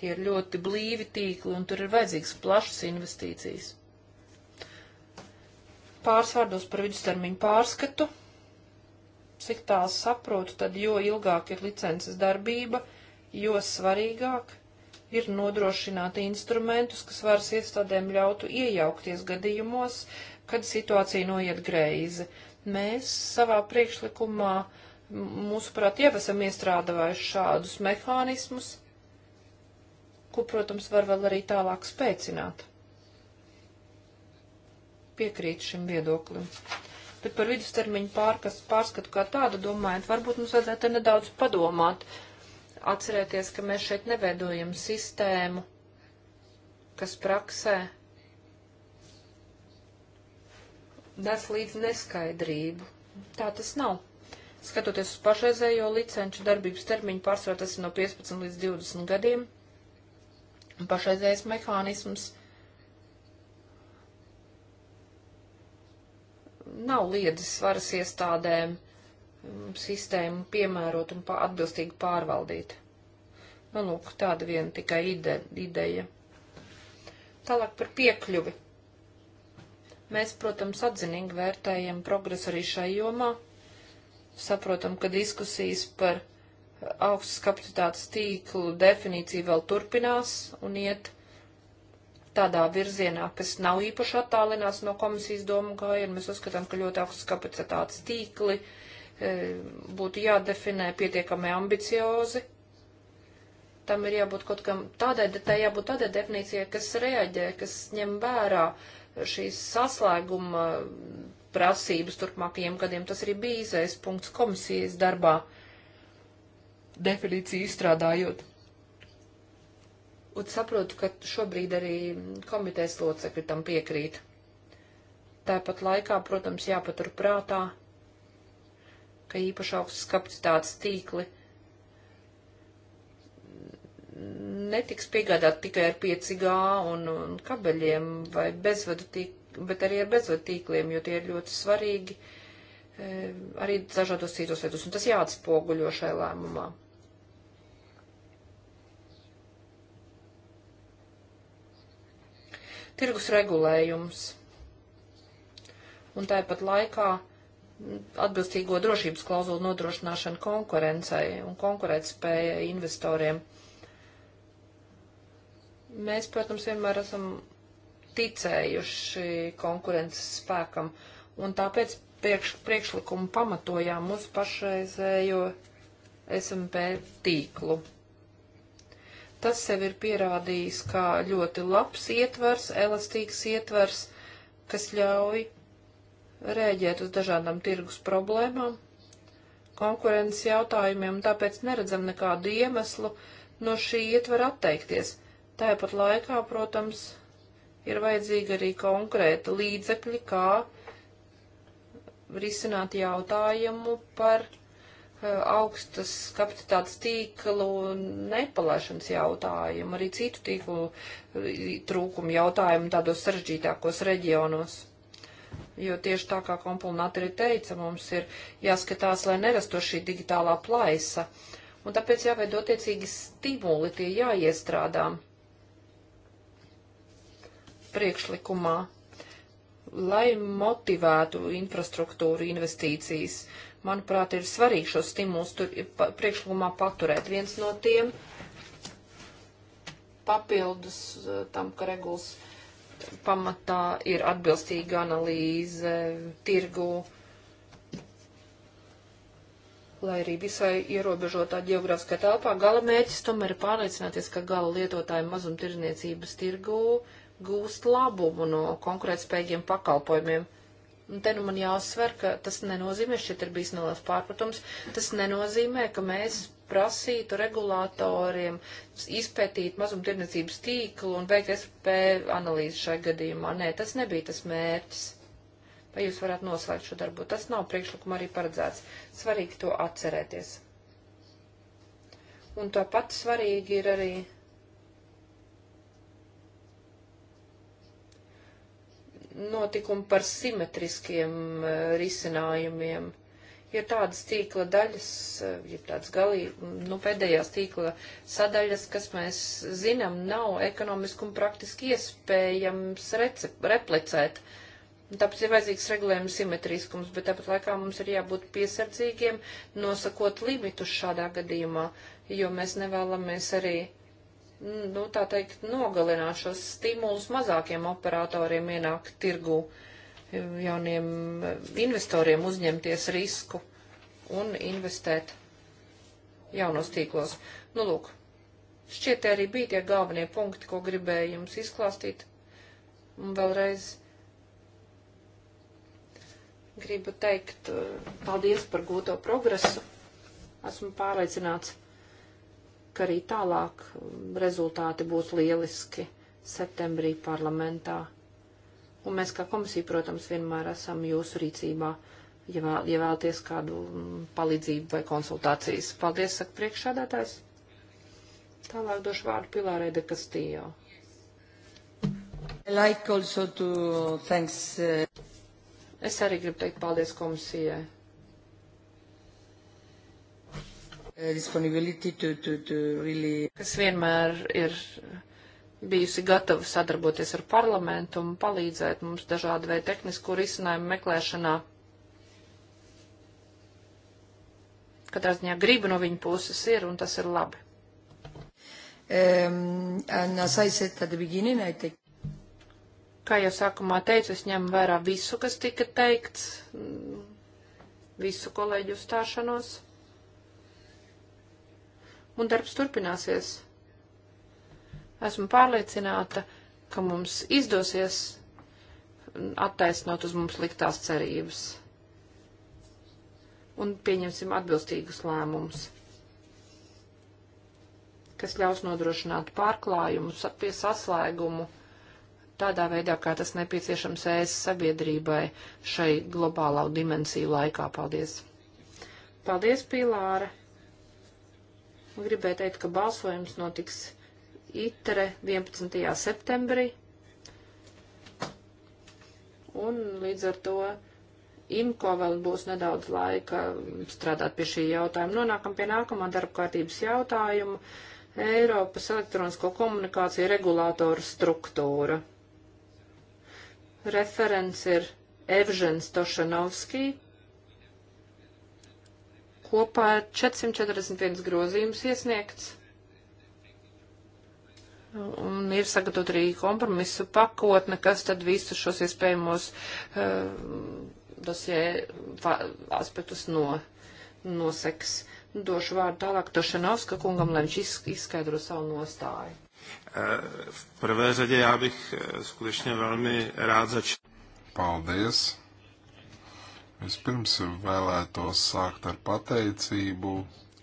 Tie ir ļoti blīvi tīkli, un tur ir vajadzīgs plašas investīcijas. Pāris vārdos par vidustermiņu pārskatu. Cik tāls saprotu, tad jo ilgāk ir licences darbība, jo svarīgāk ir nodrošināt instrumentus, kas varas iestādēm ļautu iejaukties gadījumos, kad situācija noiet greizi. Mēs savā priekšlikumā, mūsuprāt, jau esam iestrādājuši šādus mehānismus, ko, protams, var vēl arī tālāk spēcināt. Piekrīt šim viedoklim. Bet par vidustermiņu pārkas, pārskatu kā tādu domājot, varbūt mums vajadzētu nedaudz padomāt, atcerēties, ka mēs šeit neveidojam sistēmu, kas praksē nes līdz neskaidrību. Tā tas nav. Skatoties uz pašreizējo licenču darbības termiņu, pārsvarā tas ir no 15 līdz 20 gadiem. Pašreizējais mehānisms nav liedzis varas iestādēm uh, Mm, sistēmu piemērot un atbilstīgi pārvaldīt. Nu, lūk, tāda viena tikai ide, ideja. Tālāk par piekļuvi. Mēs, protams, atzinīgi vērtējam progresu arī šai jomā. Saprotam, ka diskusijas par augstas kapacitātes tīklu definīciju vēl turpinās un iet tādā virzienā, kas nav īpaši attālinās no komisijas domu gājienu. Mēs uzskatām, ka ļoti augstas kapacitātes tīkli uh, E, būtu jādefinē pietiekami ambiciozi. Tam ir jābūt kaut kam tādai, tā jābūt tādai definīcijai, kas reaģē, kas ņem vērā šīs saslēguma prasības turpmākajiem gadiem. Tas arī bija izējas punkts komisijas darbā definīciju izstrādājot. Un saprotu, ka šobrīd arī komitejas locekļi tam piekrīt. Tāpat laikā, protams, jāpatur prātā, ka īpaši augstas kapacitātes tīkli netiks piegādāt tikai ar 5G un, un kabeļiem vai bezvadu tīkliem, bet arī ar bezvadu tīkliem, jo tie ir ļoti svarīgi e, arī dažādos citos veidos, un tas jāatspoguļo šai lēmumā. Tirgus regulējums. Un tāpat laikā atbilstīgo drošības klauzulu nodrošināšanu konkurencei un konkurētspējai investoriem. Mēs, protams, vienmēr esam ticējuši konkurences spēkam, un tāpēc priekš, priekšlikumu pamatojām uz pašreizējo SMP tīklu. Tas sev ir pierādījis kā ļoti labs ietvers, elastīgs ietvers, kas ļauj rēģēt uz dažādām tirgus problēmām, konkurences jautājumiem, un tāpēc neredzam nekādu iemeslu no šī ietvera atteikties. Tāpat laikā, protams, ir vajadzīga arī konkrēta līdzekļi, kā risināt jautājumu par eh, augstas kapacitātes tīklu nepalaišanas jautājumu, arī citu tīklu eh, trūkumu jautājumu tādos sarežģītākos reģionos jo tieši tā kā kompulnāt arī teica, mums ir jāskatās, lai nerasto šī digitālā plaisa. Un tāpēc jāveido tiecīgi stimuli, tie jāiestrādā priekšlikumā, lai motivētu infrastruktūru investīcijas. Manuprāt, ir svarīgi šos stimulus tur, pa, priekšlikumā paturēt. Viens no tiem papildus eh, tam, ka regulas pamatā ir atbilstīga analīze tirgu, lai arī visai ierobežotā geogrāfiskā telpā. Gala mērķis tomēr ir pārliecināties, ka gala lietotāji mazumtirdzniecības tirgu gūst labumu no konkurētspējiem pakalpojumiem. Un te nu man jāuzsver, ka tas nenozīmē, šķiet ir bijis neliels pārpratums, tas nenozīmē, ka mēs prasītu regulātoriem izpētīt mazumtirdzniecības tīklu un veikt SP analīzi šai gadījumā. Nē, tas nebija tas mērķis. Vai jūs varat noslēgt šo darbu? Tas nav priekšlikuma arī paredzēts. Svarīgi to atcerēties. Un tāpat svarīgi ir arī notikumi par simetriskiem eh, risinājumiem ir tādas tīkla daļas, ir eh, tādas galīgi, nu, pēdējās tīkla sadaļas, kas mēs zinām, nav ekonomiski un praktiski iespējams rece, replicēt. Tāpēc ir vajadzīgs regulējums simetriskums, bet tāpat laikā mums ir jābūt piesardzīgiem, nosakot limitus šādā gadījumā, jo mēs nevēlamies arī, nu, tā teikt, nogalināt šos stimulus mazākiem operatoriem ienākt tirgū. Uh, jauniem eh, investoriem uzņemties risku un investēt jaunos tīklos. Nu, lūk, šķiet, arī bija tie galvenie punkti, ko gribēju jums izklāstīt. Un vēlreiz gribu teikt eh, paldies par gūto progresu. Esmu pārliecināts, ka arī tālāk mm, rezultāti būs lieliski septembrī parlamentā Un mēs kā komisija, protams, vienmēr esam jūsu rīcībā, ja, vēl, ja vēlaties kādu mm, palīdzību vai konsultācijas. Paldies, saka priekšsādātājs. Tālāk došu vārdu Pilārai de Castillo. Like also to thanks. Uh, es arī gribu teikt paldies komisijai. Disponibility uh, to, to, to really. Kas vienmēr ir bijusi gatava sadarboties ar parlamentu un palīdzēt mums dažādu vai tehnisku risinājumu meklēšanā. Katrā ziņā griba no viņa puses ir, un tas ir labi. Um, ehm, take... Kā jau sākumā teicu, es ņemu vērā visu, kas tika teikts, visu kolēģu uzstāšanos. Un darbs turpināsies. Esmu pārliecināta, ka mums izdosies attaisnot uz mums liktās cerības un pieņemsim atbilstīgus lēmumus, kas ļaus nodrošināt pārklājumu, pie saslēgumu tādā veidā, kā tas nepieciešams ES sabiedrībai šai globālā dimensiju laikā. Paldies! Paldies, Pīlāra! Gribēju teikt, ka balsojums notiks ITRE 11. septembrī. Un līdz ar to IMKO vēl būs nedaudz laika strādāt pie šī jautājuma. Nonākam pie nākamā darba kārtības jautājuma. Eiropas elektronisko komunikāciju regulātoru struktūra. Referents ir Evžens Tošanovskī. Kopā 441 grozījums iesniegts. Un ir sagatavot arī kompromisu pakotne, kas tad visus šos iespējamos uh, dosie aspektus no, noseks. Došu vārdu tālāk Tošanovska kungam, lai viņš izskaidro savu nostāju. Eh, v prvé řadě já bych eh, skutečně velmi rád začal. Paldies. Vispirms vēlētos sākt ar pateicību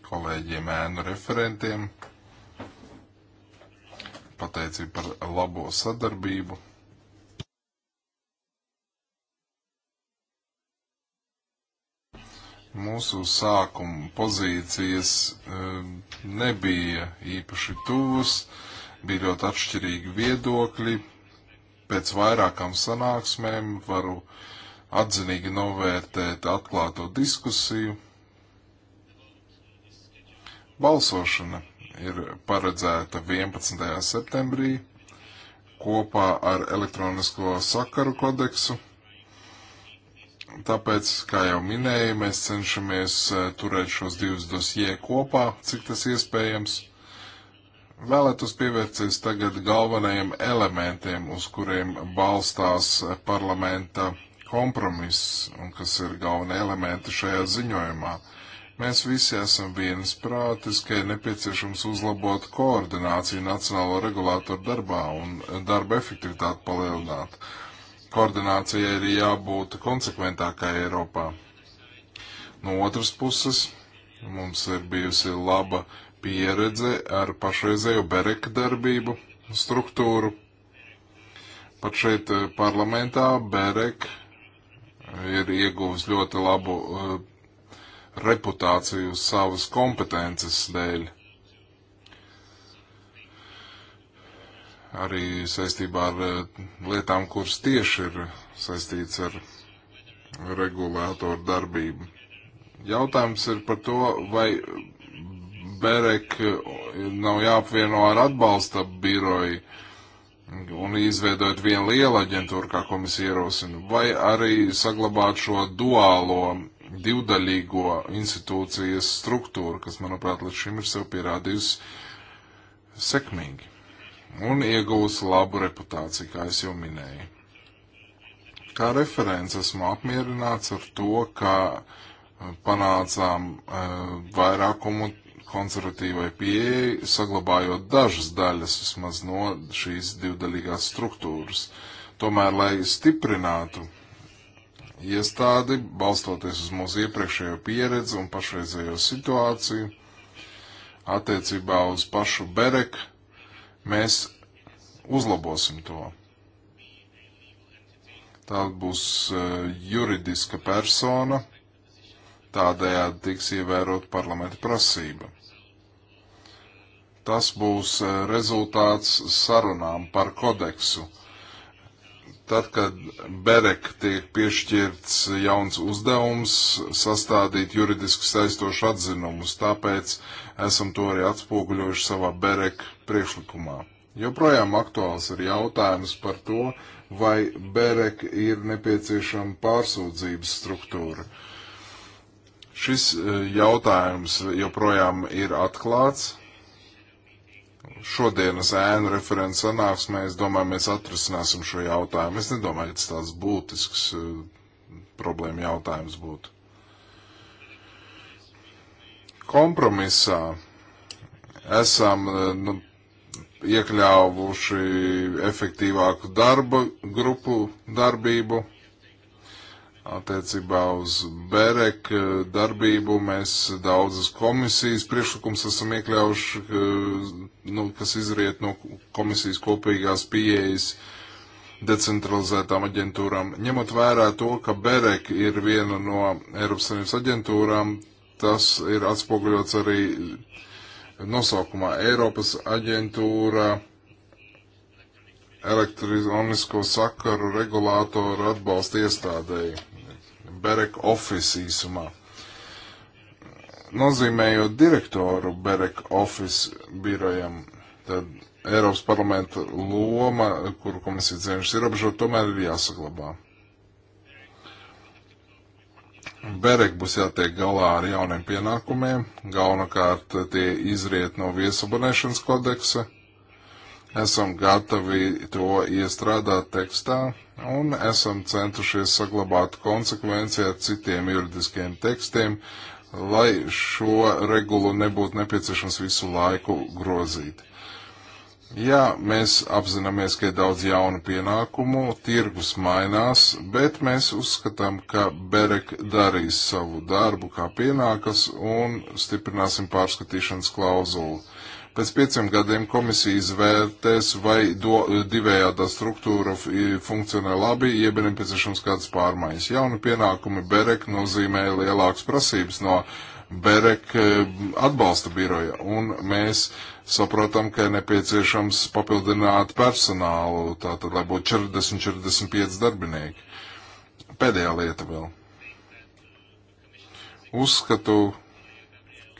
kolēģiem ēnu referentiem pateicību par labo sadarbību. Mūsu sākuma pozīcijas eh, nebija īpaši tuvas, bija ļoti atšķirīgi viedokļi. Pēc vairākām sanāksmēm varu atzinīgi novērtēt atklāto diskusiju. Balsošana ir paredzēta 11. septembrī kopā ar elektronisko sakaru kodeksu. Tāpēc, kā jau minēju, mēs cenšamies eh, turēt šos divus dosjē kopā, cik tas iespējams. Vēlētos pievērsties tagad galvenajiem elementiem, uz kuriem balstās parlamenta kompromiss un kas ir galvenie elementi šajā ziņojumā. Uh, Mēs visi esam vienas prātes, ka ir nepieciešams uzlabot koordināciju nacionālo regulātoru darbā un darba efektivitāti palielināt. Koordinācijai ir jābūt konsekventākai Eiropā. No otras puses, mums ir bijusi laba pieredze ar pašreizējo bereka darbību struktūru. Pat šeit eh, parlamentā berek ir ieguvis ļoti labu uh, reputāciju savas kompetences dēļ. Arī saistībā ar eh, lietām, kuras tieši ir saistīts ar regulātoru darbību. Jautājums ir par to, vai Berek eh, nav jāapvieno ar atbalsta biroju un izveidot vienu lielu aģentūru, kā komisija ierosina, vai arī saglabāt šo duālo divdaļīgo institūcijas struktūru, kas, manuprāt, līdz šim ir sev pierādījusi sekmīgi un iegūs labu reputāciju, kā es jau minēju. Kā referents esmu apmierināts ar to, ka uh, panācām uh, vairākumu konservatīvai pieeja, saglabājot dažas daļas vismaz no šīs divdaļīgās struktūras. Tomēr, lai stiprinātu iestādi, balstoties uz mūsu iepriekšējo pieredzi un pašreizējo situāciju. Attiecībā uz pašu Bereku mēs uzlabosim to. Tā būs uh, juridiska persona, tādējādi tiks ievērot parlamenta prasība. Tas būs uh, rezultāts sarunām par kodeksu, uh, tad, kad Berek tiek piešķirts jauns uzdevums sastādīt juridiski saistošu atzinumus, tāpēc esam to arī atspoguļojuši savā Berek priekšlikumā. Joprojām aktuāls ir jautājums par to, vai Berek ir nepieciešama pārsūdzības struktūra. Šis eh, jautājums joprojām ir atklāts, šodienas ēnu referents sanāksmē, es domāju, mēs atrisināsim šo jautājumu. Es nedomāju, ka tas tāds būtisks eh, problēma jautājums būtu. Kompromisā esam eh, nu, iekļāvuši efektīvāku darba grupu darbību attiecībā uz BEREK eh, darbību. Mēs daudzas komisijas priekšlikums esam iekļaujuši, eh, nu, kas izriet no komisijas kopīgās pieejas decentralizētām aģentūrām. Ņemot vērā to, ka BEREK ir viena no Eiropas Savienības aģentūrām, tas ir atspoguļots arī nosaukumā Eiropas aģentūra elektronisko sakaru regulātoru atbalsta iestādēji. Berek Office īsumā. Nozīmējot direktoru Berek Office birojam, tad Eiropas parlamenta loma, kuru komisija cenšas ierobežot, tomēr ir jāsaglabā. Berek būs jātiek galā ar jauniem pienākumiem, galvenokārt tie izriet no viesabonēšanas kodeksa, esam gatavi to iestrādāt tekstā un esam centušies saglabāt konsekvenci ar citiem juridiskiem tekstiem, lai šo regulu nebūtu nepieciešams visu laiku grozīt. Jā, mēs apzināmies, ka ir daudz jaunu pienākumu, tirgus mainās, bet mēs uzskatām, ka Berek darīs savu darbu kā pienākas un stiprināsim pārskatīšanas klauzulu Pēc pieciem gadiem komisija izvērtēs, vai do, divējādā struktūra funkcionē labi, jeb ir nepieciešams kādas pārmaiņas. Jauni pienākumi BEREK nozīmē lielākas prasības no BEREK e, atbalsta biroja, un mēs saprotam, ka ir nepieciešams papildināt personālu, tātad, lai būtu 40-45 darbinieki. Pēdējā lieta vēl. Uzskatu,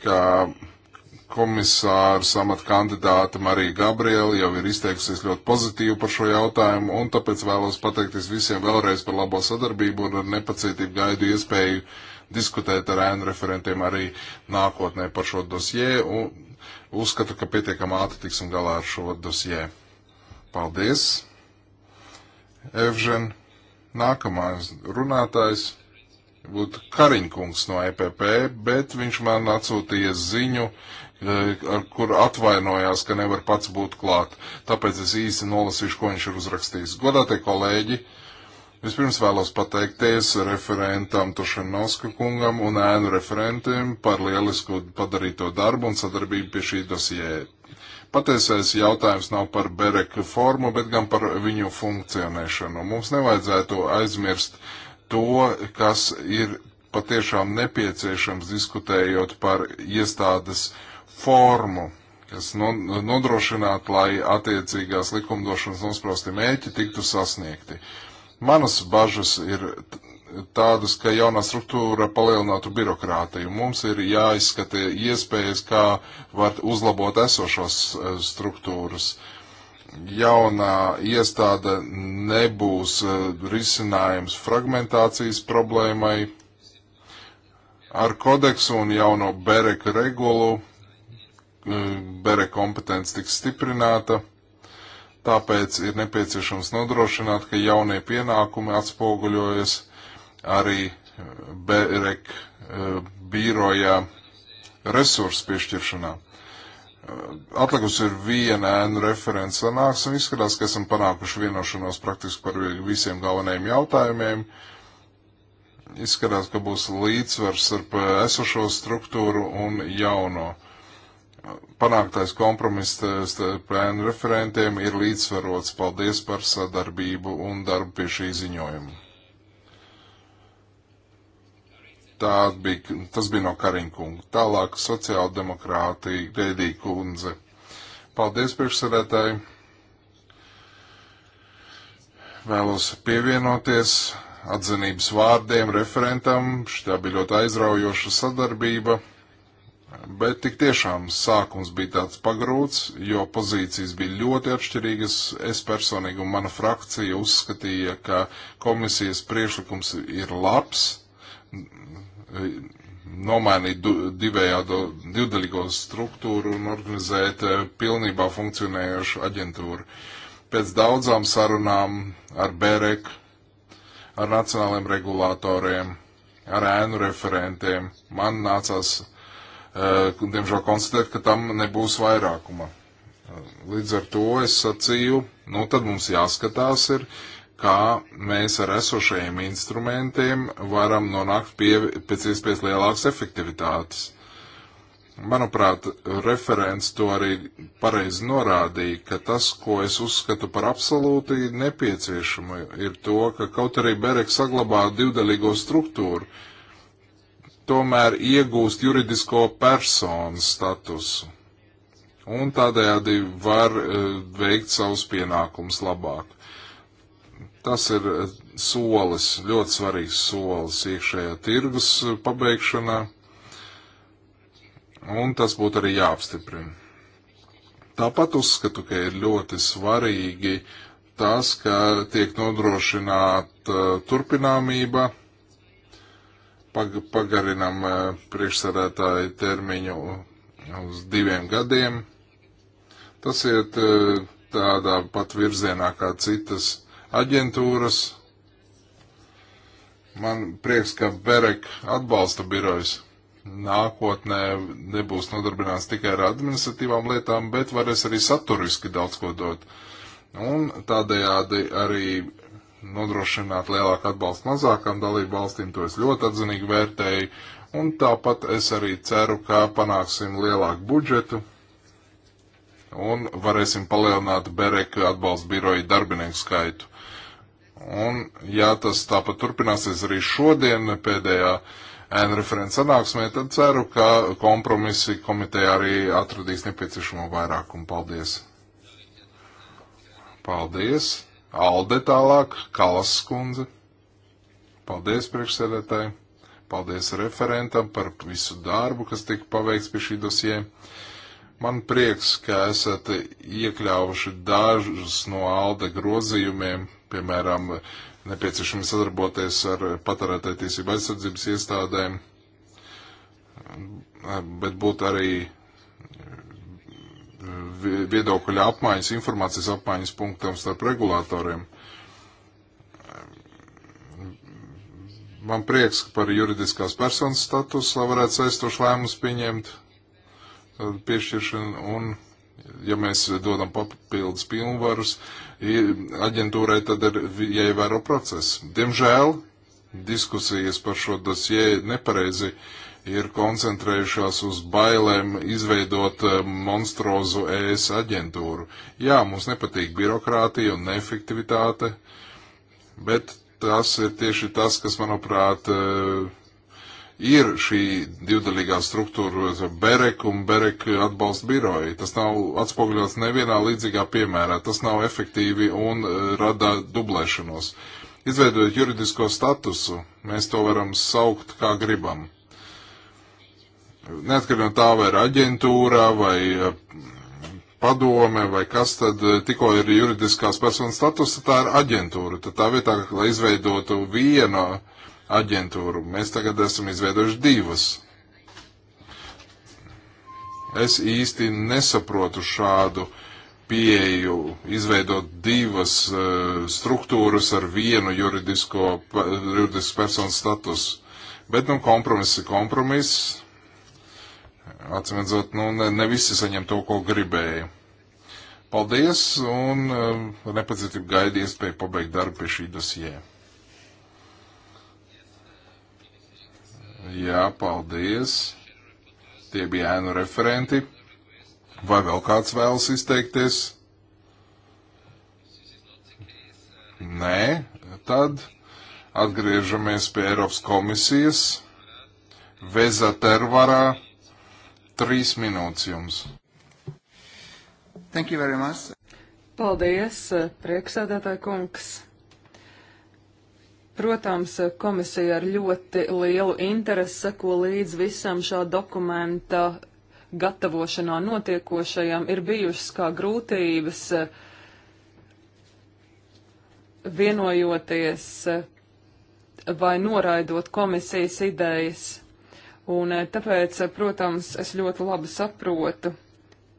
ka komisāra samata kandidāta Marija Gabriela jau ir izteikusies ļoti pozitīvi par šo jautājumu, un tāpēc vēlos pateikties visiem vēlreiz par labo sadarbību un ar nepacietību gaidu iespēju diskutēt ar ēnu referentiem arī nākotnē par šo dosjē, un uzskatu, ka pietiekam ātri tiksim galā ar šo dosjē. Paldies! Evžen, nākamais runātājs būtu Kariņkungs no EPP, bet viņš man atsūtīja ziņu, E, ar kur atvainojās, ka nevar pats būt klāt. Tāpēc es īsi nolasīšu, ko viņš ir uzrakstījis. Godātie kolēģi, vispirms vēlos pateikties referentam Tošanovska kungam un ēnu referentiem par lielisku padarīto darbu un sadarbību pie šī dosijē. Patiesais jautājums nav par Bereka formu, bet gan par viņu funkcionēšanu. Mums nevajadzētu aizmirst to, kas ir patiešām nepieciešams diskutējot par iestādes uh, formu, kas nodrošinātu, lai attiecīgās likumdošanas nosprosti mēķi tiktu sasniegti. Manas bažas ir tādas, ka jaunā struktūra palielinātu birokrātiju. Mums ir jāizskata iespējas, kā var uzlabot esošos e, struktūras. Jaunā iestāde nebūs e, risinājums fragmentācijas problēmai. Ar kodeksu un jauno bereka regulu Mm, bere kompetence tiks stiprināta, tāpēc ir nepieciešams nodrošināt, ka jaunie pienākumi atspoguļojas arī eh, berek eh, bīrojā resursu piešķiršanā. Eh, Atlikus ir viena ēnu referents sanāks un izskatās, ka esam panākuši vienošanos praktiski par visiem galvenajiem jautājumiem. Izskatās, ka būs līdzsvars ar esošo struktūru un jauno. Uh, panāktais kompromiss eh, starp ēnu referentiem ir līdzsvarots. Paldies par sadarbību un darbu pie šī ziņojuma. Tā bija, tas bija no Kariņkunga. Tālāk sociāldemokrāti Rēdī kundze. Paldies priekšsēdētāji. Vēlos pievienoties atzinības vārdiem referentam. Šitā bija ļoti aizraujoša sadarbība bet tik tiešām sākums bija tāds pagrūts, jo pozīcijas bija ļoti atšķirīgas. Es personīgi un mana frakcija uzskatīja, ka komisijas priešlikums ir labs, nomainīt divējādo divdaļīgo struktūru un organizēt eh, pilnībā funkcionējošu aģentūru. Pēc daudzām sarunām ar BEREK, ar nacionāliem regulātoriem, ar ēnu referentiem man nācās uh, Eh, diemžēl konstatēt, ka tam nebūs vairākuma. Eh, līdz ar to es sacīju, nu tad mums jāskatās ir, kā mēs ar esošajiem instrumentiem varam nonākt pie pēc iespējas lielākas efektivitātes. Manuprāt, referents to arī pareizi norādīja, ka tas, ko es uzskatu par absolūti nepieciešamu, ir to, ka kaut arī Bereks saglabā divdaļīgo struktūru, uh, tomēr iegūst juridisko personu statusu un tādējādi var eh, veikt savus pienākumus labāk. Tas ir eh, solis, ļoti svarīgs solis iekšējā tirgus eh, pabeigšanā, un tas būtu arī jāapstiprina. Tāpat uzskatu, ka ir ļoti svarīgi tas, ka tiek nodrošināta turpināmība pag pagarinam eh, priekšsarētāju termiņu uz diviem gadiem. Tas iet eh, tādā pat virzienā kā citas aģentūras. Man prieks, ka Berek atbalsta birojas nākotnē nebūs nodarbināts tikai ar administratīvām lietām, bet varēs arī saturiski daudz ko dot. Un tādējādi arī nodrošināt lielāku atbalstu mazākām dalību valstīm, to es ļoti atzinīgi vērtēju, un tāpat es arī ceru, ka panāksim lielāku budžetu un varēsim palielināt Bereka atbalstu biroju darbinieku skaitu. Un, ja tas tāpat turpināsies arī šodien pēdējā ēnu referents sanāksmē, tad ceru, ka kompromisi komiteja arī atradīs nepieciešamo vairākumu. Paldies! Paldies! Alde tālāk, Kalas skundze. Paldies priekšsēdētāji, paldies referentam par visu darbu, kas tika paveikts pie šī dosie. Man prieks, ka esat iekļāvuši dažus no Alde grozījumiem, piemēram, nepieciešami sadarboties ar patērētāju tiesību aizsardzības iestādēm, bet būtu arī viedokļa apmaiņas, informācijas apmaiņas punktam starp regulātoriem. Man prieks par juridiskās personas statusu, lai varētu saistošu lēmumus pieņemt, uh, piešķiršanu un ja mēs dodam papildus pilnvarus aģentūrai, tad ir jāievēro process. Diemžēl diskusijas par šo dosie nepareizi ir koncentrējušās uz bailēm izveidot eh, monstrozu ES aģentūru. Jā, mums nepatīk birokrātija un neefektivitāte, bet tas ir tieši tas, kas, manuprāt, eh, ir šī divdalīgā struktūra eh, Berek un Berek atbalsta biroji. Tas nav atspoguļots nevienā līdzīgā piemērā. Tas nav efektīvi un rada dublēšanos. Izveidojot juridisko statusu, mēs to varam saukt kā gribam. Neatkarīgi no tā, vai ir aģentūra, vai eh, padome, vai kas tad eh, tikko ir juridiskās personas status, tā ir aģentūra. Tad tā vietā, lai izveidotu vienu aģentūru, mēs tagad esam izveidojuši divas. Es īsti nesaprotu šādu pieeju, izveidot divas uh, struktūras ar vienu juridisko, juridisku personu statusu. Bet, nu, kompromiss ir kompromiss. Atcīmredzot, nu, ne, ne visi saņem to, ko gribēja. Paldies un ar uh, nepacietību gaidu iespēju pabeigt darbu pie šī dosijē. Jā, paldies. Tie bija ēnu referenti. Vai vēl kāds vēlas izteikties? Nē, tad atgriežamies pie Eiropas komisijas. Veza Tervarā Trīs minūtes jums. Thank you very much. Paldies, prieksēdētāji kungs. Protams, komisija ar ļoti lielu interesi seko līdz visam šā dokumenta gatavošanā notiekošajam. Ir bijušas kā grūtības vienojoties vai noraidot komisijas idejas. Un eh, tāpēc, eh, protams, es ļoti labi saprotu,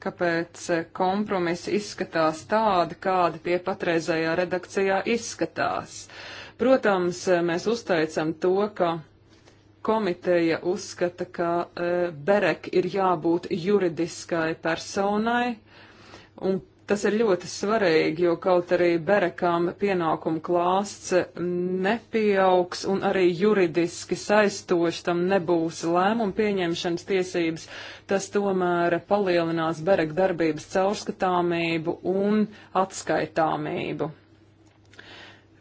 kāpēc eh, kompromisi izskatās tādi, kādi tie patreizējā redakcijā izskatās. Protams, mēs uzteicam to, ka komiteja uzskata, ka e, Berek ir jābūt juridiskai personai, un Tas ir ļoti svarīgi, jo kaut arī berekām pienākumu klāsts nepieaugs un arī juridiski saistoši tam nebūs lēmumu pieņemšanas tiesības, tas tomēr palielinās berek darbības caurskatāmību un atskaitāmību.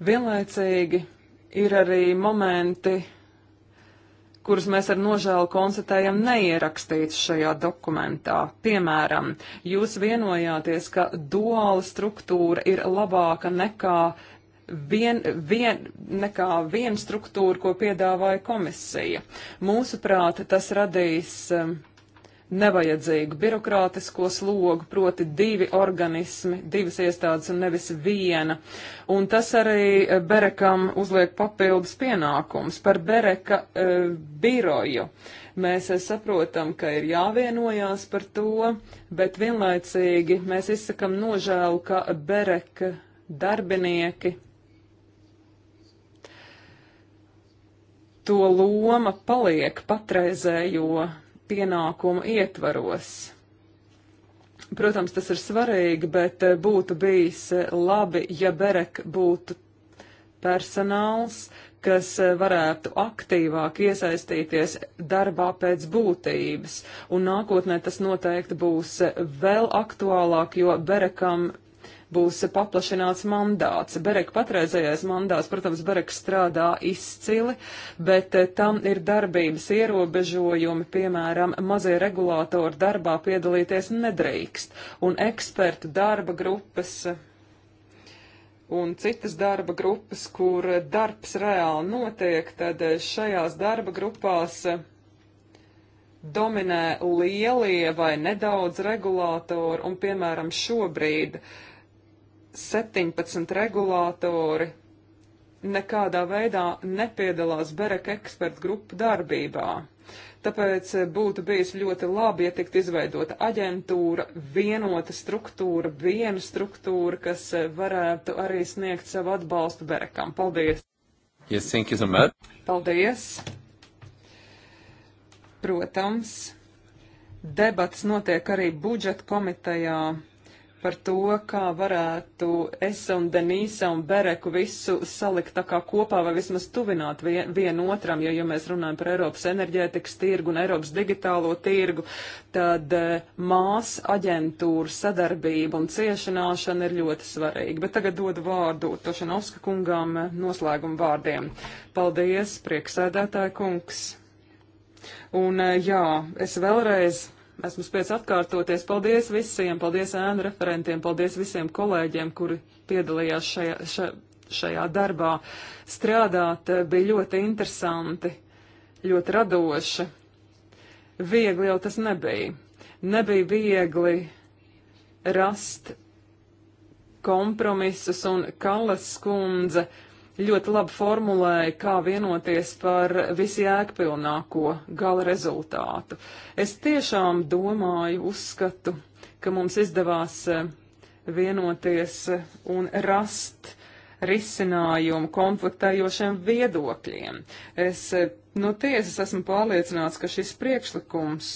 Vienlaicīgi ir arī momenti, kurus mēs ar nožēlu konstatējam neierakstīts šajā dokumentā. Piemēram, jūs vienojāties, ka duāla struktūra ir labāka nekā, vien, vien, nekā viena struktūra, ko piedāvāja komisija. Mūsuprāt, tas radīs um, nevajadzīgu birokrātisko slogu, proti divi organismi, divas iestādes un nevis viena. Un tas arī eh, Berekam uzliek papildus pienākums par Bereka e, biroju. Mēs eh, saprotam, ka ir jāvienojās par to, bet vienlaicīgi mēs izsakam nožēlu, ka Bereka darbinieki to loma paliek patreizējo pienākumu ietvaros. Protams, tas ir svarīgi, bet eh, būtu bijis eh, labi, ja Berek būtu personāls, kas eh, varētu aktīvāk iesaistīties darbā pēc būtības. Un nākotnē tas noteikti būs vēl aktuālāk, jo Berekam būs paplašināts mandāts. Bereka patreizējais mandāts, protams, Bereka strādā izcili, bet eh, tam ir darbības ierobežojumi, piemēram, mazie regulātori darbā piedalīties nedrīkst, un ekspertu darba grupas un citas darba grupas, kur darbs reāli notiek, tad eh, šajās darba grupās eh, dominē lielie vai nedaudz regulātori, un piemēram šobrīd uh, 17 regulātori nekādā veidā nepiedalās Bereka ekspertu grupu darbībā. Tāpēc eh, būtu bijis ļoti labi, ja tiktu izveidota aģentūra, vienota struktūra, viena struktūra, kas eh, varētu arī sniegt savu atbalstu Berekam. Paldies! Yes, thank you so much. Paldies! Protams, debats notiek arī budžeta komitejā par to, kā varētu es un Denīsa un Bereku visu salikt tā kā kopā vai vismaz tuvināt vien, vienotram, jo, ja mēs runājam par Eiropas enerģētikas tirgu un Eiropas digitālo tirgu, tad eh, mās aģentūra sadarbība un ciešanāšana ir ļoti svarīga. Bet tagad dodu vārdu Tošanovska kungām eh, noslēguma vārdiem. Paldies, prieksēdētāja kungs. Un eh, jā, es vēlreiz esmu spies atkārtoties. Paldies visiem, paldies ēnu referentiem, paldies visiem kolēģiem, kuri piedalījās šajā, še, šajā darbā. Strādāt eh, bija ļoti interesanti, ļoti radoši. Viegli jau tas nebija. Nebija viegli rast kompromisus un Kalas kundze ļoti labi formulēja, kā vienoties par visjēgpilnāko gala rezultātu. Es tiešām domāju, uzskatu, ka mums izdevās eh, vienoties eh, un rast risinājumu konfliktējošiem viedokļiem. Es eh, no tiesas esmu pārliecināts, ka šis priekšlikums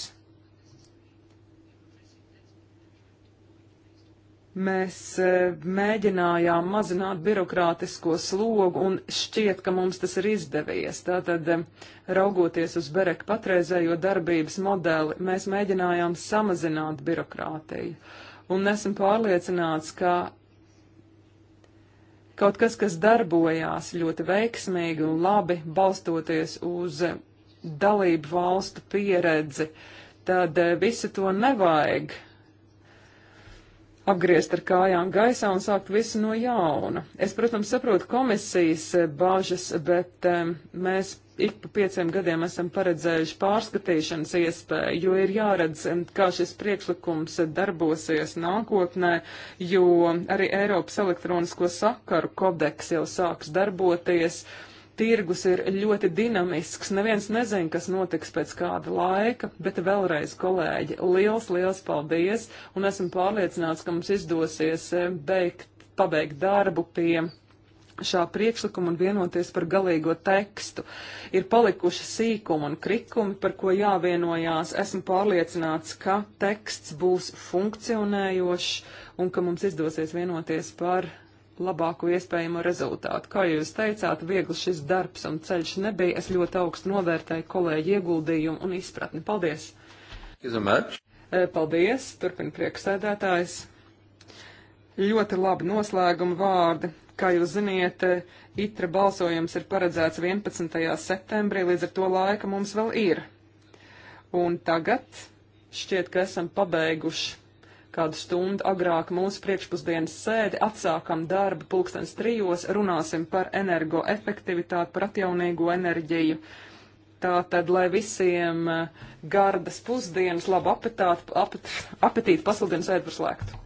Mēs e, mēģinājām mazināt birokrātisko slogu un šķiet, ka mums tas ir izdevies. Tātad, e, raugoties uz Bereka patreizējo darbības modeli, mēs mēģinājām samazināt birokrātiju. Un esam pārliecināts, ka kaut kas, kas darbojās ļoti veiksmīgi un labi, balstoties uz dalību valstu pieredzi, tad e, visu to nevajag apgriezt ar kājām gaisā un sākt visu no jauna. Es, protams, saprotu komisijas eh, bāžas, bet um, mēs ik pa pieciem gadiem esam paredzējuši pārskatīšanas iespēju, jo ir jāredz, eh, kā šis priekšlikums darbosies nākotnē, jo arī Eiropas elektronisko sakaru kodeks jau sāks darboties. Uh, tirgus ir ļoti dinamisks. Neviens nezin, kas notiks pēc kāda laika, bet vēlreiz, kolēģi, liels, liels paldies, un esmu pārliecināts, ka mums izdosies eh, beigt, pabeigt darbu pie šā priekšlikuma un vienoties par galīgo tekstu. Ir palikuši sīkumi un krikumi, par ko jāvienojās. Esmu pārliecināts, ka teksts būs funkcionējošs un ka mums izdosies vienoties par labāko iespējamo rezultātu. Kā jūs teicāt, viegli šis darbs un ceļš nebija. Es ļoti augstu novērtēju kolēģi ieguldījumu un izpratni. Paldies! E, paldies! Turpin priekšsēdētājs. Ļoti labi noslēguma vārdi. Kā jūs ziniet, e, itra balsojums ir paredzēts 11. septembrī, līdz ar to laika mums vēl ir. Un tagad šķiet, ka esam pabeiguši kādu stundu agrāk mūsu priekšpusdienas sēdi, atsākam darbu pulkstens trijos, runāsim par energoefektivitāti, par atjaunīgo enerģiju. Tātad, lai visiem eh, gardas pusdienas, labu apetītu, apetītu pasludinu sēdi par slēgtu.